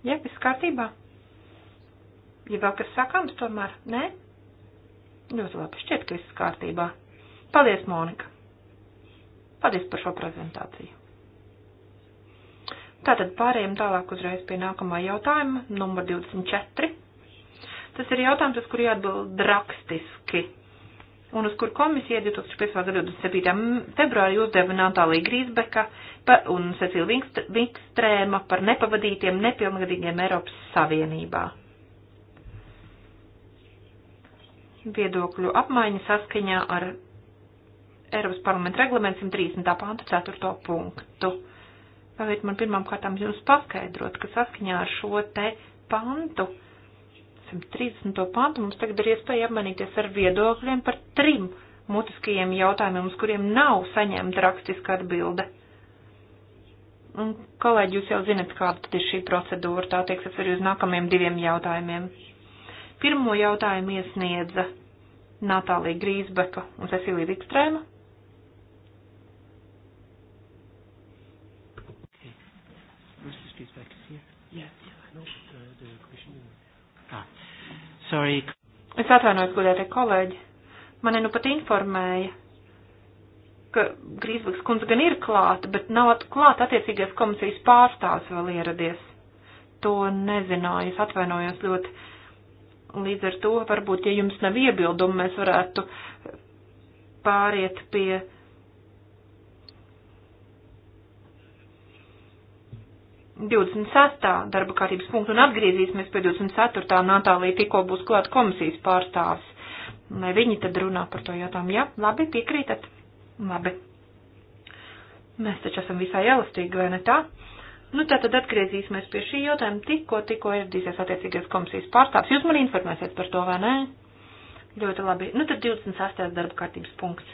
B: Jā, viss kārtībā. Ja vēl kas sakāms tomēr? Nē? Ļoti labi, šķiet, ka viss kārtībā. Paldies, Monika. Paldies par šo prezentāciju. Tātad pārējiem tālāk uzreiz pie nākamā jautājuma, numur 24. Tas ir jautājums, uz kuru jāatbild rakstiski un uz kur komisija 2005. gada 27. februārī uzdeva Natālija Grīsbeka un Cecilija Vikstrēma par nepavadītiem nepilngadīgiem Eiropas Savienībā. Viedokļu apmaiņa saskaņā ar Eiropas parlamenta reglamentu 130. pāntu 4. punktu. Vai man pirmām kārtām jums paskaidrot, ka saskaņā ar šo te pantu 130. pantu mums tagad ir iespēja apmainīties ar viedokļiem par trim mutiskajiem jautājumiem, uz kuriem nav saņemta rakstiska atbilde. Un, kolēģi, jūs jau zinat, kāda tad ir šī procedūra, tā tieksies arī uz nākamajiem diviem jautājumiem. Pirmo jautājumu iesniedza Natālija Grīsbeka un Cecilija Vikstrēma.
A: sorry. Es atvainojos,
B: godētie kolēģi. Mani nu pat informēja, ka Grīsbeks kundze gan ir klāta, bet nav klāta attiecīgais komisijas pārstāvs vēl ieradies. To nezināju, es atvainojos ļoti. Līdz ar to, varbūt, ja jums nav iebildumi, mēs varētu pāriet pie 26. darba kārtības punktu un atgriezīsimies pie 24. Natālija tikko būs klāt komisijas pārstāvis. Lai viņi tad runā par to jautājumu. Ja, labi, piekrītat? Labi. Mēs taču esam visai elastīgi, vai ne tā? Nu, tā tad atgriezīsimies pie šī jautājuma tikko, tikko ieradīsies attiecīgais komisijas pārstāvis. Jūs man informēsiet par to, vai ne? Ļoti labi. Nu, tad 26. darba kārtības punkts.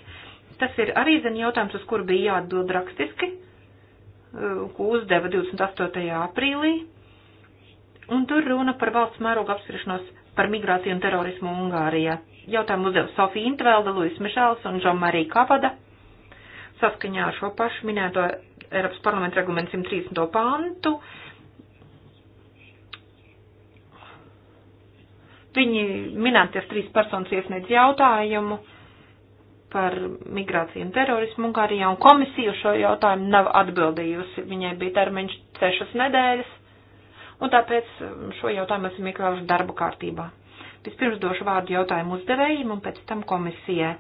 B: Tas ir arī, zin, jautājums, uz kuru bija jāatbild rakstiski ko uzdeva 28. aprīlī, un tur runa par valsts mēroga apspriešanos par migrāciju un terorismu Ungārijā. Jautājumu uzdeva Sofija Intvelda, Luis Mišels un Žomarija Kavada. Saskaņā ar šo pašu minēto Eiropas parlamenta reglamentu 130. pantu. Viņi minēties trīs personas iesniedz jautājumu par migrāciju un terorismu Ungārijā, un komisija šo jautājumu nav atbildījusi. Viņai bija termiņš sešas nedēļas, un tāpēc um, šo jautājumu esam iekļāvuši darba kārtībā. Vispirms došu vārdu jautājumu uzdevējiem un pēc tam komisijai.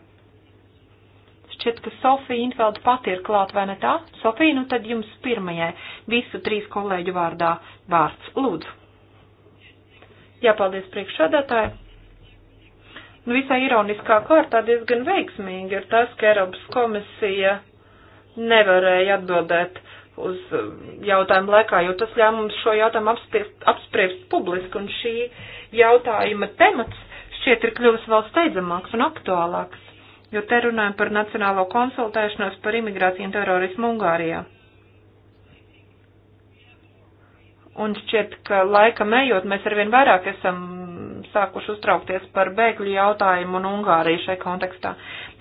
B: Šķiet, ka Sofija Infelda pati ir klāt, vai ne tā? Sofija, nu tad jums pirmajai visu trīs kolēģu vārdā vārds. Lūdzu. Jāpaldies priekšsādātāji. Nu, visai ironiskā kārtā diezgan veiksmīgi ir tas, ka Eiropas komisija nevarēja atbildēt uz um, jautājumu laikā, jo tas ļāva mums šo jautājumu apspriest, apspriest publiski, un šī jautājuma temats šķiet ir kļuvis vēl steidzamāks un aktuālāks, jo te runājam par nacionālo konsultēšanos par imigrāciju un terorismu Ungārijā. Un šķiet, ka laika ejot mēs arvien vairāk esam sākuši uztraukties par bēgļu jautājumu un Ungāriju šai kontekstā.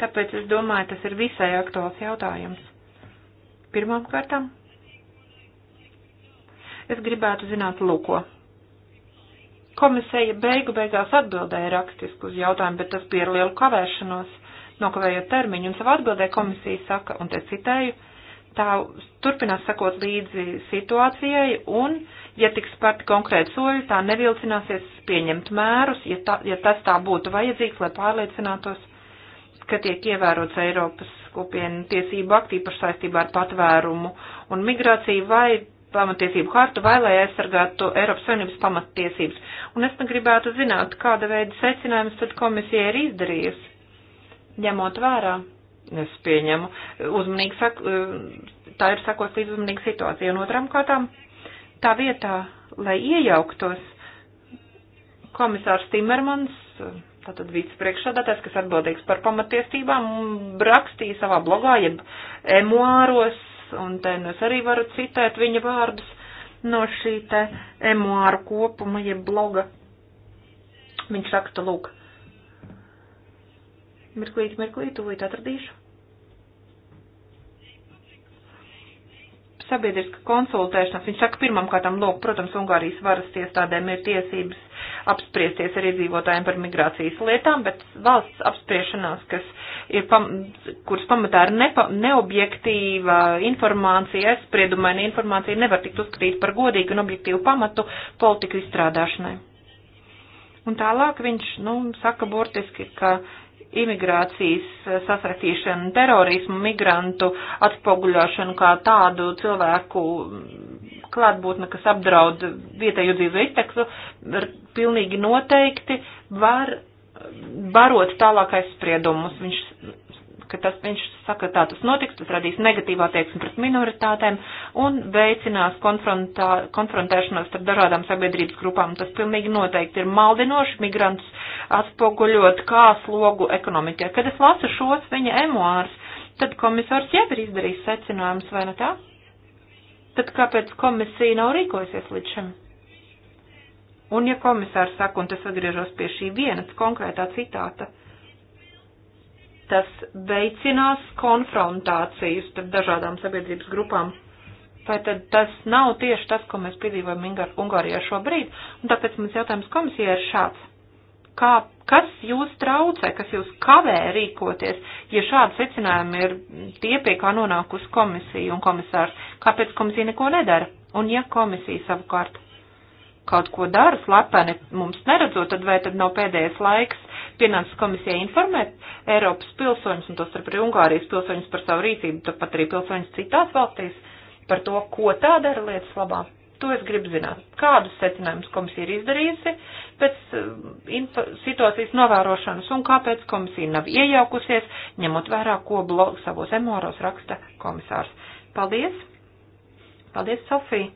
B: Tāpēc es domāju, tas ir visai aktuāls jautājums. Pirmām kārtām es gribētu zināt lūko. Komisija beigu beigās atbildēja rakstiski uz jautājumu, bet tas bija ar lielu kavēšanos, nokavējot termiņu, un savā atbildē komisija saka, un te citēju, tā turpinās sakot līdzi situācijai un uh, Ja tiks spērti konkrēti soļi, tā nevilcināsies pieņemt mērus, ja, ta, ja tas tā būtu vajadzīgs, lai pārliecinātos, ka tiek ievērots Eiropas kopienu tiesību aktī par saistībā ar patvērumu un migrāciju vai pamatiesību hartu vai lai aizsargātu Eiropas Savienības pamattiesības. Un es nu gribētu zināt, kāda veida secinājumus tad komisija ir izdarījusi, ņemot vērā. Es pieņemu. Uzmanīgi sak, tā ir sakos līdz uzmanīgi situācija. Un otram kārtām tā vietā, lai iejauktos komisārs Timermans, tātad vicepriekšādātājs, kas atbildīgs par pamatiesībām, rakstīja savā blogā, jeb emuāros, un te nu es arī varu citēt viņa vārdus no šī te emuāru kopuma, jeb bloga. Viņš raksta, lūk, mirklīt, mirklīt, tūlīt atradīšu. sabiedriska konsultēšanās. Viņš saka, pirmam kārtam, lūk, protams, Ungārijas varas iestādēm ir tiesības apspriesties ar iedzīvotājiem par migrācijas lietām, bet valsts apspriešanās, kas ir, pam, kuras pamatā ir nepa, neobjektīva informācija, aizspriedumaina informācija, nevar tikt uzskatīt par godīgu un objektīvu pamatu politiku izstrādāšanai. Un tālāk viņš, nu, saka burtiski, ka imigrācijas eh, sasratīšanu, terorismu, migrantu atspoguļošanu kā tādu cilvēku mm, klātbūtne, kas apdraud vietēju dzīvu izteksu, pilnīgi noteikti var barot tālāk aizspriedumus. Viņš ka tas, viņš saka, tā tas notiks, tas radīs negatīvā tieksmi pret minoritātēm un veicinās konfrontēšanos ar dažādām sabiedrības grupām. Tas pilnīgi noteikti ir maldinoši migrantus atspoguļot kā slogu ekonomikai. Kad es lasu šos viņa emuārs, tad komisārs jau ir izdarījis secinājumus, vai ne tā? Tad kāpēc komisija nav rīkojusies līdz šim? Un ja komisārs saka, un tas atgriežos pie šī vienas konkrētā citāta, Tas veicinās konfrontācijas starp dažādām sabiedrības grupām. Vai tad tas nav tieši tas, ko mēs piedzīvojam Ungārijā šobrīd? Un tāpēc mums jautājums komisijai ir šāds. Kā, kas jūs traucē, kas jūs kavē rīkoties, ja šādi secinājumi ir tie, pie kā nonākusi komisija un komisārs? Kāpēc komisija neko nedara? Un ja komisija savukārt kaut ko dara slepeni, mums neredzot, tad vai tad nav pēdējais laiks pienācis komisijai informēt Eiropas pilsoņus, un tostarp arī Ungārijas pilsoņus par savu rīcību, tāpat arī pilsoņus citās valstīs, par to, ko tā dara lietas labā. To es gribu zināt. Kādus secinājumus komisija ir izdarījusi pēc eh, info, situācijas novērošanas un kāpēc komisija nav iejaukusies, ņemot vērā, ko blog savos emuāros raksta komisārs. Paldies! Paldies, Sofija!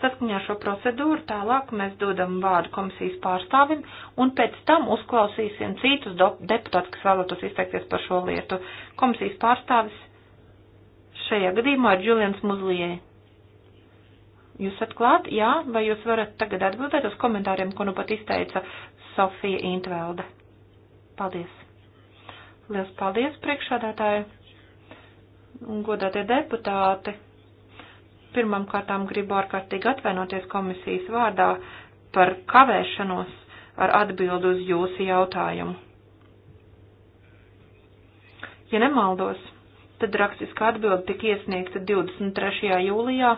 B: Saskaņā šo procedūru tālāk mēs dodam vārdu komisijas pārstāvim un pēc tam uzklausīsim citus deputātus, kas vēlētos izteikties par šo lietu. Komisijas pārstāvis šajā gadījumā ir Julians Muzlijai. Jūs atklāt, jā, vai jūs varat tagad atbildēt uz komentāriem, ko nu pat izteica Sofija Intvelde? Paldies. Liels paldies, priekšādātāji un godātie deputāti. Pirmam kārtām gribu ārkārtīgi atvainoties komisijas vārdā par kavēšanos ar atbildu uz jūsu jautājumu. Ja nemaldos, tad rakstiskā atbilde tika iesniegta 23. jūlijā,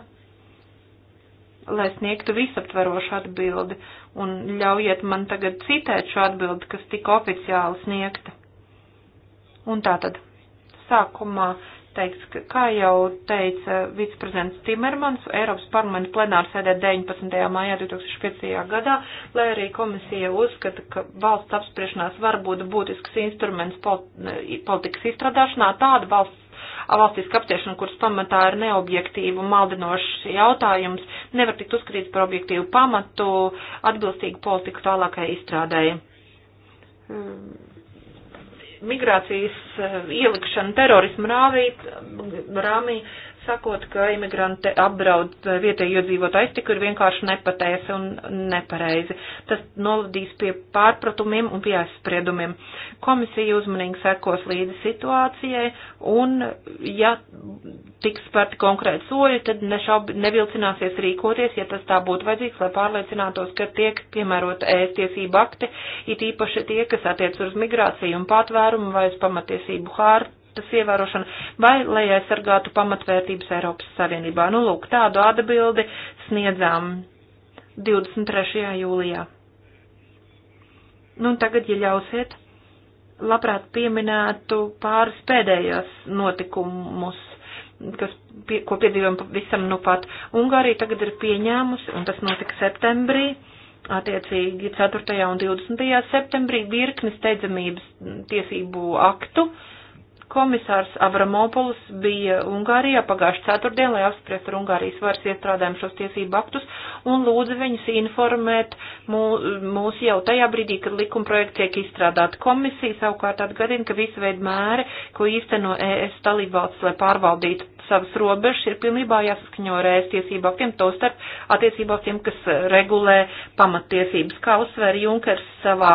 B: lai sniegtu visaptverošu atbildi, un ļaujiet man tagad citēt šo atbildi, kas tika oficiāli sniegta. Un tātad, sākumā teikts, ka, kā jau teica viceprezidents Timermans, Eiropas parlamenta plenāra sēdē 19. maijā 2005. gadā, lai arī komisija uzskata, ka valsts apspriešanās var būt būtisks instruments politikas izstrādāšanā, tāda valsts valstiska aptiešana, kuras pamatā ir neobjektīva un maldinošs jautājums, nevar tikt uzskatīts par objektīvu pamatu atbilstīgu politiku tālākai izstrādēji migrācijas eh, ielikšana terorismu rāvī, rāmī sakot, ka imigranti apdraud vietējo dzīvotāju aiztiku ir vienkārši nepatēsa un nepareizi. Tas novadīs pie pārpratumiem un pie aizspriedumiem. Komisija uzmanīgi sekos līdzi situācijai un, ja tiks spērti konkrēti soļi, tad nešaub, nevilcināsies rīkoties, ja tas tā būtu vajadzīgs, lai pārliecinātos, ka tiek piemērota ēstiesība akti, it īpaši tie, kas attiec uz migrāciju un patvērumu vai uz pamatiesību hārtu tas ievērošanu, vai lai aizsargātu pamatvērtības Eiropas Savienībā. Nu, lūk, tādu atbildi sniedzām 23. jūlijā. Nu, tagad, ja ļausiet, labprāt pieminētu pāris pēdējos notikumus kas, pie, ko piedzīvojam visam nu pat. Ungārija tagad ir pieņēmusi, un tas notika septembrī, attiecīgi 4. un 20. septembrī virkni steidzamības tiesību aktu, uh, Komisārs Avramopolis bija Ungārijā pagājušā ceturtdien, lai apspriestu ar Ungārijas varas iestrādēm šos tiesību aktus un lūdza viņus informēt mūs jau tajā brīdī, kad likumprojekts tiek izstrādāt. Komisija savukārt atgadina, ka visu veidu mēri, ko īsteno ES dalībvalsts, lai pārvaldītu savas robežas ir pilnībā jāsaskaņo ar ēst tiesību aktiem, to starp attiecībā uz tiem, kas regulē pamattiesības. Kā uzsver Junkers savā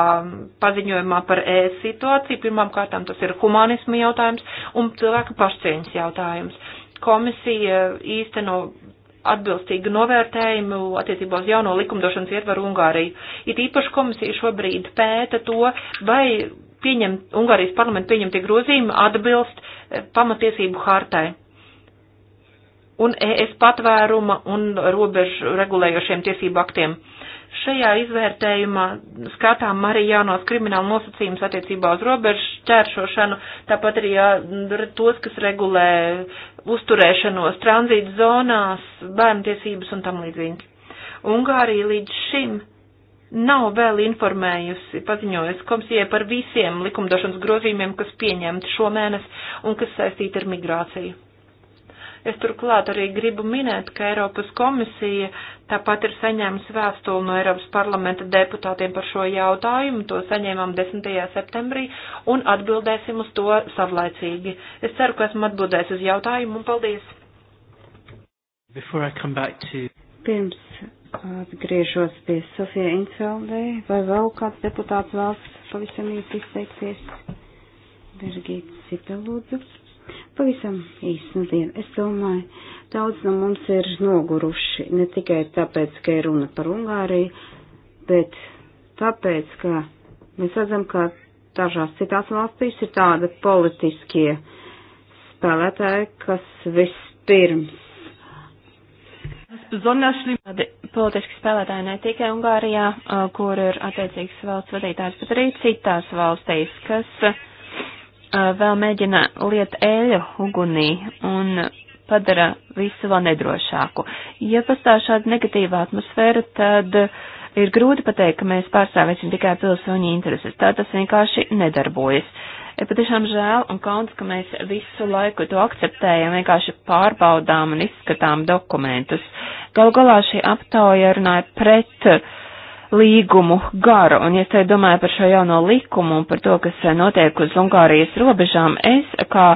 B: paziņojumā par ēst situāciju, pirmām kārtām tas ir humanismu jautājums un cilvēka pašcieņas jautājums. Komisija īsteno atbilstīgu novērtējumu attiecībā uz jauno likumdošanas ietvaru Ungāriju. It īpaši komisija šobrīd pēta to, vai pieņem, Ungārijas parlamenta pieņemtie grozījumi atbilst pamatiesību hartai un ES patvēruma un robežu regulējošiem tiesību aktiem. Šajā izvērtējumā skatām arī jaunos kriminālu nosacījumus attiecībā uz robežu šķēršošanu, tāpat arī jā, tos, kas regulē uzturēšanos tranzītu zonās, bērntiesības un tam līdzīgi. Ungārija līdz šim nav vēl informējusi, paziņojusi komisijai par visiem likumdošanas grozījumiem, kas pieņemti šomēnes un kas saistīti ar migrāciju. Es turklāt arī gribu minēt, ka Eiropas komisija tāpat ir saņēmusi vēstuli no Eiropas parlamenta deputātiem par šo jautājumu, to saņēmām 10. septembrī un atbildēsim uz to savlaicīgi. Es ceru, ka esmu atbildējis uz jautājumu un paldies!
A: To...
C: Pirms atgriežos pie Sofija Infeldē, vai vēl kāds deputāts vēlas pavisam īsti izteikties? Birgīt Sipelūdzu. Pavisam īsi nedēļa. Es domāju, daudz no mums ir noguruši ne tikai tāpēc, ka ir runa par Ungāriju, bet tāpēc, ka mēs redzam, ka dažās citās valstīs ir tāda politiskie spēlētāji, kas vispirms. Tādi politiski spēlētāji
D: ne tikai Ungārijā, uh, kur ir attiecīgs valsts vadītājs, bet arī citās valstīs, kas vēl mēģina liet eļu ugunī un padara visu vēl nedrošāku. Ja pastāv šāda negatīva atmosfēra, tad ir grūti pateikt, ka mēs pārstāvēsim tikai pilsoņu intereses. Tā tas vienkārši nedarbojas. Ir e, patiešām žēl un kauns, ka mēs visu laiku to akceptējam, vienkārši pārbaudām un izskatām dokumentus. Galu galā šī aptauja runāja pret uh, līgumu garu, un ja es te domāju par šo jauno likumu un par to, kas eh, notiek uz Ungārijas robežām, es kā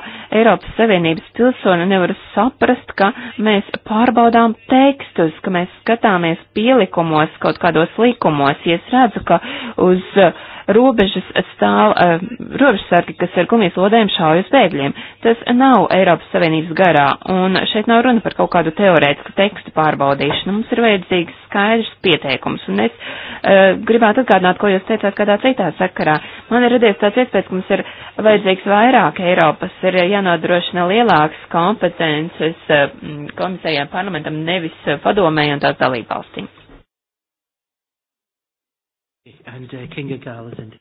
D: Eiropas Savienības pilsoni nevaru saprast, ka mēs pārbaudām tekstus, ka mēs skatāmies pielikumos kaut kādos likumos. Ja es redzu, ka uz uh, robežas stāv uh, robežsargi, kas ar gumijas lodēm šauj uz bēgļiem. Tas nav Eiropas Savienības garā, un šeit nav runa par kaut kādu teorētisku tekstu pārbaudīšanu. Mums ir vajadzīgs skaidrs pieteikums, un es uh, gribētu atgādināt, ko jūs teicāt kādā citā sakarā. Man ir radies tāds iespējas, ka mums ir vajadzīgs vairāk Eiropas, ir jānodrošina lielākas kompetences uh, eh, komisējām parlamentam, nevis padomēji un tās dalībvalstīm
A: and uh, Kinga Gall is in.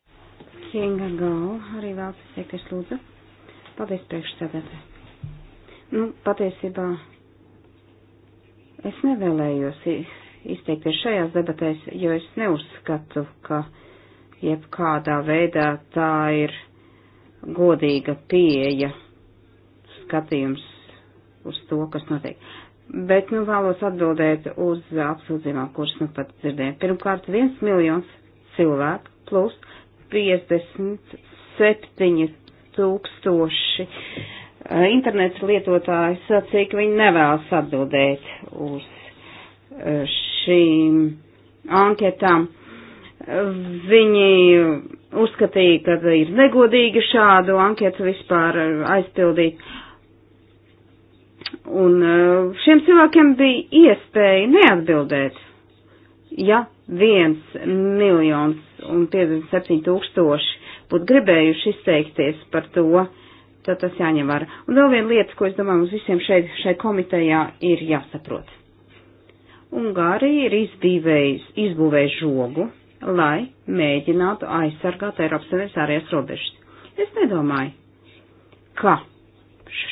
C: Kinga Gall arī vēl pasiekas lūdzu. Paldies priekšsēdētāji. Nu, patiesībā es nevēlējos izteikties šajās debatēs, jo es neuzskatu, ka jebkādā veidā tā ir godīga pieeja skatījums uz to, kas notiek. Bet, nu, vēlos atbildēt uz apsūdzībām, kuras nu pat dzirdējām. Pirmkārt, viens miljons cilvēku plus 57 tūkstoši eh, internets lietotājs, eh, cik viņi nevēlas atbildēt uz eh, šīm anketām. Viņi uzskatīja, ka ir negodīgi šādu anketu vispār aizpildīt. Un šiem cilvēkiem bija iespēja neatbildēt, ja viens miljons un 57 tūkstoši būtu gribējuši izteikties par to, tad tas jāņem vērā. Un vēl viena lieta, ko es domāju, mums visiem šeit, šai komitejā ir jāsaprot. Ungārija ir izbūvējusi žogu, lai mēģinātu aizsargāt Eiropas Savienības ārējās robežas. Es nedomāju, ka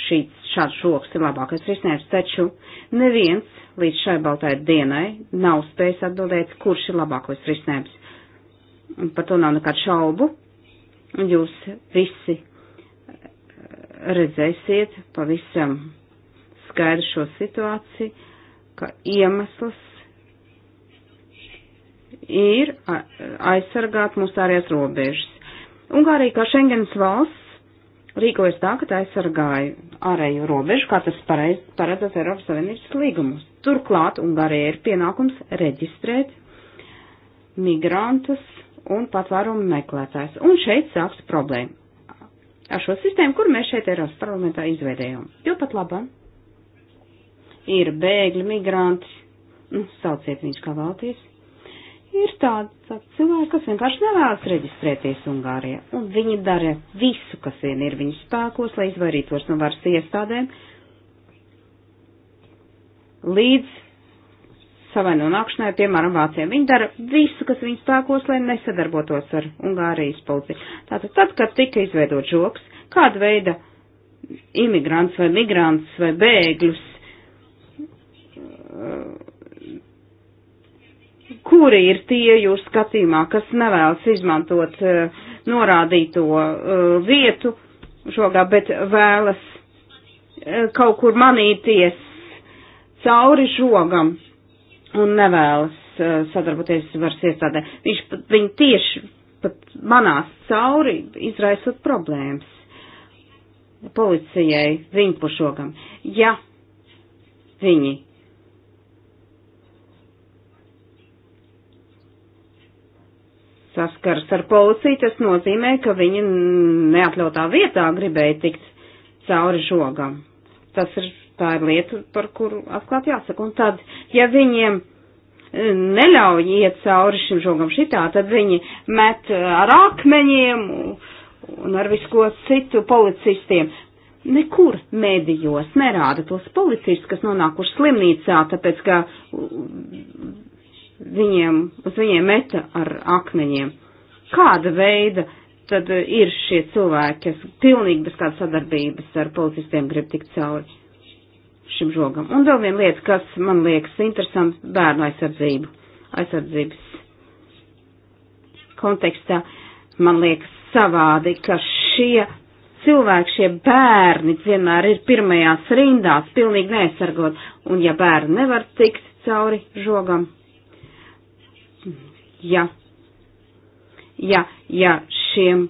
C: šī, šāds šoks ir labākais risinājums, taču neviens līdz šai baltai dienai nav spējis atbildēt, kurš ir labākais risinājums. Par to nav nekādu šaubu. Jūs visi eh, redzēsiet pavisam skaidru šo situāciju, ka iemesls ir aizsargāt mūsu ārējās robežas. Ungārija kā Schengens valsts rīkojas tā, ka tā aizsargāja ārēju robežu, kā tas paredz Eiropas Savienības līgumus. Turklāt Ungārija ir pienākums reģistrēt migrantus un patvērumu meklētājs. Un šeit sāks problēma ar šo sistēmu, kur mēs šeit Eiropas parlamentā izveidējām. Jo pat labam ir bēgļi, migranti, nu, sauciet viņš kā valties. Ir tāds, tāds cilvēks, kas vienkārši nevēlas reģistrēties Ungārijā, un viņi dara visu, kas vien ir viņu spēkos, lai izvairītos no varas iestādēm, līdz savai nonākšanai, piemēram, Vācijā. Viņi dara visu, kas viņu spēkos, lai nesadarbotos ar Ungārijas policiju. Tātad tad, kad tika izveidot žoks, kāda veida imigrants vai migrants vai bēgļus, eh, kuri ir tie jūs skatījumā, kas nevēlas izmantot eh, norādīto eh, vietu žogā, bet vēlas kaut kur manīties cauri žogam un nevēlas uh, sadarboties varas iestādē. Viņš, viņi tieši pat manās cauri izraisot problēmas policijai viņpušogam. Ja viņi saskars ar policiju, tas nozīmē, ka viņi neatļautā vietā gribēja tikt cauri žogam. Tas ir tā ir lieta, par kuru atklāt jāsaka. Un tad, ja viņiem e, neļauj iet cauri šim žogam šitā, tad viņi met e, ar akmeņiem un ar visko citu policistiem. Nekur medijos nerāda tos policistus, kas nonākuši slimnīcā, tāpēc ka viņiem, uz viņiem meta ar akmeņiem. Kāda veida tad ir šie cilvēki, kas pilnīgi bez kādas sadarbības ar policistiem grib tikt cauri? šim žogam. Un vēl viena lieta, kas man liekas interesants bērnu aizsardzību, aizsardzības kontekstā, man liekas savādi, ka šie cilvēki, šie bērni vienmēr ir pirmajās rindās, pilnīgi neaizsargot, un ja bērni nevar tikt cauri žogam, ja, ja, ja šiem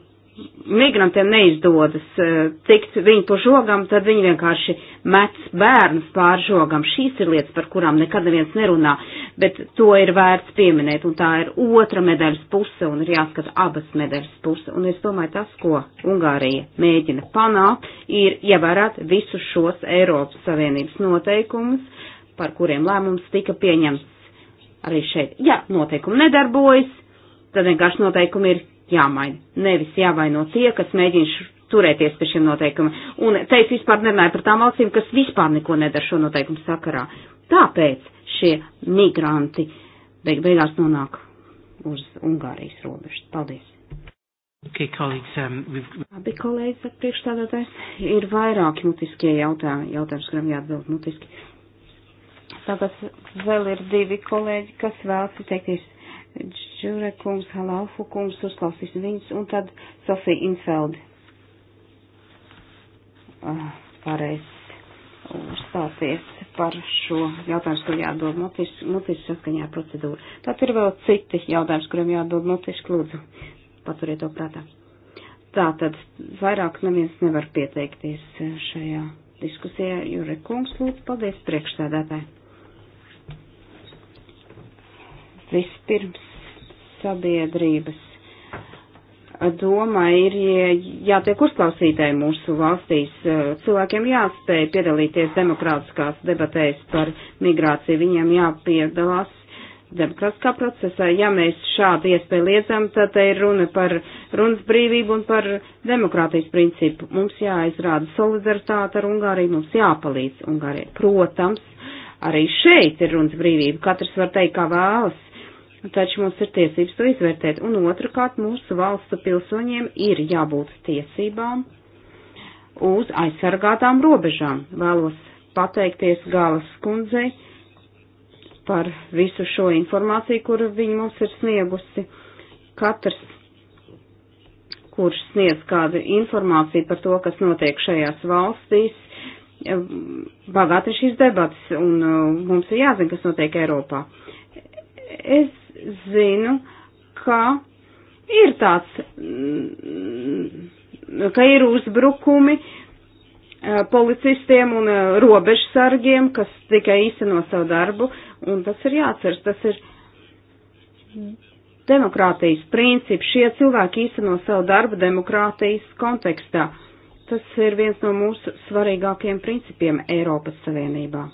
C: migrantiem neizdodas eh, tikt viņu pa žogam, tad viņi vienkārši met bērnus pār žogam. Šīs ir lietas, par kurām nekad neviens nerunā, bet to ir vērts pieminēt, un tā ir otra medaļas puse, un ir jāskata abas medaļas puse. Un es domāju, tas, ko Ungārija mēģina panākt, ir ievērēt visus šos Eiropas Savienības noteikumus, par kuriem lēmums tika pieņemts arī šeit. Ja noteikumi nedarbojas, tad vienkārši noteikumi ir jāmaina. Nevis jāvaino tie, kas mēģina turēties pie šiem noteikumiem. Un te es vispār nerunāju par tām valstīm, kas vispār neko nedara šo noteikumu sakarā. Tāpēc šie migranti beig beigās nonāk uz Ungārijas robežas. Paldies!
A: Okay, colleagues, um, we've...
C: Abi kolēģi, priekšstādātājs, ir vairāki mutiskie jautājumi, jautājums, kuram jāatbild mutiski. Tāpēc vēl ir divi kolēģi, kas vēlas izteikties. Džurekums, Halaufu kungs, uzklausīsim viņus, un tad Sofija Infeldi. Uh, ah, pareizi uzstāties par šo jautājumu, kur jāatbild mutiski saskaņā ar procedūru. Tad ir vēl citi jautājums, kuriem jāatbild mutiski lūdzu. Paturiet to prātā. Tā tad vairāk neviens nevar pieteikties šajā diskusijā. Jure Kungs, lūdzu, paldies priekšsēdētāji. Vispirms sabiedrības domā ir jātiek uzklausītēji mūsu valstīs. Cilvēkiem jāspēj piedalīties demokrātiskās debatēs par migrāciju, viņiem jāpiedalās demokrātiskā procesā. Ja mēs šādu iespēju liedzam, tad te ir runa par runas brīvību un par demokrātijas principu. Mums jāizrāda solidaritāte ar Ungāriju, mums jāpalīdz Ungārijai. Protams, arī šeit ir runas brīvība, katrs var teikt, kā vēlas Nu, taču mums ir tiesības to izvērtēt. Un otrkārt, mūsu valstu pilsoņiem ir jābūt tiesībām uz aizsargātām robežām. Vēlos pateikties Gālas kundzei par visu šo informāciju, kuru viņa mums ir sniegusi. Katrs, kurš sniedz kādu informāciju par to, kas notiek šajās valstīs, bagāti šīs debatas, un uh, mums ir jāzina, kas notiek Eiropā. Es zinu, ka ir tāds, mm, ka ir uzbrukumi policistiem un robežsargiem, kas tikai īsteno savu darbu, un tas ir jāatceras, tas ir demokrātijas princips, šie cilvēki īsteno savu darbu demokrātijas kontekstā. Tas ir viens no mūsu svarīgākajiem principiem Eiropas Savienībā.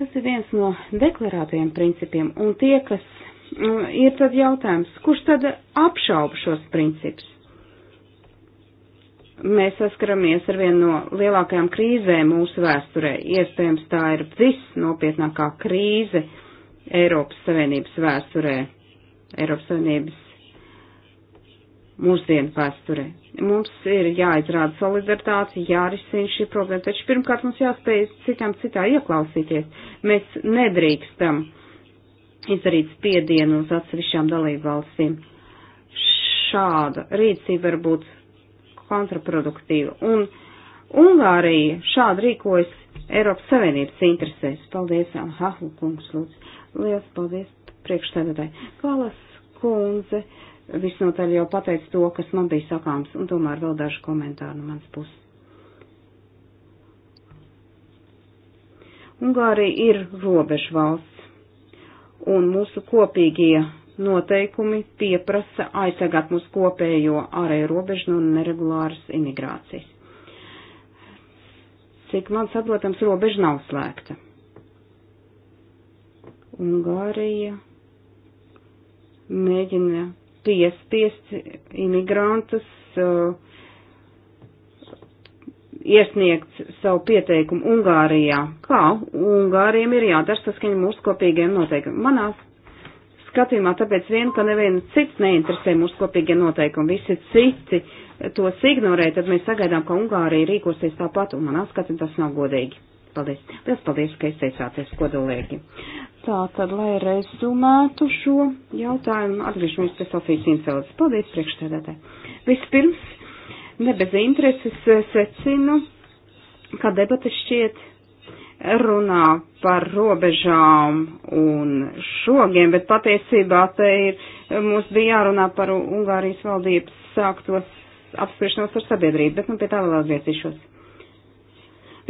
C: Tas ir viens no deklarētajiem principiem, un tie, kas mm, ir tad jautājums, kurš tad apšauba šos principus? Mēs saskaramies ar vienu no lielākajām krīzēm mūsu vēsturē. Iespējams, tā ir visnopietnākā krīze Eiropas Savienības vēsturē. Eiropas Savienības mūsdienu vēsturē. Mums ir jāizrāda solidaritāte, jārisina šī problēma, taču pirmkārt mums jāspēj citam citā ieklausīties. Mēs nedrīkstam izdarīt spiedienu uz atsevišķām dalību valstīm. Šāda rīcība var būt kontraproduktīva. Un Ungārija šādi rīkojas Eiropas Savienības interesēs. Paldies, Hahlu kungs, lūdzu. Lielas paldies priekšstādātāji. Kalas kundze visnotaļ jau pateicu to, kas man bija sakāms, un tomēr vēl daži komentāri no mans puses. Ungārija ir robežu valsts, un mūsu kopīgie noteikumi pieprasa aizsargāt mūsu kopējo ārēju robežu no neregulāras imigrācijas. Cik man saprotams, robeža nav slēgta. Ungārija mēģina piespiest imigrantus uh, iesniegt savu pieteikumu Ungārijā. Kā Ungāriem ir jādara saskaņa mūsu kopīgiem noteikumiem? Manā skatījumā tāpēc vien, ka nevienu cits neinteresē mūsu kopīgie noteikumi, visi citi tos ignorē, tad mēs sagaidām, ka Ungārija rīkosies tāpat, un manā skatījumā tas nav godīgi. Paldies. Liels paldies, ka izteicāties, kodolēgi. Tā tad, lai rezumētu šo jautājumu, atgriežamies pie Sofijas Infeldes. Paldies, priekšstādātē. Vispirms, ne bez intereses e, secinu, ka debata šķiet runā par robežām un šogiem, bet patiesībā te ir, e, mums bija jārunā par Ungārijas valdības sāktos apspriešanos ar sabiedrību, bet nu pie tā vēl atgriezīšos.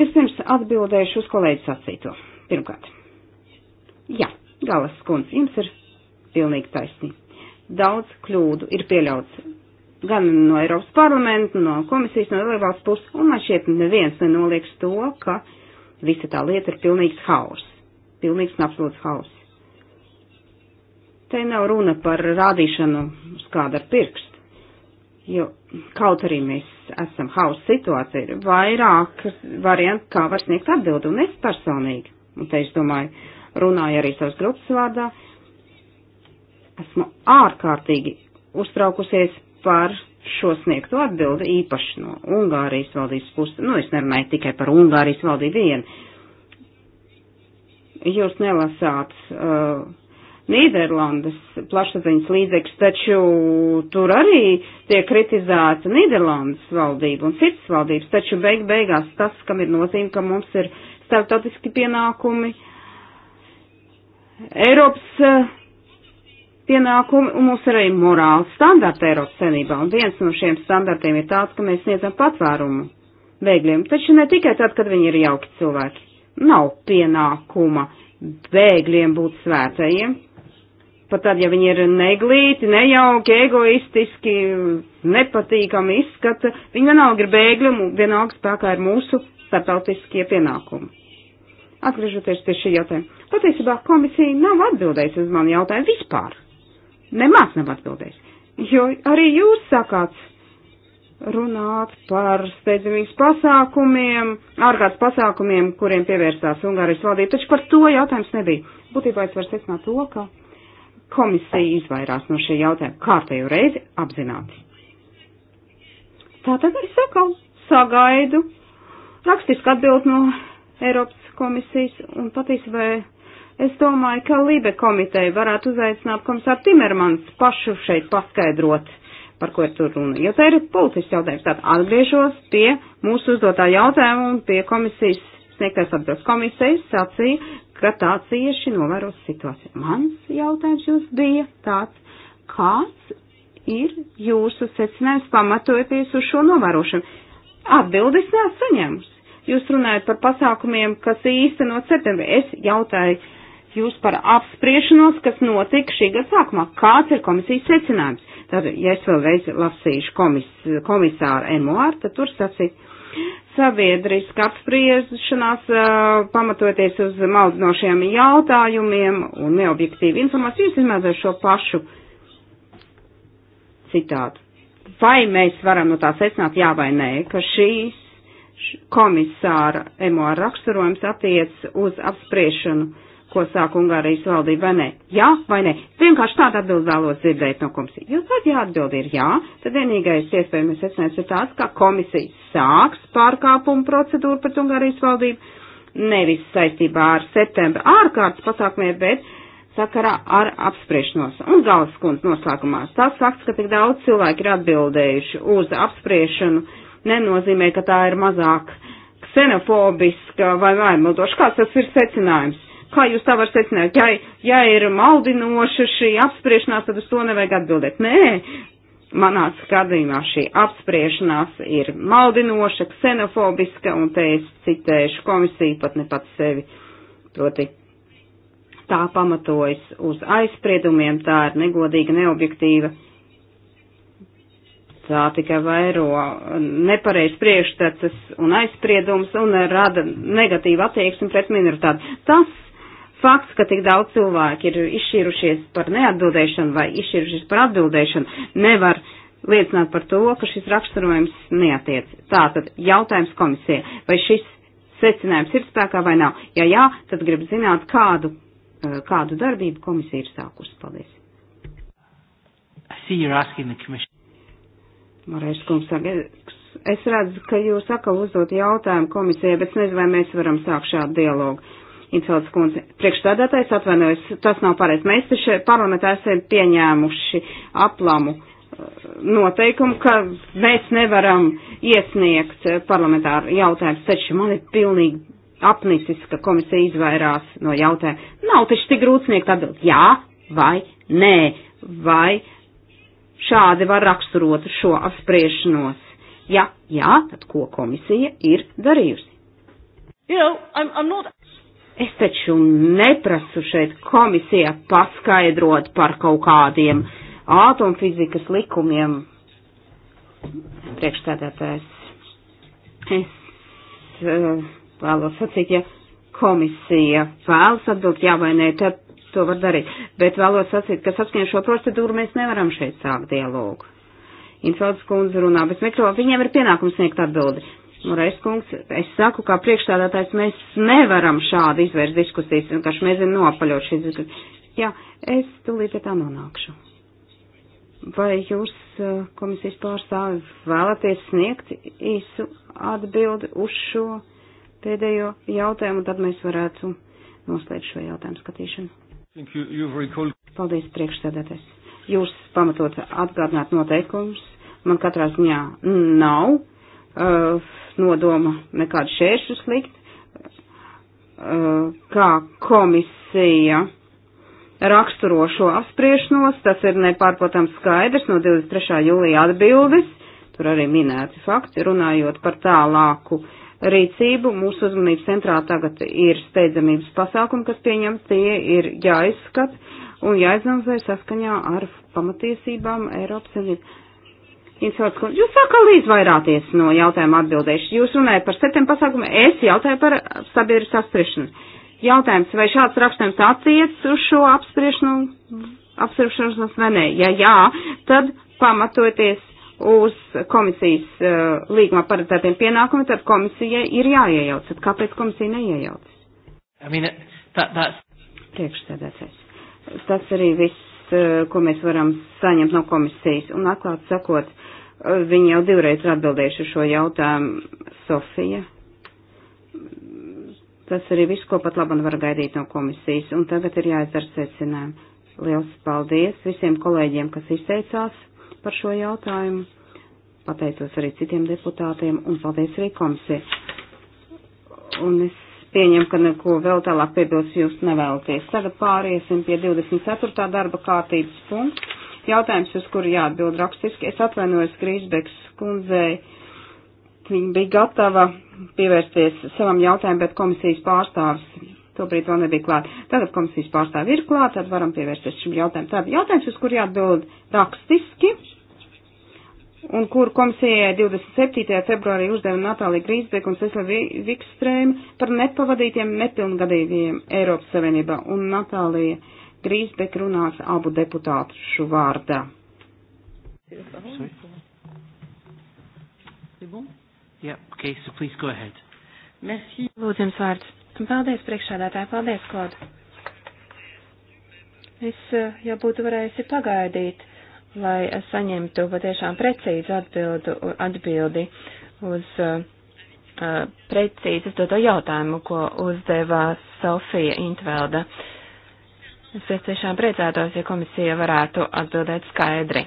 C: Vispirms atbildēšu uz kolēģi sacīto. Pirmkārt. Jā, galas skundz, jums ir pilnīgi taisnība. Daudz kļūdu ir pieļauts gan no Eiropas parlamenta, no komisijas, no dalībās puses, un man šķiet neviens nenolieks to, ka visa tā lieta ir pilnīgs haus. Pilnīgs un absolūts haus. Te nav runa par rādīšanu uz kādu ar pirkstu, jo kaut arī mēs esam hausa situācija, ir vairāk variantu, kā var sniegt atbildi, un es personīgi, un te es domāju, runāju arī savas grupas vārdā, esmu ārkārtīgi uztraukusies par šo sniegto atbildi īpaši no Ungārijas valdības puses. Nu, es nerunāju tikai par Ungārijas valdību vienu. Jūs nelasāt uh, Nīderlandes plašsaziņas līdzekļus, taču tur arī tiek kritizēta Nīderlandes valdība un citas valdības, taču beig beigās tas, kam ir nozīme, ka mums ir starptautiski pienākumi, Eiropas eh, pienākumi un mums ir arī morāli standarti Eiropas senībā, un viens no šiem standartiem ir tāds, ka mēs sniedzam patvērumu bēgļiem, taču ne tikai tad, kad viņi ir jauki cilvēki. Nav pienākuma bēgļiem būt svētajiem, pat tad, ja viņi ir neglīti, nejauki, egoistiski, nepatīkami izskata, viņi vienalga ir bēgļi un vienalga spēkā ir mūsu starptautiskie pienākumi. Atgriežoties pie šī jautājuma, patiesībā komisija nav atbildējusi uz manu jautājumu vispār. Nemaz nav atbildējusi. Jo arī jūs sakāt runāt par steidzamības pasākumiem, ārkārtas pasākumiem, kuriem pievērsās Ungārijas valdība, taču par to jautājums nebija. Būtībā es varu secināt to, ka Komisija izvairās no šī jautājuma kārtējo reizi apzināti. Tātad es sakau, sagaidu rakstisku atbildi no Eiropas komisijas un patiesībā es domāju, ka Lībe komiteja varētu uzaicināt komisāru Timermans pašu šeit paskaidrot, par ko ir tur runa. Jo tā ir politisks jautājums. Tātad atgriežos pie mūsu uzdotā jautājuma un pie komisijas sniegtais atbildes. Komisijas sacīja, ka tā cieši novēros situāciju. Mans jautājums jums bija tāds, kāds ir jūsu secinājums pamatojoties uz šo novērošanu? Atbildes neesmu saņēmusi. Jūs runājat par pasākumiem, kas īstenot septembrī. Es jautāju jūs par apspriešanos, kas notika šī gada sākumā. Kāds ir komisijas secinājums? Tad, ja es vēlreiz lasīšu komis, komisāru emuāru, tad tur sacīt, sabiedriska apspriešanās, pamatoties uz maldinošiem jautājumiem un neobjektīvu informāciju, jūs izmantojat šo pašu citātu. Vai mēs varam no tā secināt, jā vai nē, ka šīs komisāra MOR raksturojums attiec uz apspriešanu? ko sāk Ungārijas valdība, vai nē? Jā vai nē? Vienkārši tādu atbildi vēlos dzirdēt no komisijas. Jo tad, ja atbildi ir jā, tad vienīgais iespējamais secinājums ir tāds, ka komisija sāks pārkāpumu procedūru pret Ungārijas valdību, nevis saistībā ar septembra ārkārtas pasākumiem, bet sakarā ar apspriešanos. Un galvas kundz noslēgumā tas fakts, ka tik daudz cilvēki ir atbildējuši uz apspriešanu, nenozīmē, ka tā ir mazāk ksenofobiska vai vainodoša. Kāds tas ir secinājums? kā jūs tā varat secināt, ja, ja ir maldinoša šī apspriešanās, tad uz to nevajag atbildēt. Nē, manā skatījumā šī apspriešanās ir maldinoša, ksenofobiska, un te es citēšu komisiju pat ne pat sevi. Proti, tā pamatojas uz aizspriedumiem, tā ir negodīga, neobjektīva. Tā tikai vairo nepareiz priekšstats un aizspriedums un rada negatīvu attieksmi pret minoritāti. Tas fakts, ka tik daudz cilvēku ir izšķirušies par neatbildēšanu vai izšķirušies par atbildēšanu, nevar liecināt par to, ka šis raksturojums neatiec. Tātad jautājums komisijai, vai šis secinājums ir spēkā vai nav. Ja jā, tad grib zināt, kādu, eh, kādu darbību komisija ir sākusi. Paldies. Morais kungs, es redzu, ka jūs atkal uzdot jautājumu komisijai, bet nezinu, vai mēs varam sākt šādu dialogu. Inceldes kundze, priekšstādātais atvainojas, tas nav pareizi. Mēs taču parlamentā esam pieņēmuši aplamu uh, noteikumu, ka mēs nevaram iesniegt uh, parlamentāru jautājumus, taču man ir pilnīgi apnicis, ka komisija izvairās no jautājuma. Nav taču tik grūti sniegt atbildi jā vai nē, vai šādi var raksturot šo apspriešanos. Ja jā, tad ko komisija ir darījusi?
E: You know, I'm, I'm not...
C: Es taču neprasu šeit komisijā paskaidrot par kaut kādiem ātomfizikas likumiem. Priekšstādātājs. Es uh, vēlos sacīt, ja komisija vēlas atbildēt jā vai nē, tad to var darīt. Bet vēlos sacīt, ka saskaņot šo procedūru mēs nevaram šeit sākt dialogu. Infelds kundze runā bez mikrofona, viņiem ir pienākums sniegt atbildi. Morais kungs, es saku, kā priekšstādātājs, mēs nevaram šādi izvērst diskusijas, vienkārši mēs zinām nopaļot šīs diskusijas. Jā, es tūlīt pie tā nonākšu. Vai jūs, eh, komisijas pārstāvi, vēlaties sniegt īsu atbildi uz šo pēdējo jautājumu, tad mēs varētu noslēgt šo jautājumu skatīšanu. Paldies, priekšstādātājs. Jūs pamatot atgādināt noteikumus. Man katrā ziņā nav uh, nodoma nekādu šēršu slikt, uh, kā komisija raksturo šo apspriešanos, tas ir nepārprotams skaidrs no 23. jūlija atbildes, tur arī minēti fakti, runājot par tālāku rīcību, mūsu uzmanības centrā tagad ir steidzamības pasākumi, kas pieņem, tie ir jāizskat un jāizanalizē saskaņā ar pamatiesībām Eiropas Savienības Insults, kundze, jūs atkal izvairāties no jautājuma atbildēšu. Jūs runājat par septiem pasākumiem, es jautāju par sabiedrības apspriešanu. Jautājums, vai šāds rakstājums attiec uz šo apspriešanu, apspriešanos vai nē? Ja jā, tad pamatoties uz komisijas uh, līgumā paredzētiem pienākumiem, tad komisija ir jāiejauc. Tad kāpēc komisija neiejauc? I mean, that, that's... Priekšsēdētājs. Tas arī viss. Eh, ko mēs varam saņemt no komisijas. Un atklāt sakot, eh, viņi jau divreiz ir atbildējuši šo jautājumu Sofija. Tas arī viss, ko pat labam var gaidīt no komisijas. Un tagad ir jāizdara secinājumi. Liels paldies visiem kolēģiem, kas izteicās par šo jautājumu. Pateicos arī citiem deputātiem un paldies arī komisijai. Un es pieņem, ka neko vēl tālāk piebilst jūs nevēlaties. Tagad pāriesim pie 24. darba kārtības punkta. Jautājums, uz kuru jāatbild rakstiski. Es atvainojos Grīsbeks kundzei. Viņa bija gatava pievērsties savam jautājumam, bet komisijas pārstāvis tobrīd vēl nebija klāt. Tagad komisijas pārstāvi ir klāt, tad varam pievērsties šim jautājumam. Tātad jautājums, uz kuru jāatbild rakstiski un kur komisijai 27. februārī uzdeva Natālija Grīsbek un Cecilija Vikstrēma par nepavadītiem nepilngadīgajiem Eiropas Savienībā, un Natālija Grīsbek runās abu deputātu vārdā.
A: Yeah, okay, so please go ahead.
C: Merci. Lūdzu, jums vārds.
D: Paldies, priekšādātāji, paldies, Klod. Es eh, jau būtu varējusi pagaidīt lai saņemtu patiešām precīzu atbildu, atbildi uz uh, uh precīzi uzdoto jautājumu, ko uzdevā Sofija Intvelda. Es tiešām priecētos, ja komisija varētu atbildēt skaidri.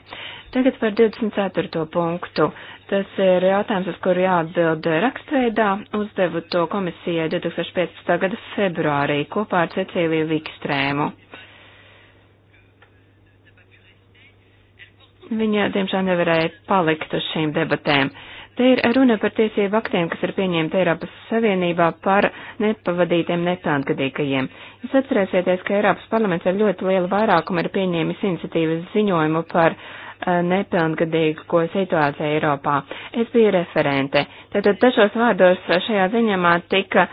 D: Tagad par 24. punktu. Tas ir jautājums, uz kuru jāatbild rakstveidā. Uzdevu to komisijai 2015. gada februārī kopā ar Cecīliju Vikstrēmu. Viņa, diemžēl, nevarēja palikt uz šīm debatēm. Te ir runa par tiesību aktiem, kas ir pieņemti Eiropas Savienībā par nepavadītiem nepilngadīgajiem. Jūs atcerēsieties, ka Eiropas parlaments ar ļoti lielu vairākumu ir pieņēmis iniciatīvas ziņojumu par uh, Eh, nepilngadīgo situāciju Eiropā. Es biju referente. Tātad dažos vārdos šajā ziņamā tika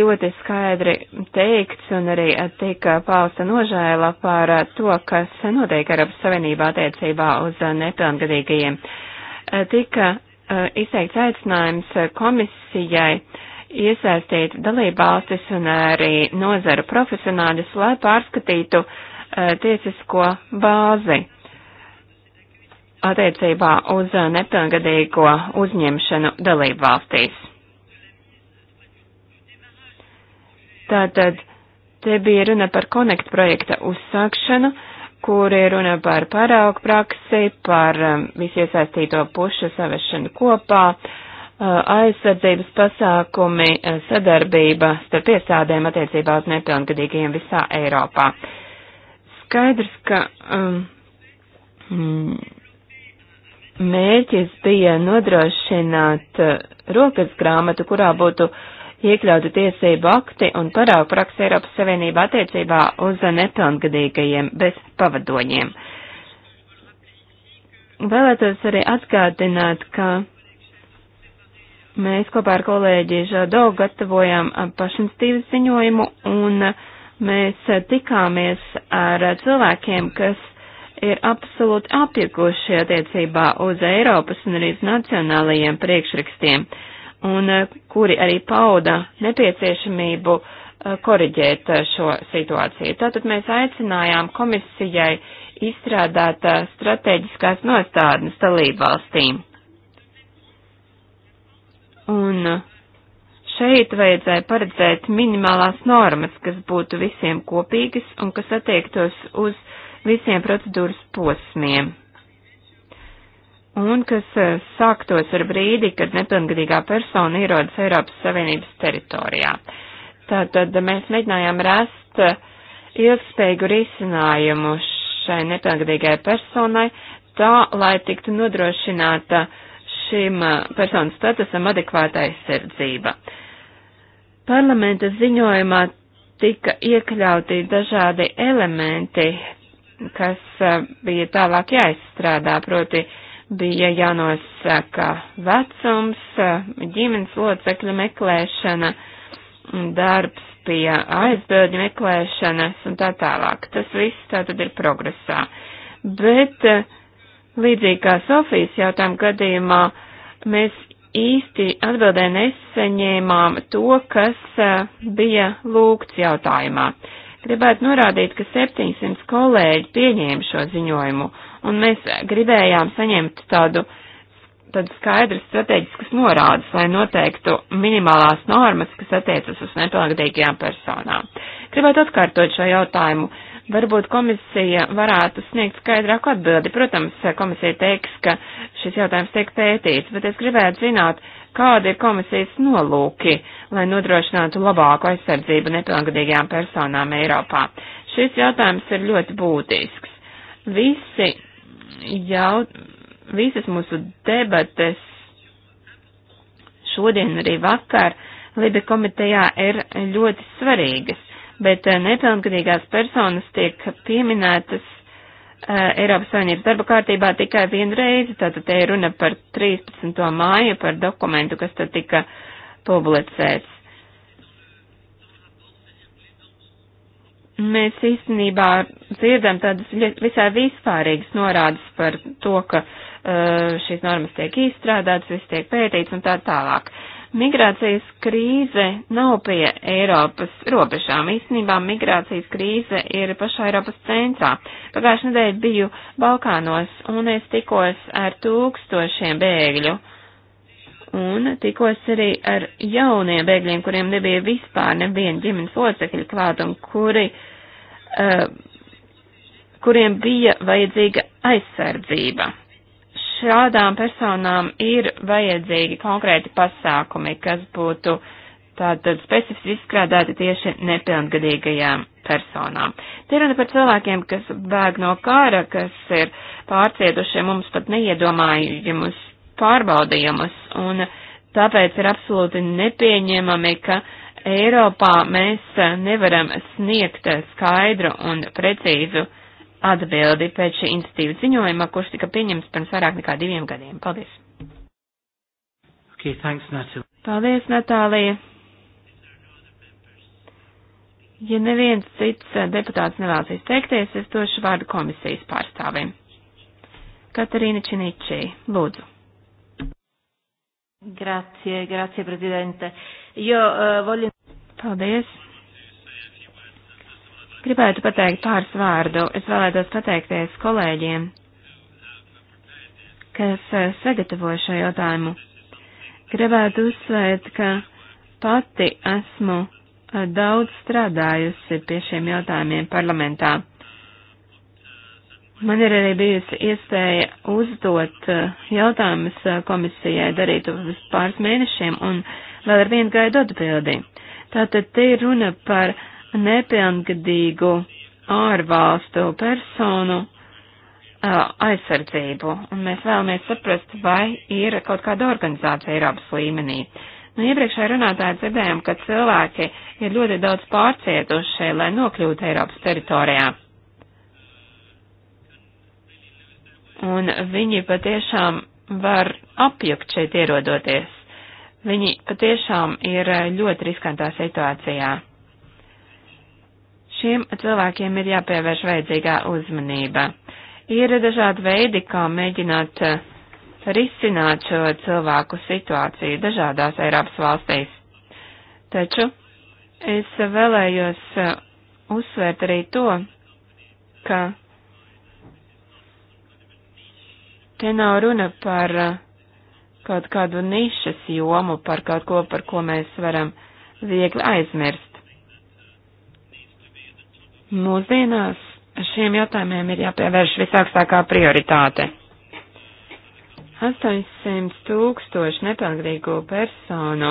D: ļoti skaidri teikts un arī eh, tika pausta nožēla par eh, to, kas notiek Eiropas Savienībā attiecībā uz nepilngadīgajiem. Tika izteikts aicinājums komisijai iesaistīt dalībvalstis un arī nozaru profesionāļus, lai pārskatītu tiesisko bāzi attiecībā uz uh, nepilngadīgo uzņemšanu dalību valstīs. Tātad te bija runa par Connect projekta uzsākšanu, kur ir runa par paraugu praksi, par um, visiesaistīto pušu savešanu kopā, uh, aizsardzības pasākumi, uh, sadarbība starp iestādēm attiecībā uz nepilngadīgiem visā Eiropā. Skaidrs, ka um, mm, mērķis bija nodrošināt uh, rokas grāmatu, kurā būtu iekļauti tiesību akti un parāgu praksi Eiropas Savienība attiecībā uz nepilngadīgajiem bez pavadoņiem. Vēlētos arī atgādināt, ka mēs kopā ar kolēģi Žado gatavojam uh, pašinstīvas ziņojumu un uh, mēs tikāmies ar cilvēkiem, kas ir absolūti aptiekoši attiecībā uz Eiropas un arī uz nacionālajiem priekšrakstiem, un eh, kuri arī pauda nepieciešamību eh, koriģēt eh, šo situāciju. Tātad mēs aicinājām komisijai izstrādāt strateģiskās nostādnes dalību valstīm. Un šeit vajadzēja paredzēt minimālās normas, kas būtu visiem kopīgas un kas attiektos uz visiem procedūras posmiem. Un kas eh, sāktos ar brīdi, kad nepilngadīgā persona ierodas Eiropas Savienības teritorijā. Tātad mēs mēģinājām rast eh, ilgspējīgu risinājumu šai nepilngadīgai personai, tā, lai tiktu nodrošināta šim eh, personas statusam adekvāta aizsardzība. Parlamenta ziņojumā tika iekļauti dažādi elementi, kas eh, bija tālāk jāizstrādā, proti bija jānosaka vecums, eh, ģimenes locekļu meklēšana, darbs pie aizbildņu meklēšanas un tā tālāk. Tas viss tātad ir progresā. Bet eh, līdzīgi kā Sofijas jautājuma gadījumā, mēs īsti atbildē nesaņēmām to, kas bija lūgts jautājumā. Gribētu norādīt, ka 700 kolēģi pieņēma šo ziņojumu, un mēs gribējām saņemt tādu, tādu skaidru strateģiskas norādes, lai noteiktu minimālās normas, kas attiecas uz nepilngadīgajām personām. Gribētu atkārtot šo jautājumu. Varbūt komisija varētu sniegt skaidrāku atbildi. Protams, komisija teiks, ka šis jautājums tiek pētīts, bet es gribētu zināt, uh, kādi ir komisijas nolūki, lai nodrošinātu labāku aizsardzību nepilngadīgajām personām Eiropā. Šis jautājums ir ļoti būtisks. Visi jau, visas mūsu debates šodien arī vakar Libe komitejā ir ļoti svarīgas, bet eh, nepilngadīgās personas tiek pieminētas Eh, Eiropas Savienības darba kārtībā tikai vienu reizi, tātad te ir runa par 13. māju, par dokumentu, kas tad tika publicēts. Mēs īstenībā dzirdam tādas visai vispārīgas norādes par to, ka uh, šīs normas tiek izstrādātas, viss tiek pētīts un tā tālāk. Uh, Migrācijas krīze nav pie Eiropas robežām. Īstenībā migrācijas krīze ir pašā Eiropas centrā. Pagājušajā nedēļā biju Balkānos un es tikos ar tūkstošiem bēgļu. Un tikos arī ar jauniem bēgļiem, kuriem nebija vispār neviena ģimenes locekļa klāt un kuri, uh, kuriem bija vajadzīga aizsardzība šādām personām ir vajadzīgi konkrēti pasākumi, kas būtu tātad specifiski izstrādāti tieši nepilngadīgajām personām. Te runa par cilvēkiem, kas bēg no kara, kas ir pārcietuši mums pat neiedomājumus pārbaudījumus, un tāpēc ir absolūti nepieņemami, ka Eiropā mēs nevaram sniegt skaidru un precīzu uh, atbildi pēc šī institīvas ziņojuma, kurš tika pieņemts pirms vairāk nekā diviem gadiem. Paldies!
A: Okay, thanks, Natālija.
D: Paldies, Natālija! Ja neviens cits deputāts nevēlas izteikties, es došu vārdu komisijas pārstāvim. Katarīna Činičī, lūdzu. Grazie, grazie, prezidente. Jo, uh, eh, voļin... Paldies. Gribētu pateikt pāris vārdu. Es vēlētos pateikties kolēģiem, kas eh, sagatavoja šo jautājumu. Gribētu uzsvērt, ka pati esmu eh, daudz strādājusi pie šiem jautājumiem parlamentā. Man ir arī bijusi iespēja uzdot eh, jautājumus komisijai, darīt to uz pāris mēnešiem, un vēl ar vienu gaidu atbildi. Tātad te ir runa par uh, nepilngadīgu ārvalstu personu uh, aizsardzību, un mēs vēlamies saprast, vai ir kaut kāda organizācija Eiropas līmenī. Nu, iepriekšējā runātājā dzirdējām, ka cilvēki ir ļoti daudz pārcietuši, lai nokļūtu Eiropas teritorijā. Un viņi patiešām var apjukt šeit ierodoties. Viņi patiešām ir ļoti riskantā situācijā. Šiem cilvēkiem ir jāpievērš vajadzīgā uzmanība. Ir dažādi veidi, kā mēģināt eh, risināt šo cilvēku situāciju dažādās Eiropas valstīs. Taču es vēlējos eh, uzsvērt arī to, ka te nav runa par eh, kaut kādu nišas jomu, par kaut ko, par ko mēs varam viegli aizmirst. Mūsdienās šiem jautājumiem ir jāpievērš visaugstākā prioritāte. 800 tūkstoši nepilngadīgo personu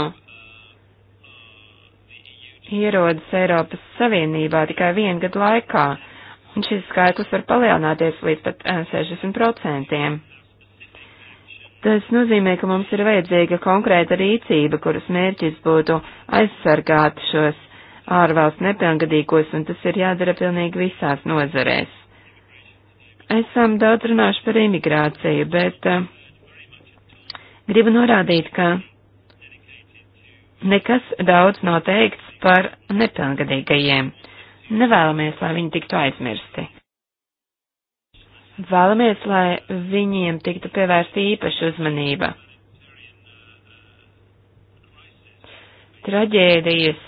D: ierodas Eiropas Savienībā tikai vienu gadu laikā, un šis skaitlis var palielināties līdz pat 60%. Eh, Tas nozīmē, ka mums ir vajadzīga konkrēta rīcība, kuras mērķis būtu aizsargāt šos ārvalstu nepilngadīgos, un tas ir jādara pilnīgi visās nozarēs. Esam daudz runājuši par imigrāciju, bet uh, gribu norādīt, ka nekas daudz nav teikts par nepilngadīgajiem. Nevēlamies, lai viņi tiktu aizmirsti. Vēlamies, lai viņiem tiktu pievērsta īpaša uzmanība. Traģēdijas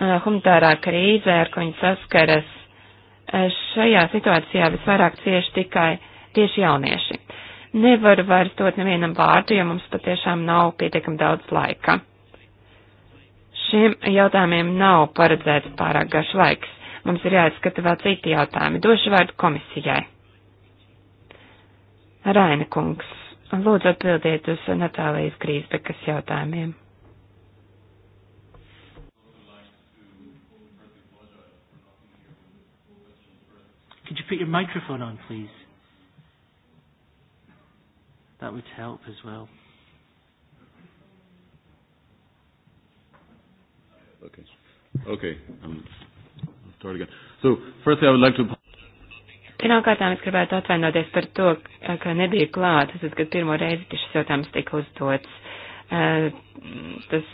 D: Uh, humanitārā krīze, ar ko viņi saskaras, uh, šajā situācijā visvairāk cieši tikai tieši jaunieši. Nevaru vairs dot nevienam vārdu, jo mums patiešām nav pietiekami daudz laika. Šiem jautājumiem nav paredzēts pārāk garš laiks. Mums ir jāizskata vēl citi jautājumi. Došu vārdu komisijai. Raina kungs, lūdzu atbildiet uz Natālijas Grīsbekas jautājumiem.
A: Could you put your microphone on, please? That would help as well. Okay. Okay.
E: Um, I'll start again. So, firstly, I would like to.
D: Pirmkārt, es gribētu atvainoties par to, ka nebija klāt. Es uzskatu, pirmo reizi, ka šis jautājums tika uzdots. Eh, tas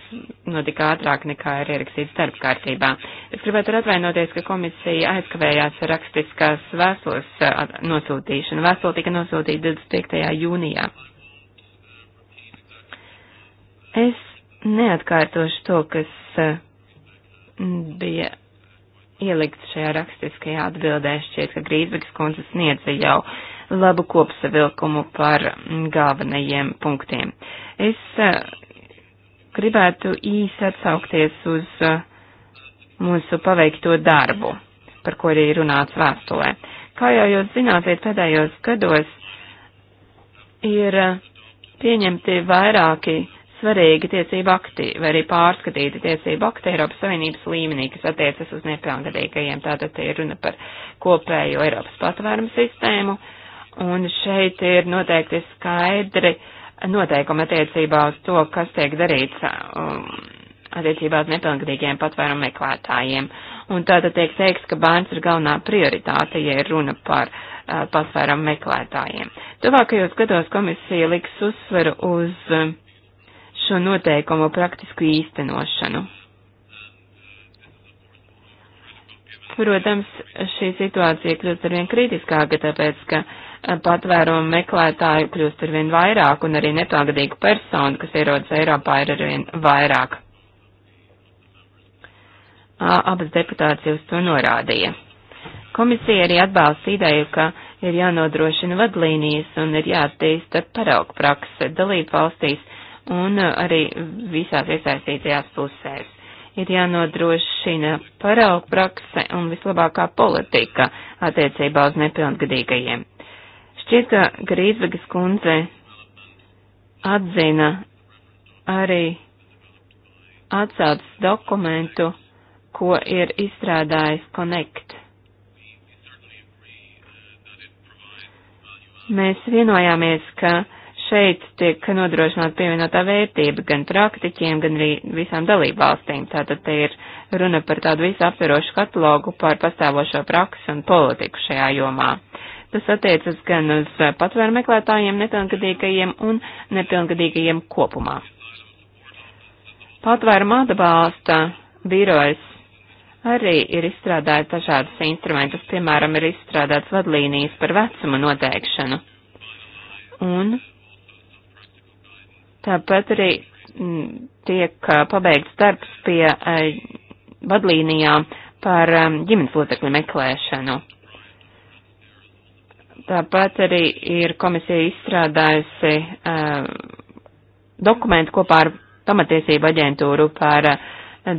D: notika ātrāk nekā ir ierakstīts darba kārtībā. Es gribētu atvainoties, ka komisija aizkavējās rakstiskās vēstules eh, nosūtīšanu. Vēstule tika nosūtīta 25. jūnijā. Es neatkārtošu to, kas eh, bija ielikts šajā rakstiskajā atbildē. Šķiet, ka Grīsbekas kundze sniedza jau uh, labu kopsavilkumu par galvenajiem punktiem. Es eh, gribētu īsi atsaukties uz eh, mūsu paveikto darbu, par ko arī runāts vēstulē. Kā jau jūs zināsiet, pēdējos gados ir eh, pieņemti vairāki svarīgi tiesību akti vai arī pārskatīti tiesību akti Eiropas Savienības līmenī, kas attiecas uz nepilngadīgajiem. Tātad te ir runa par kopējo Eiropas patvērumu sistēmu, Un šeit ir noteikti skaidri noteikumi attiecībā uz to, kas tiek darīts um, attiecībā uz nepilngadīgiem patvērumu meklētājiem. Un tātad tiek teiks, ka bērns ir galvenā prioritāte, ja ir runa par uh, patvērumu meklētājiem. Tuvākajos gados komisija liks uzsveru uz um, šo noteikumu praktisku īstenošanu. Protams, šī situācija kļūst arvien kritiskāka, tāpēc, ka uh, patvērumu meklētāju kļūst arvien vairāk, un arī nepilngadīgu personu, kas ierodas Eiropā, ir arvien vairāk. Abas deputācijas to norādīja. Komisija arī atbalsta ideju, ka ir jānodrošina vadlīnijas un ir jāattīsta paraugu prakse dalību valstīs un arī visās iesaistītajās pusēs. Ir jānodrošina paraugu prakse un vislabākā politika attiecībā uz nepilngadīgajiem. Šķiet, ka Grīzvegas kundze atzina arī atsaucas dokumentu, ko ir izstrādājis Connect. Mēs vienojāmies, ka šeit tiek nodrošināta pievienotā vērtība gan praktiķiem, gan arī visām dalībvalstīm. Tātad te ir runa par tādu visaptverošu katalogu par pastāvošo praksi un politiku šajā jomā. Tas attiecas gan uz patvēru meklētājiem, nepilngadīgajiem un nepilngadīgajiem kopumā. Patvēruma atbalsta birojas arī ir izstrādājis dažādus instrumentus, piemēram, ir izstrādāts vadlīnijas par vecumu noteikšanu. Un tāpat arī tiek pabeigts darbs pie vadlīnijām par ģimenes locekļu meklēšanu. Tāpat arī ir komisija izstrādājusi uh, dokumentu kopā ar pamatiesību aģentūru par uh,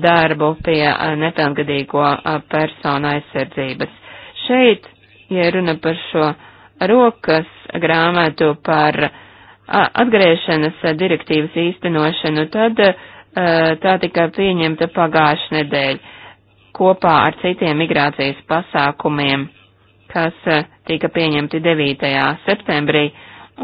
D: darbu pie uh, nepilngadīgo uh, personu aizsardzības. Šeit, ja runa par šo rokas grāmatu par uh, atgriešanas uh, direktīvas īstenošanu, tad uh, tā tika pieņemta pagājušajā nedēļā kopā ar citiem migrācijas pasākumiem kas eh, tika pieņemti 9. septembrī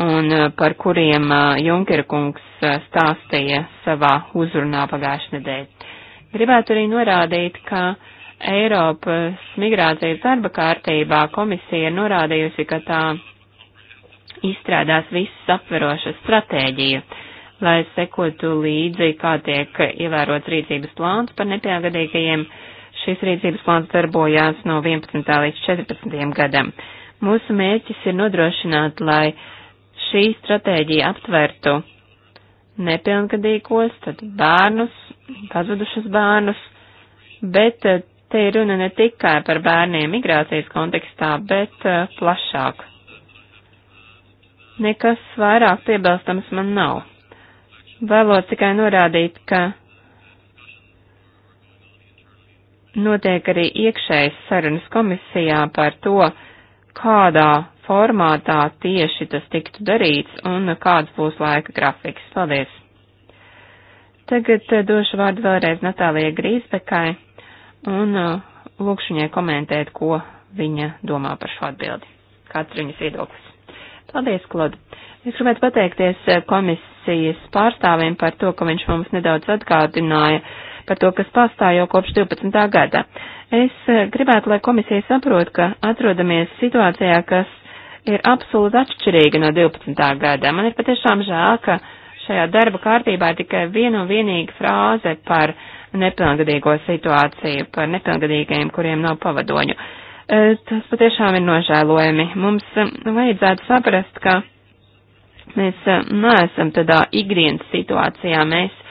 D: un eh, par kuriem eh, Junkerkungs stāstīja savā uzrunā pagājušajā nedēļā. Gribētu arī norādīt, ka Eiropas migrācijas darba kārtībā komisija ir norādījusi, ka tā izstrādās viss apveroša stratēģiju, lai sekotu līdzi, kā tiek ievērots rīcības plāns par nepilngadīgajiem Šis rīcības plāns darbojās no 11. līdz 14. gadam. Mūsu mērķis ir nodrošināt, lai šī stratēģija aptvertu nepilngadīgos, tad bērnus, pazudušus bērnus, bet eh, te ir runa ne tikai par bērniem migrācijas kontekstā, bet uh, plašāk. Nekas vairāk piebilstams man nav. Vēlos tikai norādīt, ka notiek arī iekšējas sarunas komisijā par to, kādā formātā tieši tas tiktu darīts un kāds būs laika grafiks. Paldies! Tagad eh, došu vārdu vēlreiz Natālijai Grīsbekai un eh, lūkšu viņai komentēt, ko viņa domā par šo atbildi. Kāds ir viņas viedoklis? Paldies, Klod! Es gribētu pateikties eh, komisijas pārstāvim par to, ka viņš mums nedaudz atgādināja, uh, par to, kas pastāv jau kopš 12. gada. Es eh, gribētu, lai komisija saprot, ka atrodamies situācijā, kas ir absolūti atšķirīga no 12. gada. Man ir patiešām žēl, ka šajā darba kārtībā ir tikai viena un vienīga frāze par nepilngadīgo situāciju, par nepilngadīgajiem, kuriem nav pavadoņu. Eh, tas patiešām ir nožēlojami. Mums eh, vajadzētu saprast, ka mēs neesam tādā igrienas situācijā. Mēs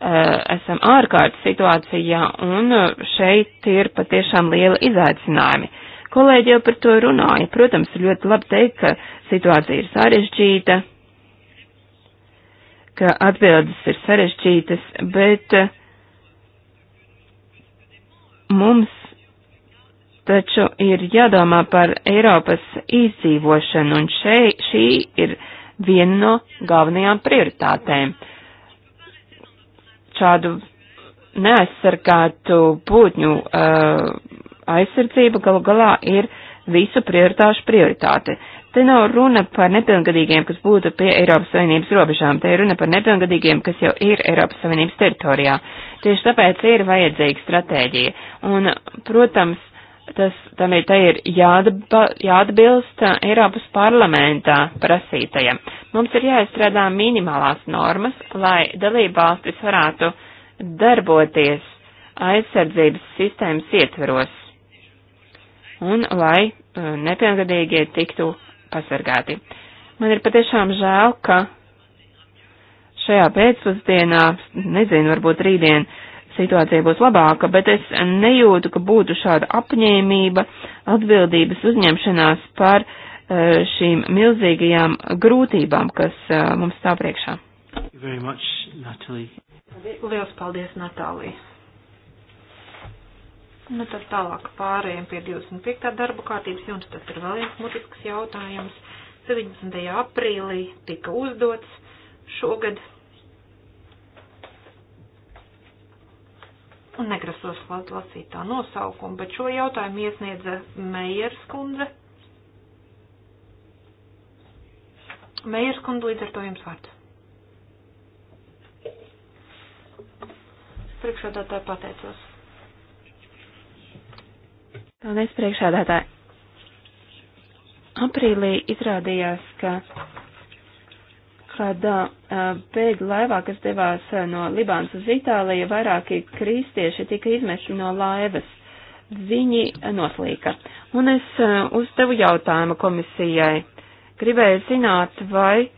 D: Eh, esam ārkārtas situācijā, un eh, šeit ir patiešām liela izaicinājumi. Kolēģi jau par to runāja. Protams, ir ļoti labi teikt, ka situācija ir sarežģīta, ka atbildes ir sarežģītas, bet eh, mums taču ir jādomā par Eiropas izdzīvošanu, un šeit, šī ir viena no galvenajām prioritātēm šādu neaizsargātu būtņu uh, aizsardzība galu galā ir visu prioritāšu prioritāte. Te nav runa par nepilngadīgiem, kas būtu pie Eiropas Savienības robežām, te ir runa par nepilngadīgiem, kas jau ir Eiropas Savienības teritorijā. Tieši tāpēc ir vajadzīga stratēģija. Un, protams, tas tam ir, ir jādaba, jāatbilst uh, Eiropas parlamentā prasītajam. Mums ir jāizstrādā minimālās normas, lai dalībvalstis varētu darboties aizsardzības sistēmas ietveros un lai uh, nepilngadīgie tiktu pasargāti. Man ir patiešām žēl, ka šajā pēcpusdienā, nezinu, varbūt rītdien, uh, situācija būs labāka, bet es nejūtu, ka būtu šāda apņēmība atbildības uzņemšanās par eh, šīm milzīgajām grūtībām, kas eh, mums stāv priekšā.
A: Much,
B: Lielas paldies, Natālija. Nu, tad tālāk pārējiem pie 25. darba kārtības, un tas ir vēl viens mutisks jautājums. 17. aprīlī tika uzdots šogad un negrasos lasīt tā nosaukumu, bet šo jautājumu iesniedza Meijers kundze. Meijers kundze, līdz ar to jums vārds. Priekšādātāji pateicos.
D: Paldies, priekšādātāji. Aprīlī izrādījās, ka kādā eh, bēgļu laivā, kas devās eh, no Libānas uz Itāliju, vairāki kristieši tika izmešti no laivas. Viņi eh, noslīka. Un es uzdevu jautājumu komisijai. Gribēju zināt, vai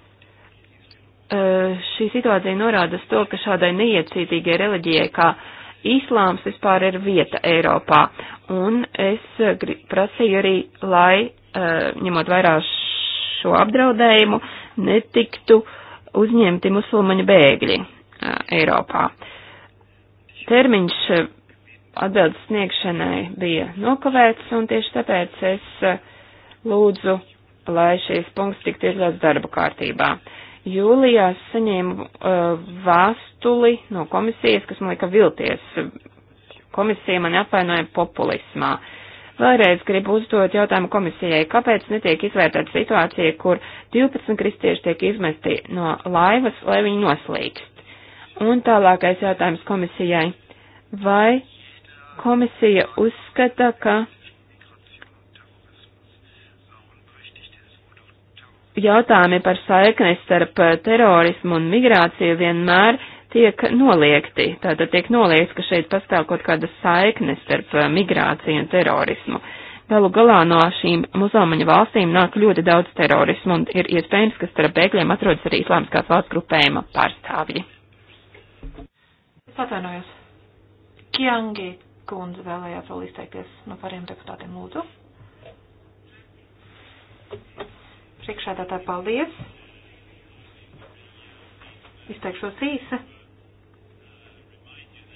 D: šī situācija norāda uz to, ka šādai neiecītīgai reliģijai kā islāms vispār ir vieta Eiropā. Un es prasīju arī, lai, ņemot vairāk šo apdraudējumu netiktu uzņemti musulmaņu bēgļi Eiropā. Termiņš atbildes sniegšanai bija nokavēts, un tieši tāpēc es lūdzu, lai šīs punkts tiktu iekļauts darba kārtībā. Jūlijā saņēmu uh, vēstuli no komisijas, kas man lika vilties. Komisija mani apvainoja populismā. Uh, Vēlreiz gribu uzdot jautājumu komisijai, kāpēc netiek izvērtēta situācija, kur 12 kristieši tiek izmesti no laivas, lai viņi noslīkst. Un tālākais jautājums komisijai. Vai komisija uzskata, ka jautājumi par saikni starp terorismu un migrāciju vienmēr tiek noliegti. Tātad tiek noliegts, ka šeit pastāv kaut kāda saikne starp uh, migrāciju un terorismu. Galu galā no šīm musulmaņu valstīm nāk ļoti daudz terorismu un ir iespējams, ka starp bēgļiem atrodas arī islāmskās valsts grupējuma pārstāvji.
B: Es atvainojos. Kiangi kundze vēlējās vēl izteikties no pāriem deputātiem lūdzu. Priekšādātāji, paldies! Izteikšos īsi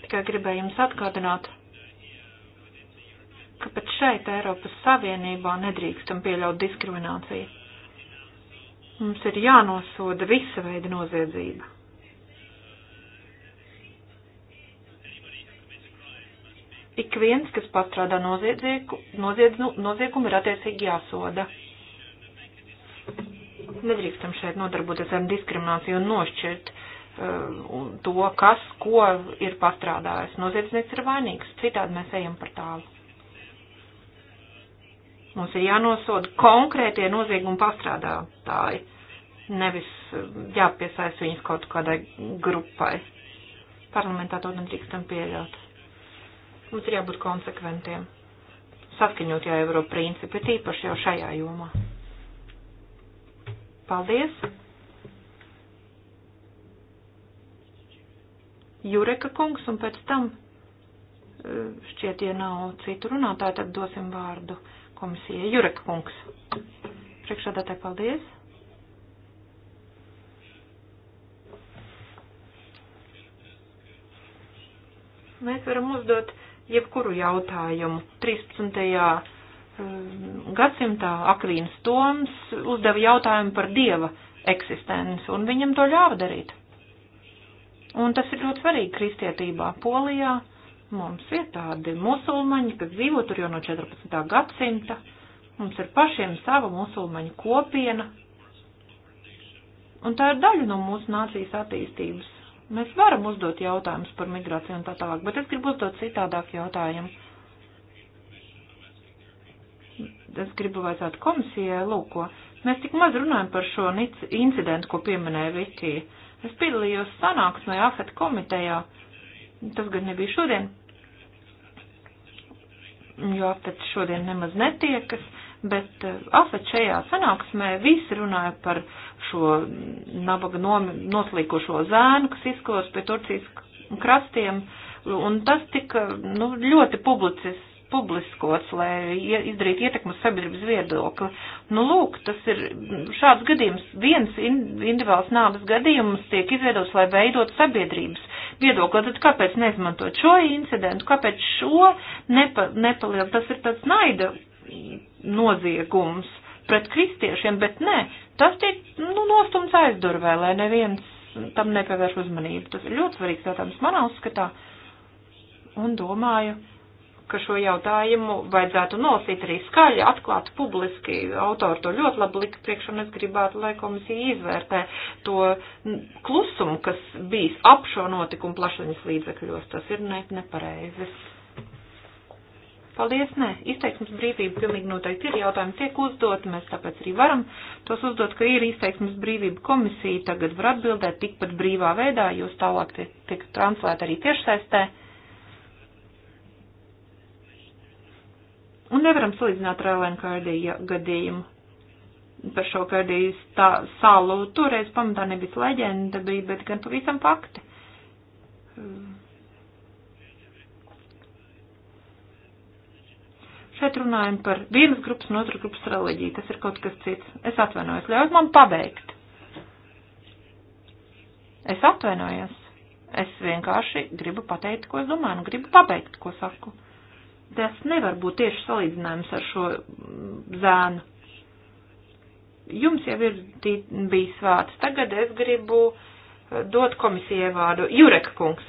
B: Tikai gribēju jums atgādināt, ka pat šeit Eiropas Savienībā nedrīkstam pieļaut diskrimināciju. Mums ir jānosoda visa veida noziedzība. Ik viens, kas pastrādā noziedzīgu, noziedzu, noziegumu, ir attiecīgi jāsoda. Nedrīkstam šeit nodarboties ar diskrimināciju un nošķirt uh, Eh, un to, kas, ko ir pastrādājis. Noziedznieks ir vainīgs, citādi mēs ejam par tālu. Mums ir jānosoda konkrētie noziegumi pastrādātāji, nevis eh, jāpiesaist viņus kaut kādai grupai. Parlamentā to nedrīkstam pieļaut. Mums ir jābūt konsekventiem, saskaņot jau Eiropa principi, tīpaši jau šajā jomā. Paldies! Jureka kungs, un pēc tam e, šķiet, ja nav citu runātāju, tad dosim vārdu komisijai. Jureka kungs. Priekšādātāji, paldies. Mēs varam uzdot jebkuru jautājumu. 13. E, gadsimtā Akvīns Toms uzdeva jautājumu par dieva eksistenci, un viņam to ļāva darīt. Un tas ir ļoti svarīgi kristietībā. Polijā mums ir tādi musulmaņi, kas dzīvo tur jau no 14. gadsimta. Mums ir pašiem sava musulmaņu kopiena. Un tā ir daļa no mūsu nācijas attīstības. Mēs varam uzdot jautājumus par migrāciju un tā tālāk, bet es gribu uzdot citādāk jautājumu. Es gribu vaicāt komisijai, lūko, mēs tik maz runājam par šo incidentu, ko pieminēja Vikija Es piedalījos sanāksmē AFET komitejā. Tas gan nebija šodien, jo AFET šodien nemaz netiekas, bet eh, AFET šajā sanāksmē visi runāja par šo nabaga noslīkošo zēnu, kas izkos pie Turcijas krastiem, un tas tika nu, ļoti publicis, publiskots, lai izdarītu ietekmu sabiedrības viedokli. Nu, lūk, tas ir šāds gadījums. Viens individuāls nāves gadījums tiek izveidots, lai veidot sabiedrības viedokli. Tad kāpēc neizmantot šo incidentu, kāpēc šo nepa, nepalielināt? Tas ir tāds naida noziegums pret kristiešiem, bet nē, tas tiek, nu, nostums aizdurvē, lai neviens tam nepievērš uzmanību. Tas ir ļoti svarīgs jautājums manā uzskatā un domāju, ka šo jautājumu vajadzētu nolasīt arī skaļi, atklāt publiski. Autori to ļoti labi lika priekš, un es gribētu, lai komisija izvērtē to klusumu, kas bijis ap šo notikumu plašsaziņas līdzekļos. Tas ir ne, nepareizi. Paldies, nē, izteiksmes brīvība pilnīgi noteikti ir jautājumi tiek uzdot, mēs tāpēc arī varam tos uzdot, ka ir izteiksmes brīvība komisija, tagad var atbildēt tikpat brīvā veidā, jūs tālāk tiek, tiek translēt arī tiešsaistē. Un nevaram salīdzināt ar Elenkardija gadījumu. Par šo Kardijas salu toreiz pamatā nebija leģenda, bija, bet gan pavisam fakti. Šeit runājam par vienas grupas un otras grupas reliģiju. Tas ir kaut kas cits. Es atvainojos. Ļaujiet man pabeigt. Es atvainojos. Es vienkārši gribu pateikt, ko es domāju, un gribu pabeigt, ko saku. Tas nevar būt tieši salīdzinājums ar šo mm, zēnu. Jums jau ir bijis vārds. Tagad es gribu eh, dot komisijai vārdu. Jurek kungs,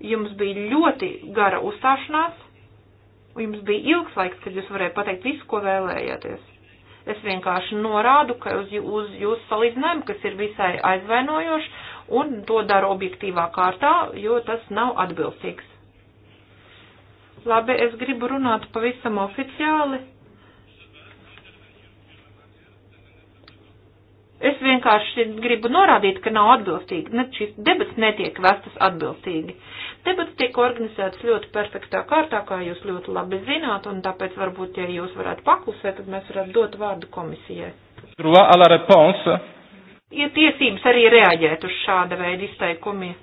B: jums bija ļoti gara uzstāšanās, jums bija ilgs laiks, kad jūs varēja pateikt visu, ko vēlējāties. Es vienkārši norādu, ka uz, uz jūsu salīdzinājumu, kas ir visai aizvainojošs, un to daru objektīvā kārtā, jo tas nav atbilstīgs. Labi, es gribu runāt pavisam oficiāli. Es vienkārši gribu norādīt, ka nav atbilstīgi, ne šīs debats netiek vestas atbilstīgi. Debats tiek organizēts ļoti perfektā kārtā, kā jūs ļoti labi zināt, un tāpēc varbūt, ja jūs varētu paklusēt, tad mēs varētu dot vārdu komisijai. Ir tiesības arī reaģēt uz šāda veida izteikumiem,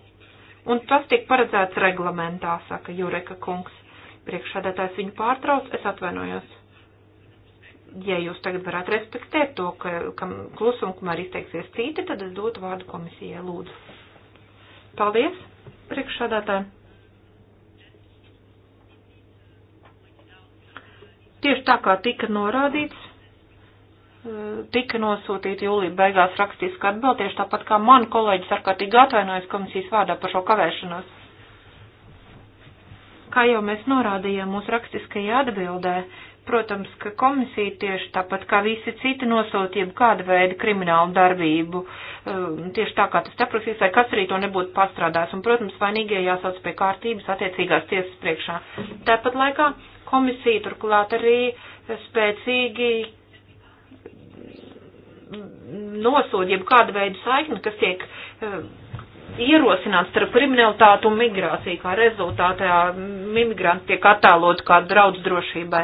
B: un tas tiek paredzēts reglamentā, saka Jureka kungs. Priekšādātājs viņu pārtrauc, es atvainojos. Ja jūs tagad varētu respektēt to, ka, ka klusumu, kamēr izteiksies citi, tad es dotu vārdu komisijai lūdzu. Paldies, priekšādātāji. Tieši tā kā tika norādīts, tika nosūtīta jūlija beigās rakstiska atbilde, tieši tāpat kā man kolēģis ārkārtīgi atvainojas komisijas vārdā par šo kavēšanos. Kā jau mēs norādījām mūsu rakstiskajā atbildē, protams, ka komisija tieši tāpat kā visi citi nosūtīja kādu veidu kriminālu darbību, ehm, tieši tā kā tas aprakstīts, vai kas arī to nebūtu pastrādājis, un, protams, vainīgie jāsauc pie kārtības attiecīgās tiesas priekšā. Tāpat laikā komisija turklāt arī spēcīgi nosūda jeb kādu veidu saikni, kas tiek ehm, ierosināt starp kriminalitātu un migrāciju, kā rezultātā migranti tiek attēlot kā draudz drošībai.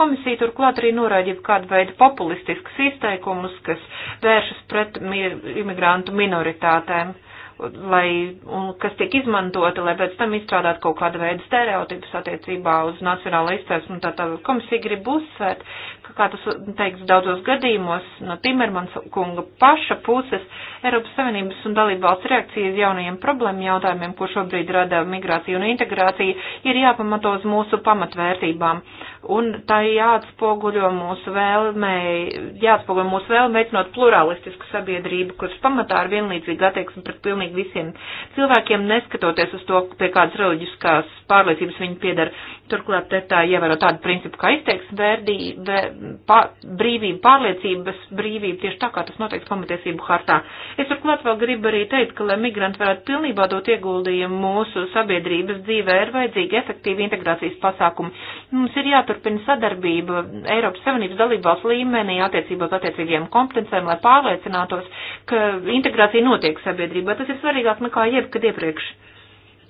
B: Komisija turklāt arī noraidīja kādu veidu populistiskus izteikumus, kas vēršas pret imigrantu minoritātēm. Uh, lai, kas tiek izmantota, lai pēc tam izstrādāt kaut kādu veidu stereotipus attiecībā uz nacionālo izcelsmu. Tā tā komisija grib uzsvērt, ka, kā tas teiks daudzos gadījumos, no Timermans kunga paša puses Eiropas Savienības un dalībvalsts reakcijas jaunajiem problēmu jautājumiem, ko šobrīd rada migrācija un integrācija, ir jāpamato uz mūsu pamatvērtībām un tā jāatspoguļo mūsu vēlmē, jāatspoguļo mūsu vēlmē veicinot pluralistisku sabiedrību, kuras pamatā ir vienlīdzīga attieksme pret pilnīgi visiem cilvēkiem, neskatoties uz to, pie kādas reliģiskās pārliecības viņi piedara. Turklāt te tā ievēro tādu principu kā izteiksme, vērdība, pār, brīvība, pārliecības brīvība, tieši tā kā tas noteikts pamatiesību hartā. Es turklāt vēl gribu arī teikt, ka, lai migranti varētu pilnībā dot ieguldījumu mūsu sabiedrības dzīvē, ir vajadzīgi efektīvi integrācijas pasākumi. Mums ir jātur jāturpina sadarbība Eiropas Savienības dalībvalsts līmenī attiecībā uz attiecīgiem kompetencēm, lai pārliecinātos, ka integrācija notiek sabiedrībā. Tas ir svarīgāk nekā jebkad iepriekš.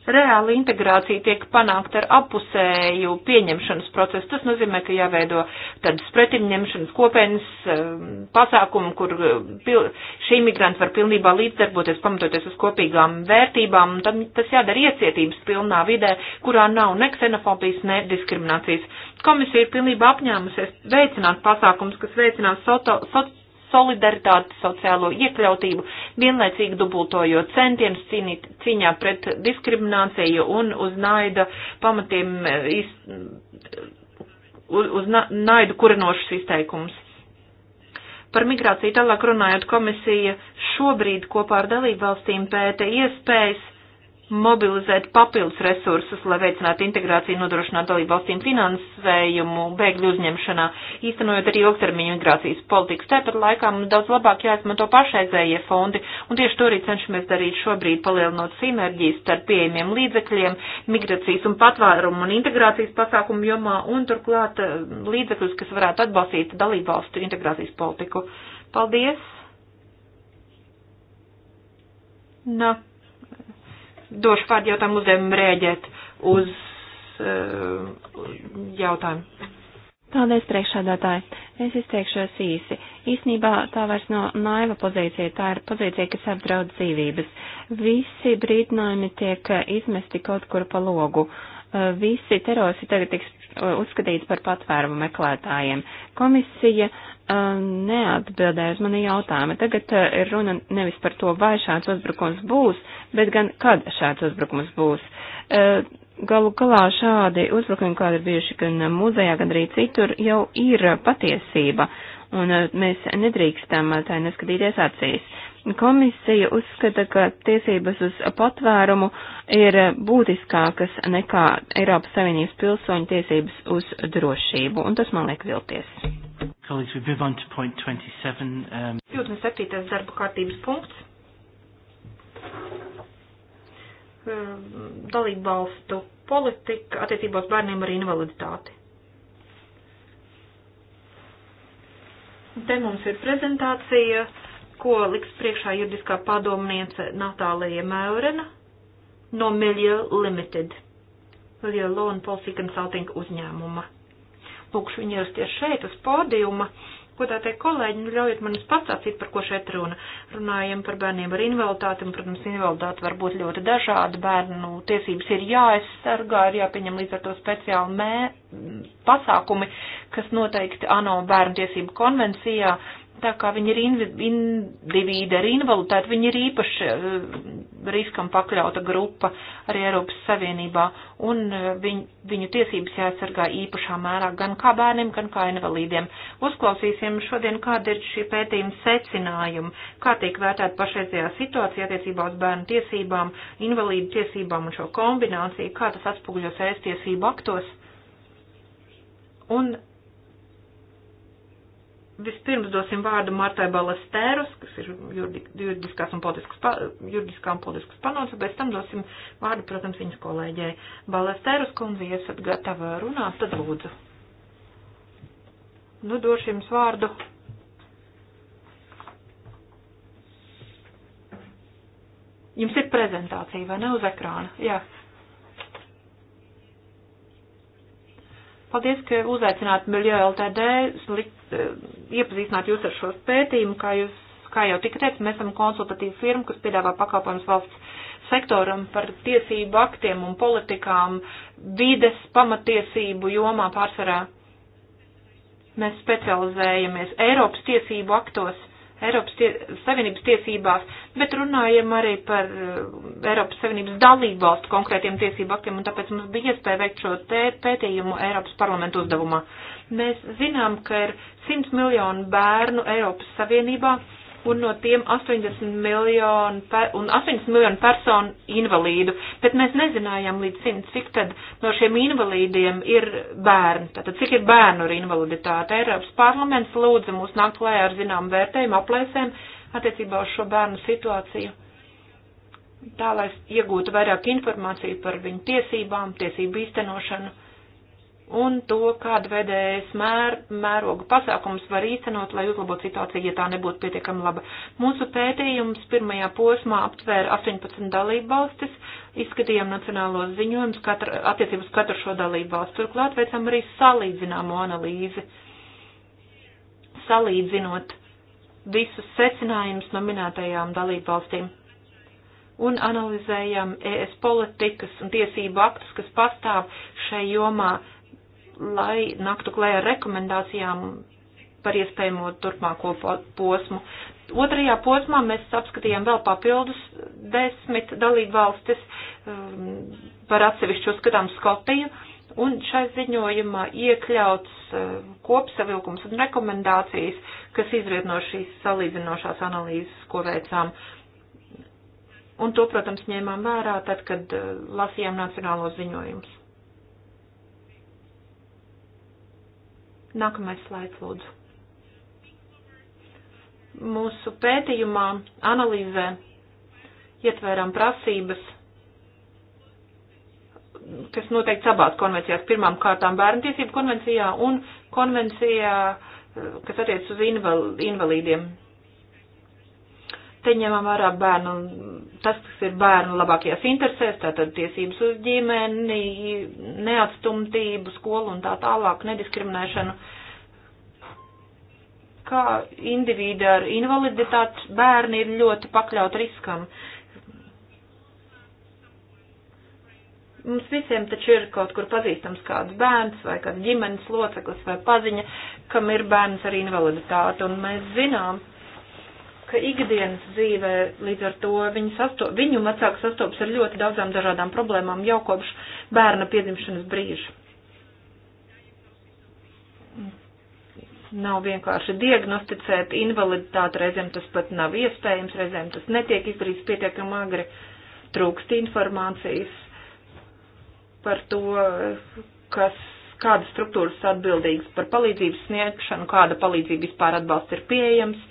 B: Reāla integrācija tiek panākta ar apusēju pieņemšanas procesu. Tas nozīmē, ka jāveido tādas pretimņemšanas kopienas um, pasākumu, kur um, šī migranta var pilnībā līdzdarboties, pamatoties uz kopīgām vērtībām. Tad tas jādara iecietības pilnā vidē, kurā nav ne ksenofobijas, ne diskriminācijas. Komisija ir pilnībā apņēmusies veicināt pasākums, kas veicinās soto, soto solidaritāti, sociālo iekļautību, vienlaicīgi dubultojot centienus cīņā pret diskrimināciju un uz naida pamatiem, e,
E: iz,
B: uz, uz na, naidu kurinošus izteikumus. Par migrāciju tālāk runājot, komisija šobrīd kopā ar dalību valstīm pēta iespējas mobilizēt papildus resursus, lai veicinātu integrāciju, nodrošinātu dalību valstīm finansējumu, bēgļu uzņemšanā, īstenojot arī ilgtermiņu migrācijas politikas. Tāpat laikā mums daudz labāk jāizmanto pašaizējie fondi, un tieši to arī cenšamies darīt šobrīd, palielinot sinerģijas starp pieejamiem līdzekļiem, migrācijas un patvērumu un integrācijas pasākumu jomā, un turklāt eh, līdzekļus, kas varētu atbalstīt dalību valstu integrācijas politiku. Paldies! Na. No došu vārdu jautājumu uzdevumu rēģēt uz uh,
D: jautājumu. Paldies, priekšādātāji. Es izteikšos īsi. Īsnībā tā vairs nav no naiva pozīcija, tā ir pozīcija, kas apdraud dzīvības. Visi brīdinājumi tiek eh, izmesti kaut kur pa logu. Eh, visi teroristi tagad tiks uzskatīti par patvērumu meklētājiem. Komisija uh, neatbildēja uz mani jautājumu. Tagad ir runa nevis par to, vai šāds uzbrukums būs, bet gan kad šāds uzbrukums būs. Galu galā šādi uzbrukumi, kādi ir bijuši gan muzejā, gan arī citur, jau ir patiesība, un mēs nedrīkstam tai neskatīties acīs. Komisija uzskata, ka tiesības uz patvērumu ir būtiskākas nekā Eiropas Savienības pilsoņu tiesības uz drošību, un tas man liek vilties.
A: Colleagues, we move on to point 27. Um...
B: 27. darba kārtības punkts.
A: Um,
B: dalību valstu politika attiecībās bērniem ar invaliditāti. Te mums ir prezentācija ko liks priekšā juridiskā padomniece Natālija Maurena no Milieu Limited, Milieu Law and Policy Consulting uzņēmuma. Lūkšu viņu ierasties šeit uz pódiuma. Ko tā teikt, kolēģi, nu ļaujiet man pastāstīt, par ko šeit runa. Runājam par bērniem ar invaliditāti, un, protams, invaliditāte var būt ļoti dažāda. Bērnu tiesības ir jāaizsargā, ir jāpieņem līdz ar to speciāli mē, pasākumi, kas noteikti ANO bērnu tiesību konvencijā tā kā viņi ir indivīdi ar invaliditāti, viņi ir īpaši eh, riskam pakļauta grupa arī Eiropas Savienībā, un eh, viņ, viņu tiesības jāsargā īpašā mērā gan kā bērniem, gan kā invalīdiem. Uzklausīsim šodien, kāda ir šī pētījuma secinājuma, kā tiek vērtēta pašreizējā situācija attiecībā uz bērnu tiesībām, invalīdu tiesībām un šo kombināciju, kā tas atspoguļos ēstiesību aktos. Un Vispirms dosim vārdu Martai Balestērus, kas ir juridiskās un politiskas, pa, juridiskā un politiskas panāca, pēc tam dosim vārdu, protams, viņas kolēģei. Balestērus kundze, ja esat gatava runāt, tad lūdzu. Nu, došu jums vārdu. Jums ir prezentācija, vai ne, uz ekrāna? Jā. Paldies, ka uzaicināt Miljā LTD, slikt, eh, iepazīstināt jūs ar šo pētījumu, kā jūs, kā jau tika teikt, mēs esam konsultatīva firma, kas piedāvā pakalpojums valsts sektoram par tiesību aktiem un politikām vides pamatiesību jomā pārsvarā. Mēs specializējamies Eiropas tiesību aktos Eiropas tie, Savienības tiesībās, bet runājam arī par eh, Eiropas Savienības dalību valstu konkrētiem tiesību aktiem, un tāpēc mums bija iespēja veikt šo pētījumu Eiropas parlamentu uzdevumā. Mēs zinām, ka ir 100 miljonu bērnu Eiropas Savienībā un no tiem 80 miljonu, per, un 80 miljonu personu invalīdu, bet mēs nezinājām līdz 100, cik tad no šiem invalīdiem ir bērni, tātad cik ir bērnu ar invaliditāti. Eiropas parlaments lūdza mūs nākt klājā ar zinām vērtējumu, aplēsēm attiecībā uz šo bērnu situāciju. Tā, lai iegūtu vairāk informāciju par viņu tiesībām, tiesību īstenošanu un to, kāda veidējas mēr, mēroga pasākums var īstenot, lai uzlabotu situāciju, ja tā nebūtu pietiekami laba. Mūsu pētījums pirmajā posmā aptvēra 18 dalību valstis, izskatījām nacionālos ziņojumus attiecības katru šo dalību valstu. Turklāt veicam arī salīdzināmo analīzi, salīdzinot visus secinājumus no minētajām dalību valstīm un analizējam ES politikas un tiesību aktus, kas pastāv šai jomā lai naktu klējā ar rekomendācijām par iespējamo turpmāko posmu. Otrajā posmā mēs apskatījām vēl papildus desmit dalību valstis um, par atsevišķu uzskatām Skotiju, un šai ziņojumā iekļauts uh, kopsavilkums un rekomendācijas, kas izriet no šīs salīdzinošās analīzes, ko veicām. Un to, protams, ņēmām vērā tad, kad uh, lasījām nacionālos ziņojumus. Nākamais slaids, lūdzu. Mūsu pētījumā, analīzē ietvērām prasības, kas noteikti abās konvencijās, pirmām kārtām bērntiesību konvencijā un konvencijā, eh, kas attiec uz inval invalīdiem, Te ņemam vērā bērnu, tas, kas ir bērnu labākajās interesēs, tātad tiesības uz ģimeni, neatstumtību, skolu un tā tālāk, nediskriminēšanu. Kā indivīdi ar invaliditāti bērni ir ļoti pakļaut riskam. mums visiem taču ir kaut kur pazīstams kāds bērns vai kāds ģimenes loceklis vai paziņa, kam ir bērns ar invaliditāti, un mēs zinām, ka ikdienas dzīvē līdz ar to viņi sasto, viņu vecāki sastopas ar ļoti daudzām dažādām problēmām jau kopš bērna piedzimšanas brīža. Nav vienkārši diagnosticēt invaliditāti, reizēm tas pat nav iespējams, reizēm tas netiek izdarīts pietiekami agri, trūkst informācijas par to, kas, kādas struktūras atbildīgas par palīdzības sniegšanu, kāda palīdzība vispār atbalsts ir pieejams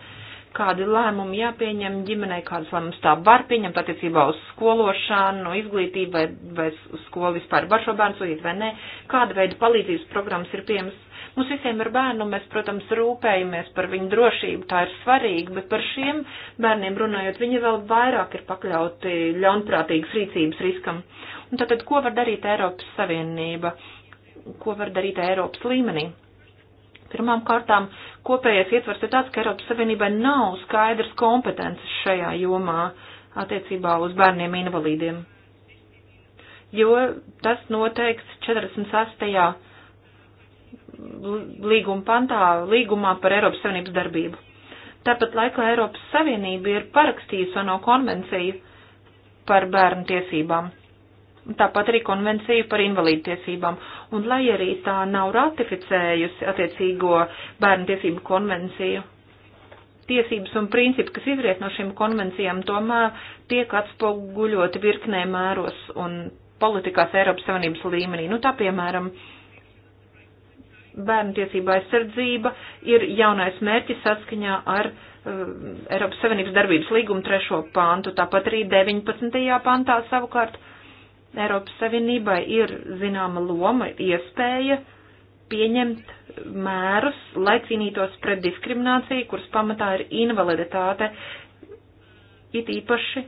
B: kādi lēmumi jāpieņem ģimenei, kādas lēmumus tā var pieņemt attiecībā uz skološanu, izglītību vai, vai skolu vispār var šo bērnu sūtīt vai nē, kāda veida palīdzības programmas ir pieejamas. Mums visiem ir bērnu, mēs, protams, rūpējamies par viņu drošību, tā ir svarīga, bet par šiem bērniem runājot, viņi vēl vairāk ir pakļauti ļaunprātīgas rīcības riskam. Un tātad, ko var darīt Eiropas Savienība? Ko var darīt Eiropas līmenī? Pirmām kārtām kopējais ietvers ir tāds, ka Eiropas Savienībai nav skaidrs kompetences šajā jomā attiecībā uz bērniem invalīdiem, jo tas noteikts 46. līguma pantā, līgumā par Eiropas Savienības darbību. Tāpat laikā Eiropas Savienība ir parakstījusi ANO konvenciju par bērnu tiesībām tāpat arī konvencija par invalīdu tiesībām. Un lai arī tā nav ratificējusi attiecīgo bērnu tiesību konvenciju, tiesības un principi, kas izriet no šīm konvencijām, tomēr tiek atspoguļoti virknē mēros un politikās Eiropas Savienības līmenī. Nu, tā piemēram, bērnu tiesība aizsardzība ir jaunais mērķis saskaņā ar uh, Eiropas Savienības darbības līguma trešo pantu, tāpat arī 19. pantā savukārt uh, Eiropas Savienībai ir zināma loma, iespēja pieņemt mērus, lai cīnītos pret diskrimināciju, kuras pamatā ir invaliditāte, it īpaši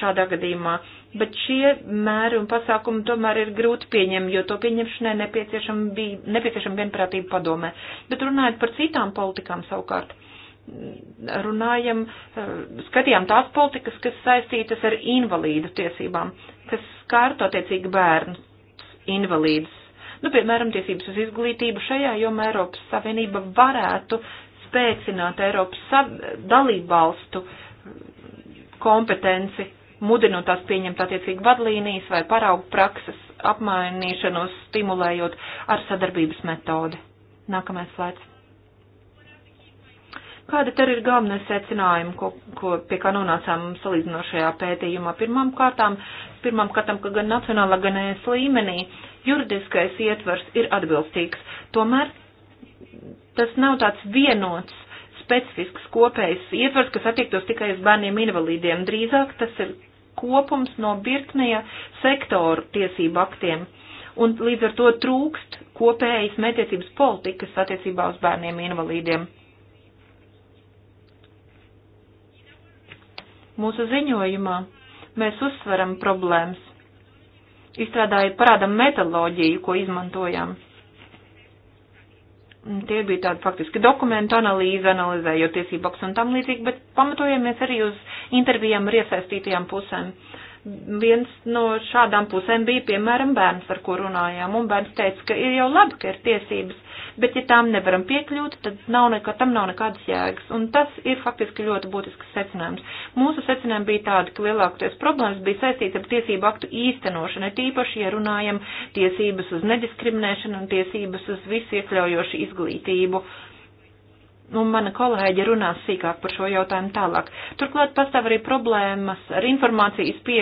B: šādā gadījumā. Bet šie mēri un pasākumi tomēr ir grūti pieņemt, jo to pieņemšanai nepieciešama nepieciešam vienprātība padomē. Bet runājot par citām politikām savukārt runājam, eh, skatījām tās politikas, kas saistītas ar invalīdu tiesībām, kas skārto attiecīgi bērnus, invalīdus. Nu, piemēram, tiesības uz izglītību šajā jomā Eiropas Savienība varētu spēcināt Eiropas dalībvalstu kompetenci, mudinot tās pieņemt attiecīgi vadlīnijas vai paraugu prakses apmainīšanos, stimulējot ar sadarbības metodi. Nākamais slaids. Kādi tad ir galvenie secinājumi, ko, ko, pie kā nonācām salīdzinošajā pētījumā? Pirmām kārtām, pirmām kārtām, ka gan nacionālā, gan ES līmenī juridiskais ietvers ir atbilstīgs. Tomēr tas nav tāds vienots specifisks kopējs ietvers, kas attiektos tikai uz bērniem invalīdiem. Drīzāk tas ir kopums no virknēja sektoru tiesību aktiem. Un līdz ar to trūkst kopējas mētiecības politikas attiecībā uz bērniem invalīdiem. Mūsu ziņojumā mēs uzsveram problēmas. Izstrādāja parādam metaloģiju, ko izmantojām. Un tie bija tādi faktiski dokumentu analīze, analizējot tiesībaks un tam līdzīgi, bet pamatojamies arī uz intervijām ar iesaistītajām pusēm. Uh, viens no šādām pusēm bija, piemēram, bērns, ar ko runājām, un bērns teica, ka ir jau labi, ka ir tiesības, bet ja tām nevaram piekļūt, tad nav nekā, tam nav nekādas jēgas, un tas ir faktiski ļoti būtisks secinājums. Mūsu secinājumi bija tādi, ka lielākoties problēmas bija saistīts ar tiesību aktu īstenošanu, tīpaši, ja runājam tiesības uz nediskriminēšanu un tiesības uz visu iekļaujošu izglītību. Uh, nu, mana kolēģe runās sīkāk par šo jautājumu tālāk. Turklāt pastāv arī problēmas ar informācijas pie,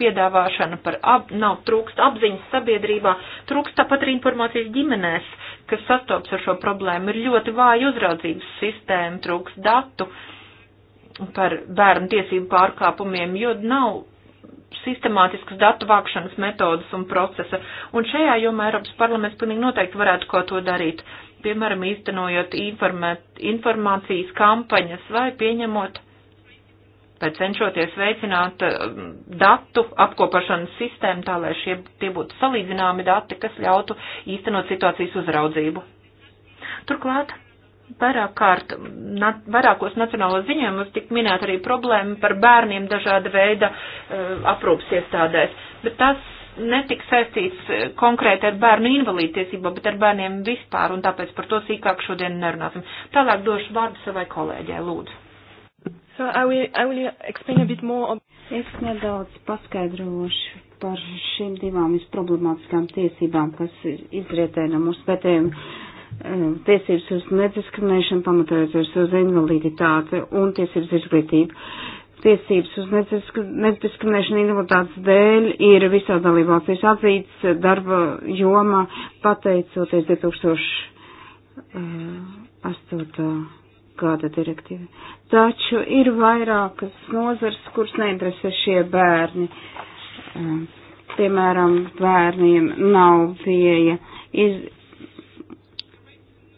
B: piedāvāšanu par ap, nav trūkst apziņas sabiedrībā, trūkst tāpat arī informācijas ģimenēs, kas sastops ar šo problēmu. Ir ļoti vāja uzraudzības sistēma, trūkst datu par bērnu tiesību pārkāpumiem, jo nav sistemātiskas datu vākšanas metodas un procesa. Un šajā jomā Eiropas parlaments pilnīgi noteikti varētu kaut ko darīt. Uh, piemēram, īstenojot informēt, informācijas kampaņas vai pieņemot vai cenšoties veicināt um, datu apkopošanas sistēmu tā, lai šie, tie būtu salīdzināmi dati, kas ļautu īstenot situācijas uzraudzību. Turklāt vairāk kārt, na, vairākos nacionālos ziņojumos tik minēta arī problēma par bērniem dažāda veida uh, aprūpas iestādēs, bet tas netiks saistīts eh, konkrēti ar bērnu invalīdtiesībām, bet ar bērniem vispār, un tāpēc par to sīkāk šodien nerunāsim. Tālāk došu vārdu savai kolēģai, lūdzu.
C: So I will, I will explain a bit more. Of... Es nedaudz paskaidrošu par šīm divām visproblemātiskām tiesībām, kas izrietē no mūsu pētējuma eh, tiesības uz nediskriminēšanu, pamatojoties uz invaliditāti un tiesības izglītību. Uh, tiesības uz nediskriminēšanu invaliditātes dēļ ir visā dalībvalstīs atzīts darba joma pateicoties 2008. gada direktīvi. Taču ir vairākas nozars, kuras neinteresē šie bērni. Ehm, piemēram, bērniem nav pieeja iz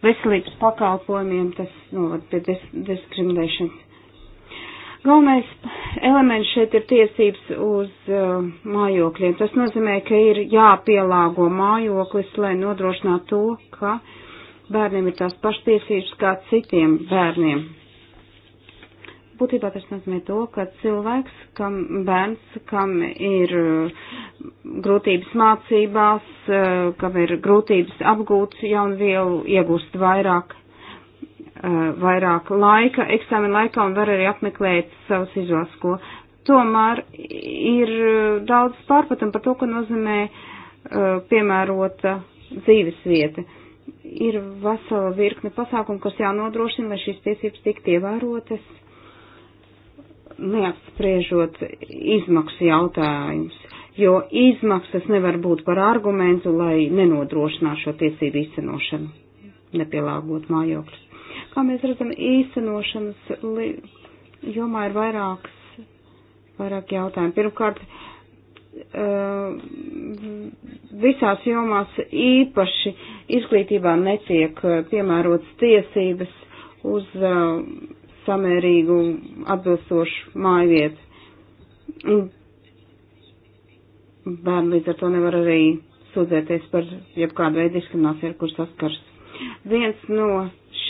C: veselības pakalpojumiem, tas novad nu, pie diskriminēšanas Galvenais elements šeit ir tiesības uz uh, mājokļiem. Tas nozīmē, ka ir jāpielāgo mājoklis, lai nodrošinātu to, ka bērniem ir tās pašas tiesības kā citiem bērniem. Būtībā tas nozīmē to, ka cilvēks, kam bērns, kam ir uh, grūtības mācībās, uh, kam ir grūtības apgūt jaunu vielu, iegūst vairāk Uh, vairāk laika eksāmena laikā un var arī apmeklēt savus izvēles skolu. Tomēr ir uh, daudz pārpatumu par to, ko nozīmē uh, piemērota dzīves vieta. Ir vesela virkne pasākumu, kas jānodrošina, lai šīs tiesības tiktu ievērotas, neapspriežot izmaksu jautājumus, jo izmaksas nevar būt par argumentu, lai nenodrošinātu šo tiesību īstenošanu, nepielāgot mājokļus. Kā mēs redzam, īstenošanas jomā ir vairāks, vairāk jautājumu. Pirmkārt, eh, visās jomās īpaši izglītībā netiek eh, piemērotas tiesības uz eh, samērīgu atbilstošu māju vietu. Bērni līdz ar to nevar arī sūdzēties par jebkādu veidu diskrimināciju, ar kur saskars. Viens no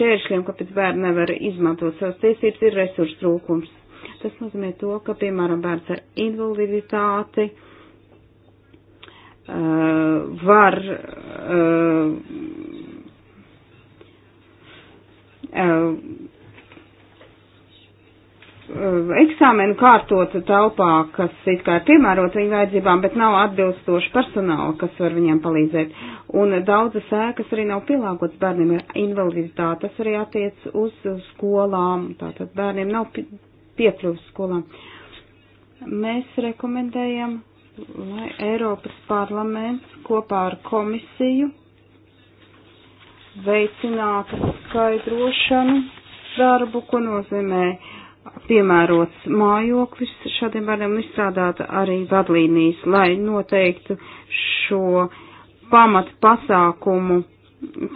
C: šķēršļiem, kāpēc bērni nevar izmantot savas tiesības, ir resursu trūkums. Tas nozīmē to, ka, piemēram, bērns ar invaliditāti uh, var uh, uh, Uh, eksāmenu kārtot telpā, kas it kā ir piemērota viņu vajadzībām, bet nav atbilstoši personāla, kas var viņiem palīdzēt. Un daudzas ēkas arī nav pielāgotas bērniem ar invaliditāti. Tas arī attiec uz skolām, tātad bērniem nav piekļuvs skolām. Mēs rekomendējam, lai Eiropas parlaments kopā ar komisiju veicinātu skaidrošanu darbu, ko nozīmē uh, piemērots mājoklis šādiem bērniem un izstrādāt arī vadlīnijas, lai noteiktu šo pamatu pasākumu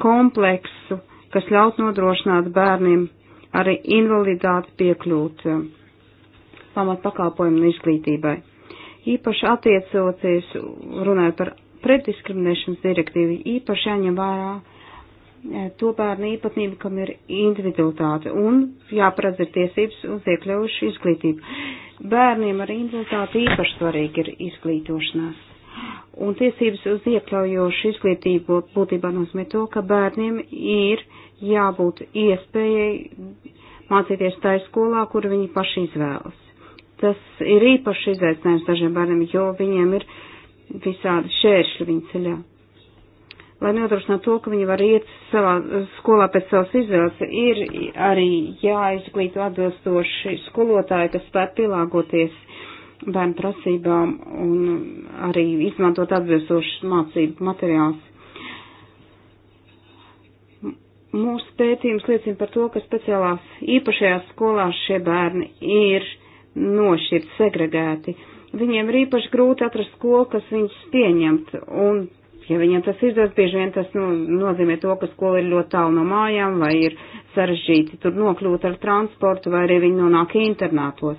C: kompleksu, kas ļaut nodrošināt bērniem arī invaliditāti piekļūt eh, pamat pakalpojumu un izglītībai. Īpaši attiecoties, runājot par pretdiskriminēšanas direktīvu, īpaši jāņem vērā E, to bērnu īpatnību, kam ir individualitāte un jāparedz ir tiesības uz iekļaujušu izglītību. Bērniem ar individualitāti īpaši svarīgi ir izglītošanās. Un tiesības uz iekļaujošu izglītību būtībā nozīmē to, ka bērniem ir jābūt iespējai mācīties tajā skolā, kur viņi paši izvēlas. Tas ir īpaši izaicinājums dažiem bērniem, jo viņiem ir visādi šēršļi viņa ceļā lai nodrošinātu to, ka viņi var iet savā skolā pēc savas izvēles, ir arī jāizglīto atbilstoši skolotāji, kas spēj pielāgoties bērnu prasībām un arī izmantot atbilstošas mācību materiālus. Mūsu pētījums liecina par to, ka speciālās īpašajās skolās šie bērni ir nošķirt segregēti. Viņiem ir īpaši grūti atrast skolu, kas viņus pieņemt, un Ja viņiem tas izdodas, bieži vien tas nu, nozīmē to, ka skola ir ļoti tālu no mājām, vai ir sarežģīti tur nokļūt ar transportu, vai arī viņi nonāk internātos.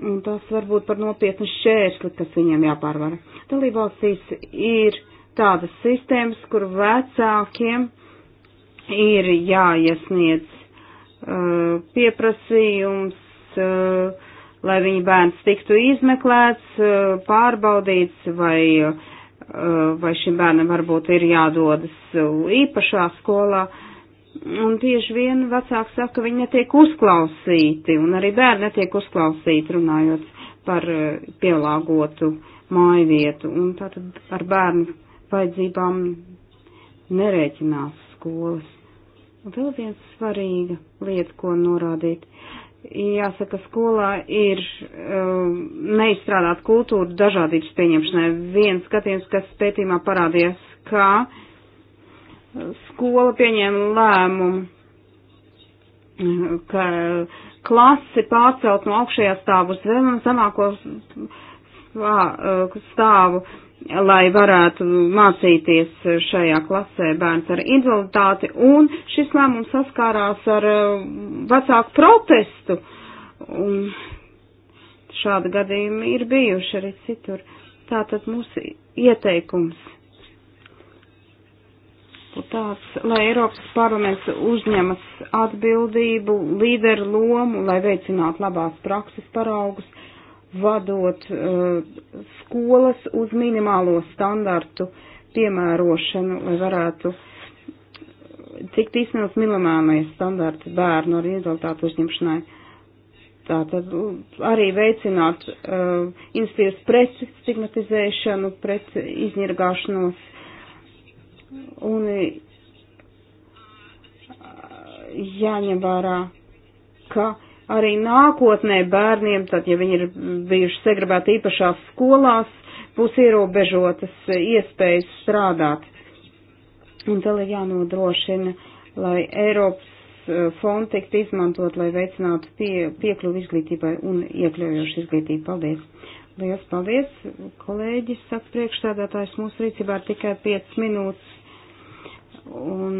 C: Un tas var būt par nopietnu šķēršli, kas viņiem jāpārvara. Dalībvalstīs ir tādas sistēmas, kur vecākiem ir jāiesniedz uh, pieprasījums, uh, lai viņa bērns tiktu izmeklēts, uh, pārbaudīts vai uh, Eh, vai šim bērnam varbūt ir jādodas īpašā skolā. Un bieži vien vecāki saka, ka viņi netiek uzklausīti, un arī bērni netiek uzklausīti, runājot par eh, pielāgotu māju vietu. Un tātad ar bērnu vajadzībām nerēķinās skolas. Un vēl viens svarīga lieta, ko norādīt jāsaka, skolā ir um, neizstrādāt kultūru dažādības pieņemšanai. Viens skatījums, kas pētījumā parādījās, kā skola pieņēma lēmumu, ka klasi pārcelt no augšējā uh, stāvu uz zemāko stāvu lai varētu mācīties šajā klasē bērns ar invaliditāti, un šis lēmums saskārās ar eh, vecāku protestu, un šādi gadījumi ir bijuši arī citur. Tātad mūsu ieteikums tāds, lai Eiropas parlaments uzņemas atbildību, līderu lomu, lai veicinātu labās prakses paraugus, vadot uh, skolas uz minimālo standartu piemērošanu, lai varētu tikt īstenot minimālais standarts bērnu ar rezultātu uzņemšanai. Tātad uh, arī veicināt uh, institīvas pret stigmatizēšanu, pret izņirgāšanos un uh, jāņem vērā, ka uh, arī nākotnē bērniem, tad, ja viņi ir bijuši segregēti īpašās skolās, būs ierobežotas iespējas strādāt. Un vēl ir jānodrošina, lai Eiropas eh, fonda tiktu izmantot, lai veicinātu pie, piekļuvu izglītībai un iekļaujošu izglītību. Paldies! Lielas paldies, kolēģis, saka priekšstādātājs, mūsu rīcībā ir tikai 5 minūtes. Un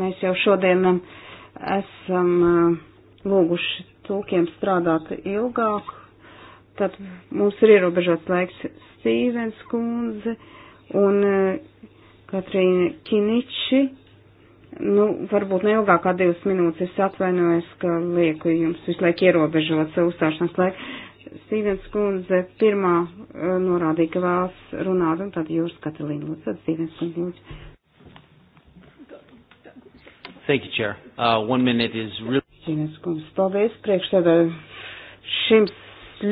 C: mēs jau šodien eh, esam. Uh, lūguši tūkiem strādāt ilgāk, tad mums ir ierobežots laiks Stīvens kundze un eh, Katrīna Kiniči. Nu, varbūt neilgāk kā divas minūtes es atvainojos, ka lieku jums visu laiku ierobežot savu uzstāšanās laiku. Stīvens kundze pirmā uh, norādīja, ka vēlas runāt, un tad jūs, Katalīna, lūdzu, tad Stīvens kundze, lūdzu.
A: Thank you, Chair. Uh, one minute is really...
C: Ķīnes kungs. Paldies priekšsēdē šim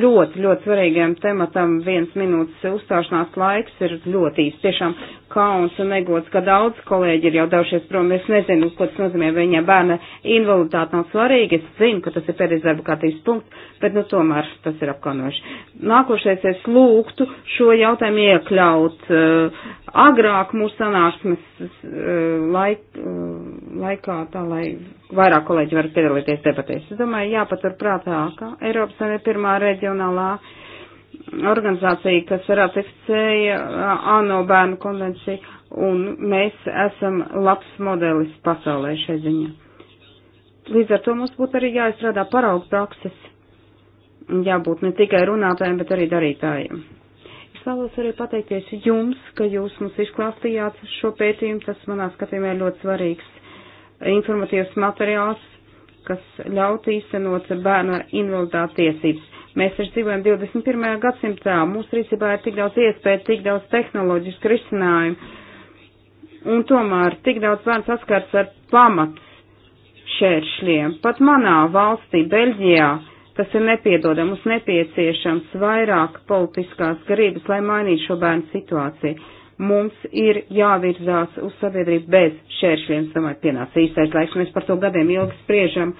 C: ļoti, ļoti svarīgiem tematam viens minūtes uzstāšanās laiks ir ļoti īsts. Tiešām kauns un negods, ka daudz kolēģi ir jau devušies prom. Es nezinu, ko tas nozīmē, vai viņa bērna invaliditāte nav svarīga. Es zinu, ka tas ir pēdējais darba kārtības punkts, bet nu tomēr tas ir apkaunoši. Nākošais es lūgtu šo jautājumu iekļaut uh, agrāk mūsu sanāksmes uh, laik, uh, laikā, tā lai vairāk kolēģi var piedalīties debatēs. Es domāju, jāpatur prātā, ka Eiropas Savienība pirmā reģionālā. Uh, organizācija, kas ratificēja ANO bērnu konvenciju, un mēs esam labs modelis pasaulē šai ziņā. Līdz ar to mums būtu arī jāizstrādā paraugu prakses, jābūt ne tikai runātājiem, bet arī darītājiem. Es vēlos arī pateikties jums, ka jūs mums izklāstījāt šo pētījumu, tas manā skatījumā ir ļoti svarīgs informatīvs materiāls, kas ļaut īstenot bērnu ar invaliditāti tiesības Mēs taču dzīvojam 21. gadsimtā, mūsu rīcībā ir tik daudz iespēju, tik daudz tehnoloģisku risinājumu, un tomēr tik daudz bērns saskars ar pamats šēršļiem. Pat manā valstī, Beļģijā, tas ir nepiedodam, mums nepieciešams vairāk politiskās garības, lai mainītu šo bērnu situāciju. Mums ir jāvirzās uz sabiedrību bez šēršļiem, es domāju, pienāca īstais laiks, mēs par to gadiem ilgi spriežam,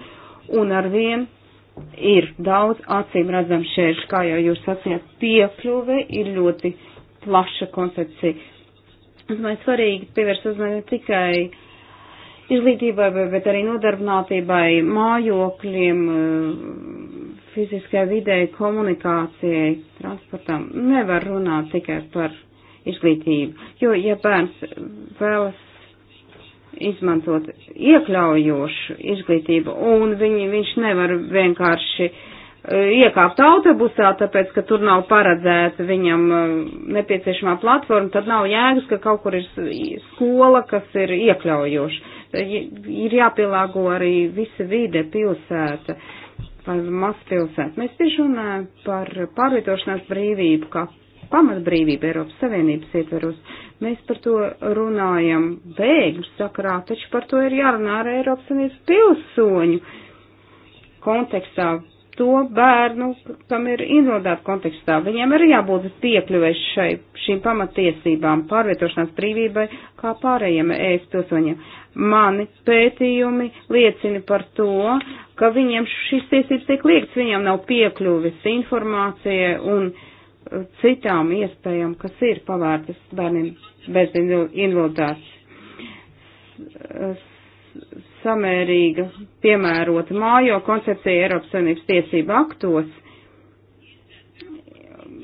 C: un ar vienu ir daudz acīm redzam šeit, kā jau jūs sacījāt, piekļuve ir ļoti plaša koncepcija. Es domāju, svarīgi pievērst uzmanību tikai izglītībai, bet arī nodarbinātībai, mājokļiem, eh, fiziskajai videi, komunikācijai, transportam. Nevar runāt tikai par izglītību, jo, ja bērns eh, vēlas izmantot iekļaujošu izglītību, un viņi, viņš nevar vienkārši eh, iekāpt autobusā, tāpēc, ka tur nav paredzēta viņam eh, nepieciešamā platforma, tad nav jēgas, ka kaut kur ir skola, kas ir iekļaujoša. Ir jāpielāgo arī visa vide pilsēta vai mazpilsēta. Mēs tieši runājam par pārvietošanās brīvību, kā pamatbrīvība Eiropas Savienības ietveros, Mēs par to runājam bēgļu sakrā, taču par to ir jārunā ar Eiropas Savienības pilsoņu kontekstā, to bērnu, kam ir invaliditāte kontekstā. Viņiem arī jābūt piekļuvēs šai, šīm pamatiesībām, pārvietošanās brīvībai, kā pārējiem ES pilsoņiem. Mani pētījumi liecina par to, ka viņiem šīs tiesības tiek liekts, viņiem nav piekļuvis informācijai un uh, citām iespējām, kas ir pavērtas bērniem bez invaliditātes. Eh, samērīga piemērota mājo koncepcija Eiropas Savienības tiesību aktos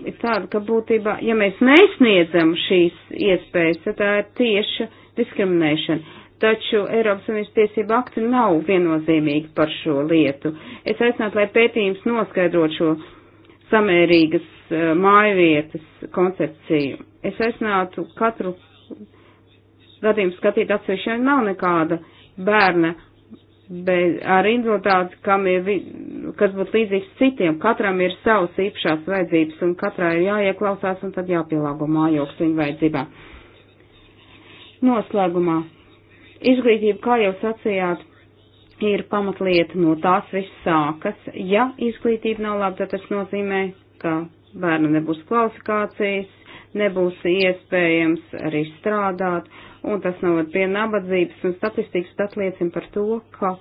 C: ir tāda, ka būtībā, ja mēs nesniedzam šīs iespējas, tad tā ir tieša diskriminēšana taču Eiropas Savienības tiesība akti nav viennozīmīgi par šo lietu. Es aicinātu, lai pētījums noskaidrot šo samērīgas eh, mājvietas koncepciju. Es aicinātu katru gadījumu skatīt atsevišķi, ja nav nekāda bērna bet ar individuāli, kam ir, kas būtu līdzīgs citiem, katram ir savas īpašās vajadzības un katrā ir jāieklausās un tad jāpielāgo mājoklis viņa vajadzībām. Noslēgumā. Izglītība, kā jau sacījāt, ir pamatlieta, no tās viss sākas. Ja izglītība nav laba, tad tas nozīmē, ka bērnu nebūs kvalifikācijas, nebūs iespējams arī strādāt, un tas novad pie nabadzības, un statistikas dati liecina par to, ka,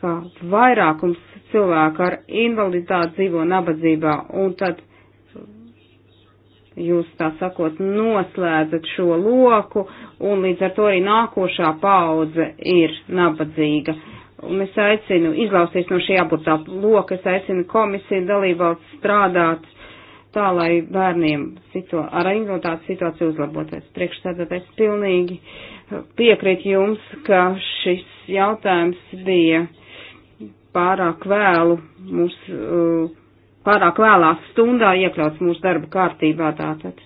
C: ka vairākums cilvēku ar invaliditāti dzīvo nabadzībā, un tad jūs tā sakot noslēdzat šo loku un līdz ar to arī nākošā paudze ir nabadzīga. Un es aicinu izlausties no šī aburtā loka, es aicinu komisiju dalībvalsts strādāt tā, lai bērniem situa ar invaliditātes situāciju uzlaboties. Priekšsēdētājs pilnīgi piekrīt jums, ka šis jautājums bija pārāk vēlu mūsu. Uh, pārāk vēlā stundā iekļauts mūsu darba kārtībā. Tātad,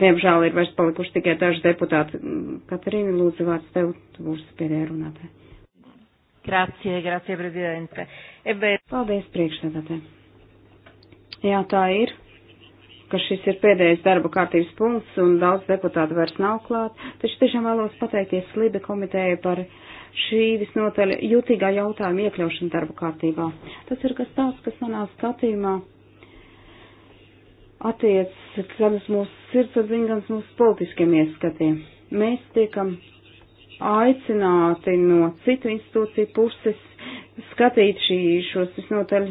C: diemžēl, ir vairs palikuši tikai daži deputāti. Katarīna, lūdzu, vārds tev, tu būsi pēdējā runātāja. Grazie, grazie, prezidente. Ebe... Paldies, priekšsēdētē. Jā, tā ir, ka šis ir pēdējais darba kārtības punkts un daudz deputātu vairs nav klāt, taču tiešām vēlos pateikties Slibe komiteja par šī visnotaļ jutīgā jautājuma iekļaušana darba kārtībā. Tas ir kas tāds, kas manā skatījumā attiec gan uz mūsu sirdsapziņu, gan uz mūsu politiskiem ieskatiem. Mēs tiekam aicināti no citu institūciju puses skatīt šī, šos visnotaļ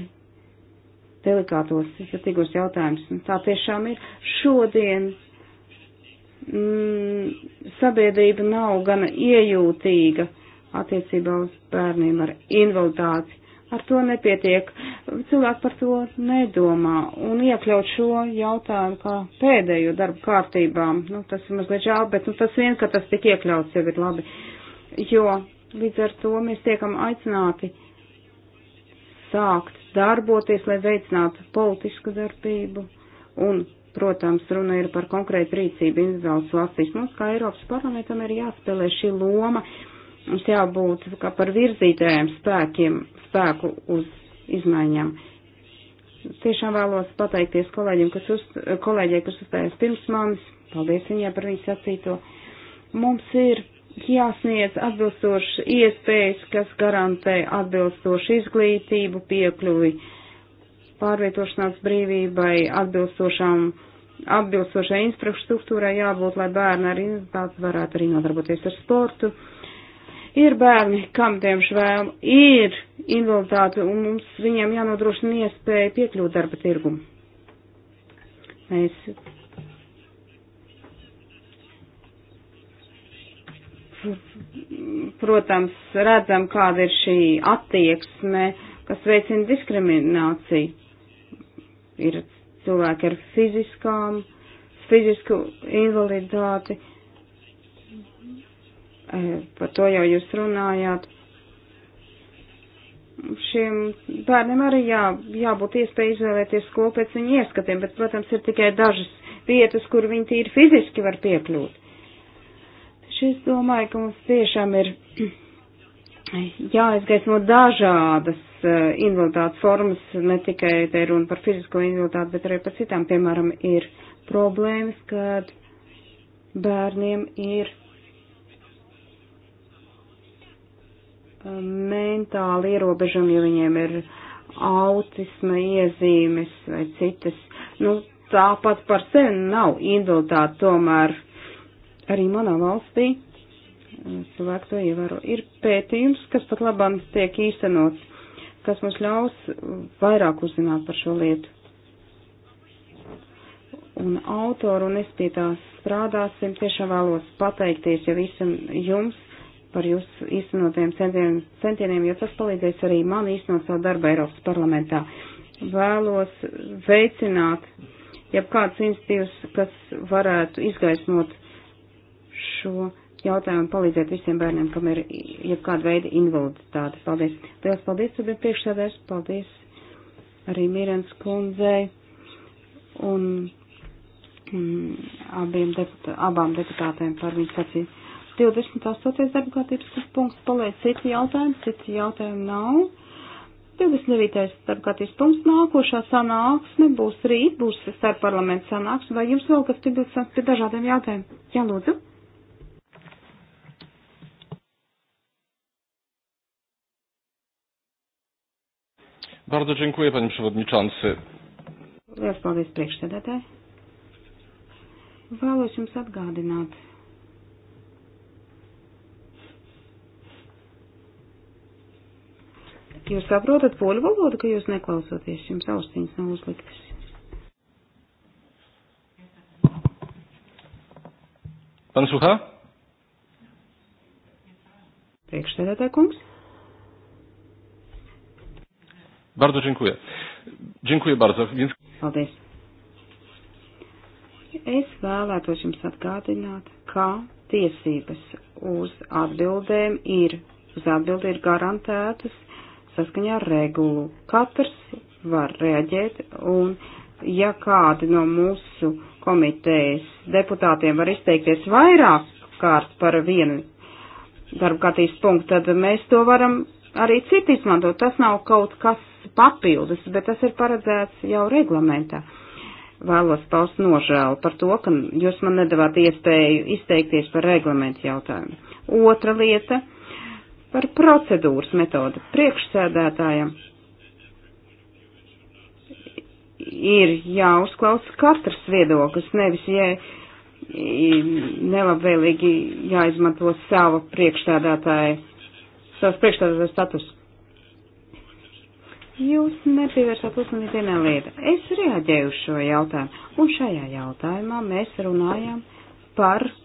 C: delikātos, jutīgos jautājumus. Tā tiešām ir šodien mm, sabiedrība nav gana iejūtīga attiecībā uz bērniem ar invaliditāti. Ar to nepietiek. Cilvēki par to nedomā un iekļaut šo jautājumu kā pēdējo darbu kārtībām. Nu, tas ir mazliet žēl, bet nu, tas vien, ka tas tik iekļauts jau ir labi. Jo līdz ar to mēs tiekam aicināti sākt darboties, lai veicinātu politisku darbību un Protams, runa ir par konkrētu rīcību individuālas valstīs. Mums, kā Eiropas parlamentam, ir jāspēlē šī loma, Mums jābūt kā par virzītājiem spēkiem, spēku uz izmaiņām. Tiešām vēlos pateikties kolēģiem, kas uz, kolēģiem, kas uzstājās pirms manis. Paldies viņai par viņu sacīto. Mums ir jāsniedz atbilstošas iespējas, kas garantē atbilstošu izglītību, piekļuvi pārvietošanās brīvībai, atbilstošām, atbilstošai infrastruktūrai jābūt, lai bērni ar invaliditāti varētu arī nodarboties ar sportu. Ir bērni, kam, diemžēl, ir invaliditāte, un mums viņiem jānodrošina iespēja piekļūt darba tirgumu. Mēs protams, redzam, kāda ir šī attieksme, kas veicina diskrimināciju. Ir cilvēki ar fiziskām, fizisku invaliditāti, E, par to jau jūs runājāt. Šiem bērniem arī jā, jābūt iespēja izvēlēties skolu pēc viņu ieskatiem, bet, protams, ir tikai dažas vietas, kur viņi tīri fiziski var piekļūt. Šis domāju, ka mums tiešām ir jāizgaismo dažādas e, invaliditātes formas, ne tikai te runa par fizisko invaliditāti, bet arī par citām. Piemēram, ir problēmas, kad bērniem ir mentāli ierobežami, ja viņiem ir autisma iezīmes vai citas. Nu, tāpat par sevi nav individuāli, tomēr arī manā valstī eh, cilvēku to ievēro. Ir pētījums, kas pat labāk tiek īstenots, kas mums ļaus vairāk uzzināt par šo lietu. Un autoru un es pie tā strādāsim. Tiešām vēlos pateikties jau visam jums par jūsu īstenotiem centieniem, centieniem, jo tas palīdzēs arī man īstenot savu darbu Eiropas parlamentā. Vēlos veicināt jeb kādas institīvas, kas varētu izgaismot šo jautājumu un palīdzēt visiem bērniem, kam ir jeb kāda veida invaliditāte. Paldies. Lielas paldies, tad ir priekšsēdēs. Paldies arī Mirens kundzei un mm, abiem deputā, abām deputātēm par viņu sacību. 28. darba kārtības punkts paliek citi jautājumi, citi jautājumi nav. 29. darba kārtības punkts nākošā sanāksme būs rīt, būs starp parlamentu sanāksme. Vai jums vēl kas piebilstams pie dažādiem jautājumiem? Jā, lūdzu.
A: Bardzo dziękuję, panie przewodniczący.
C: Liels paldies priekšsēdētāji. Vēlos jums atgādināt, Jūs saprotat poļu valodu, ka jūs neklausoties, jums austiņas nav uzliktas. Pan Suha? Priekšsēdētāj kungs.
A: Bardzo dziękuję. Dziękuję bardzo. Więc...
C: Paldies. Es vēlētos jums atgādināt, ka tiesības uz atbildēm ir, uz atbildi ir garantētas saskaņā ar regulu. Katrs var reaģēt un, ja kādi no mūsu komitejas deputātiem var izteikties vairāk kārt par vienu darbkārtības punktu, tad mēs to varam arī citi izmantot. Tas nav kaut kas papildus, bet tas ir paredzēts jau reglamentā. Vēlos paust nožēlu par to, ka jūs man nedavāt iespēju izteikties par reglamentu jautājumu. Otra lieta par procedūras metodu priekšsēdētājiem. Ir jāuzklausa katrs viedoklis, nevis ja nelabvēlīgi jāizmanto sava priekšsēdētāja, savas priekšsēdētāja status. Jūs nepievērsāt uzmanību vienā lietā. Es reaģēju uz šo jautājumu, un šajā jautājumā mēs runājam par uh,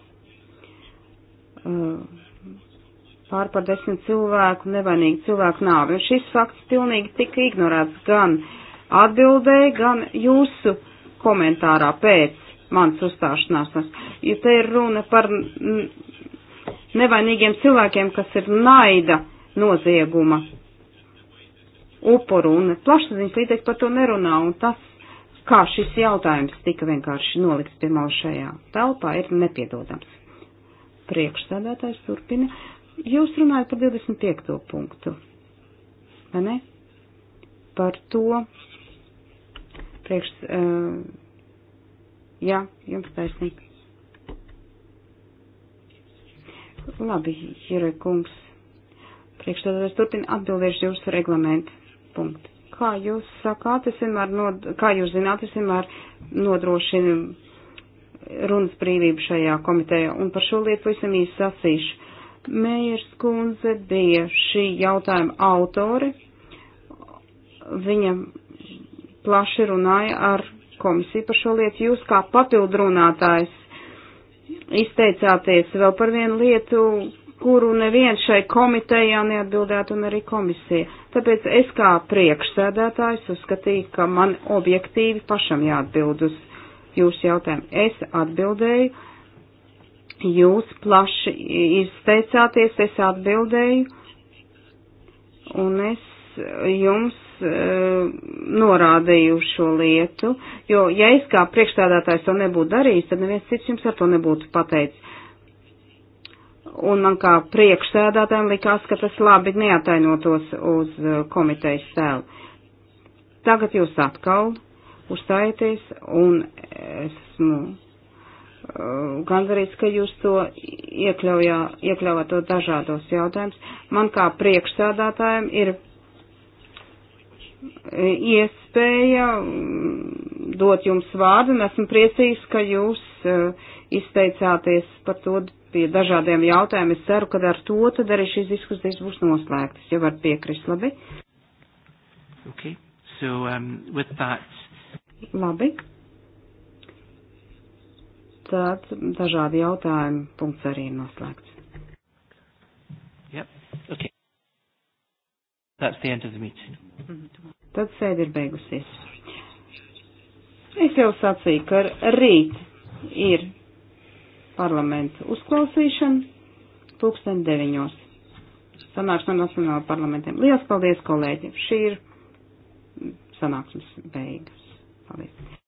C: pār par desmit cilvēku, nevainīgu cilvēku nāvi. Un šis fakts pilnīgi tika ignorēts gan atbildē, gan jūsu komentārā pēc manas uzstāšanās. Jo te ir runa par nevainīgiem cilvēkiem, kas ir naida nozieguma upuru, un plašsaziņas līdzekļi par to nerunā, un tas, kā šis jautājums tika vienkārši nolikts pie malas šajā telpā, ir nepiedodams. Priekšsēdētājs turpina. Jūs runājat par 25. punktu, vai ne? Par to priekš, uh, jā, jums taisnība. Labi, Jure kungs, priekšstādātājs turpina atbildēšu jūsu reglamentu punktu. Kā jūs sakāt, es vienmēr, nod, kā jūs zināt, es vienmēr nodrošinu runas brīvību šajā komitejā, un par šo lietu visam īsi sasīšu. Mējers kundze bija šī jautājuma autori. Viņa plaši runāja ar komisiju par šo lietu. Jūs kā papildrunātājs izteicāties vēl par vienu lietu, kuru neviens šai komitejā neatbildētu un arī komisija. Tāpēc es kā priekšsēdētājs uzskatīju, ka man objektīvi pašam jāatbild uz jūsu jautājumu. Es atbildēju Jūs plaši izteicāties, es atbildēju, un es jums eh, norādīju šo lietu, jo, ja es kā priekšstādātājs to nebūtu darījis, tad neviens cits jums ar to nebūtu pateicis. Un man kā priekšsēdātājiem likās, ka tas labi neatainotos uz eh, komitejas tēlu. Tagad jūs atkal uzstājieties, un esmu Um, gandarīts, ka jūs to iekļaujā, iekļaujāt to dažādos jautājumus. Man kā priekšsādātājiem ir iespēja um, dot jums vārdu, un esmu priecīgs, ka jūs uh, izteicāties par to pie dažādiem jautājumiem. Es ceru, ka ar to tad arī šīs diskusijas būs noslēgtas, ja var piekrist labi. Okay.
A: So, um, with that...
C: Labi. Tad dažādi jautājumi punkts arī ir noslēgts.
A: Yep. Okay. That's the end of
C: the meeting. Tad sēde ir beigusies. Es jau sacīju, ka rīt ir parlamenta uzklausīšana pulksten deviņos. Sanāksme no nacionāla parlamentiem. Lielas paldies, kolēģi! Šī ir sanāksmes beigas. Paldies!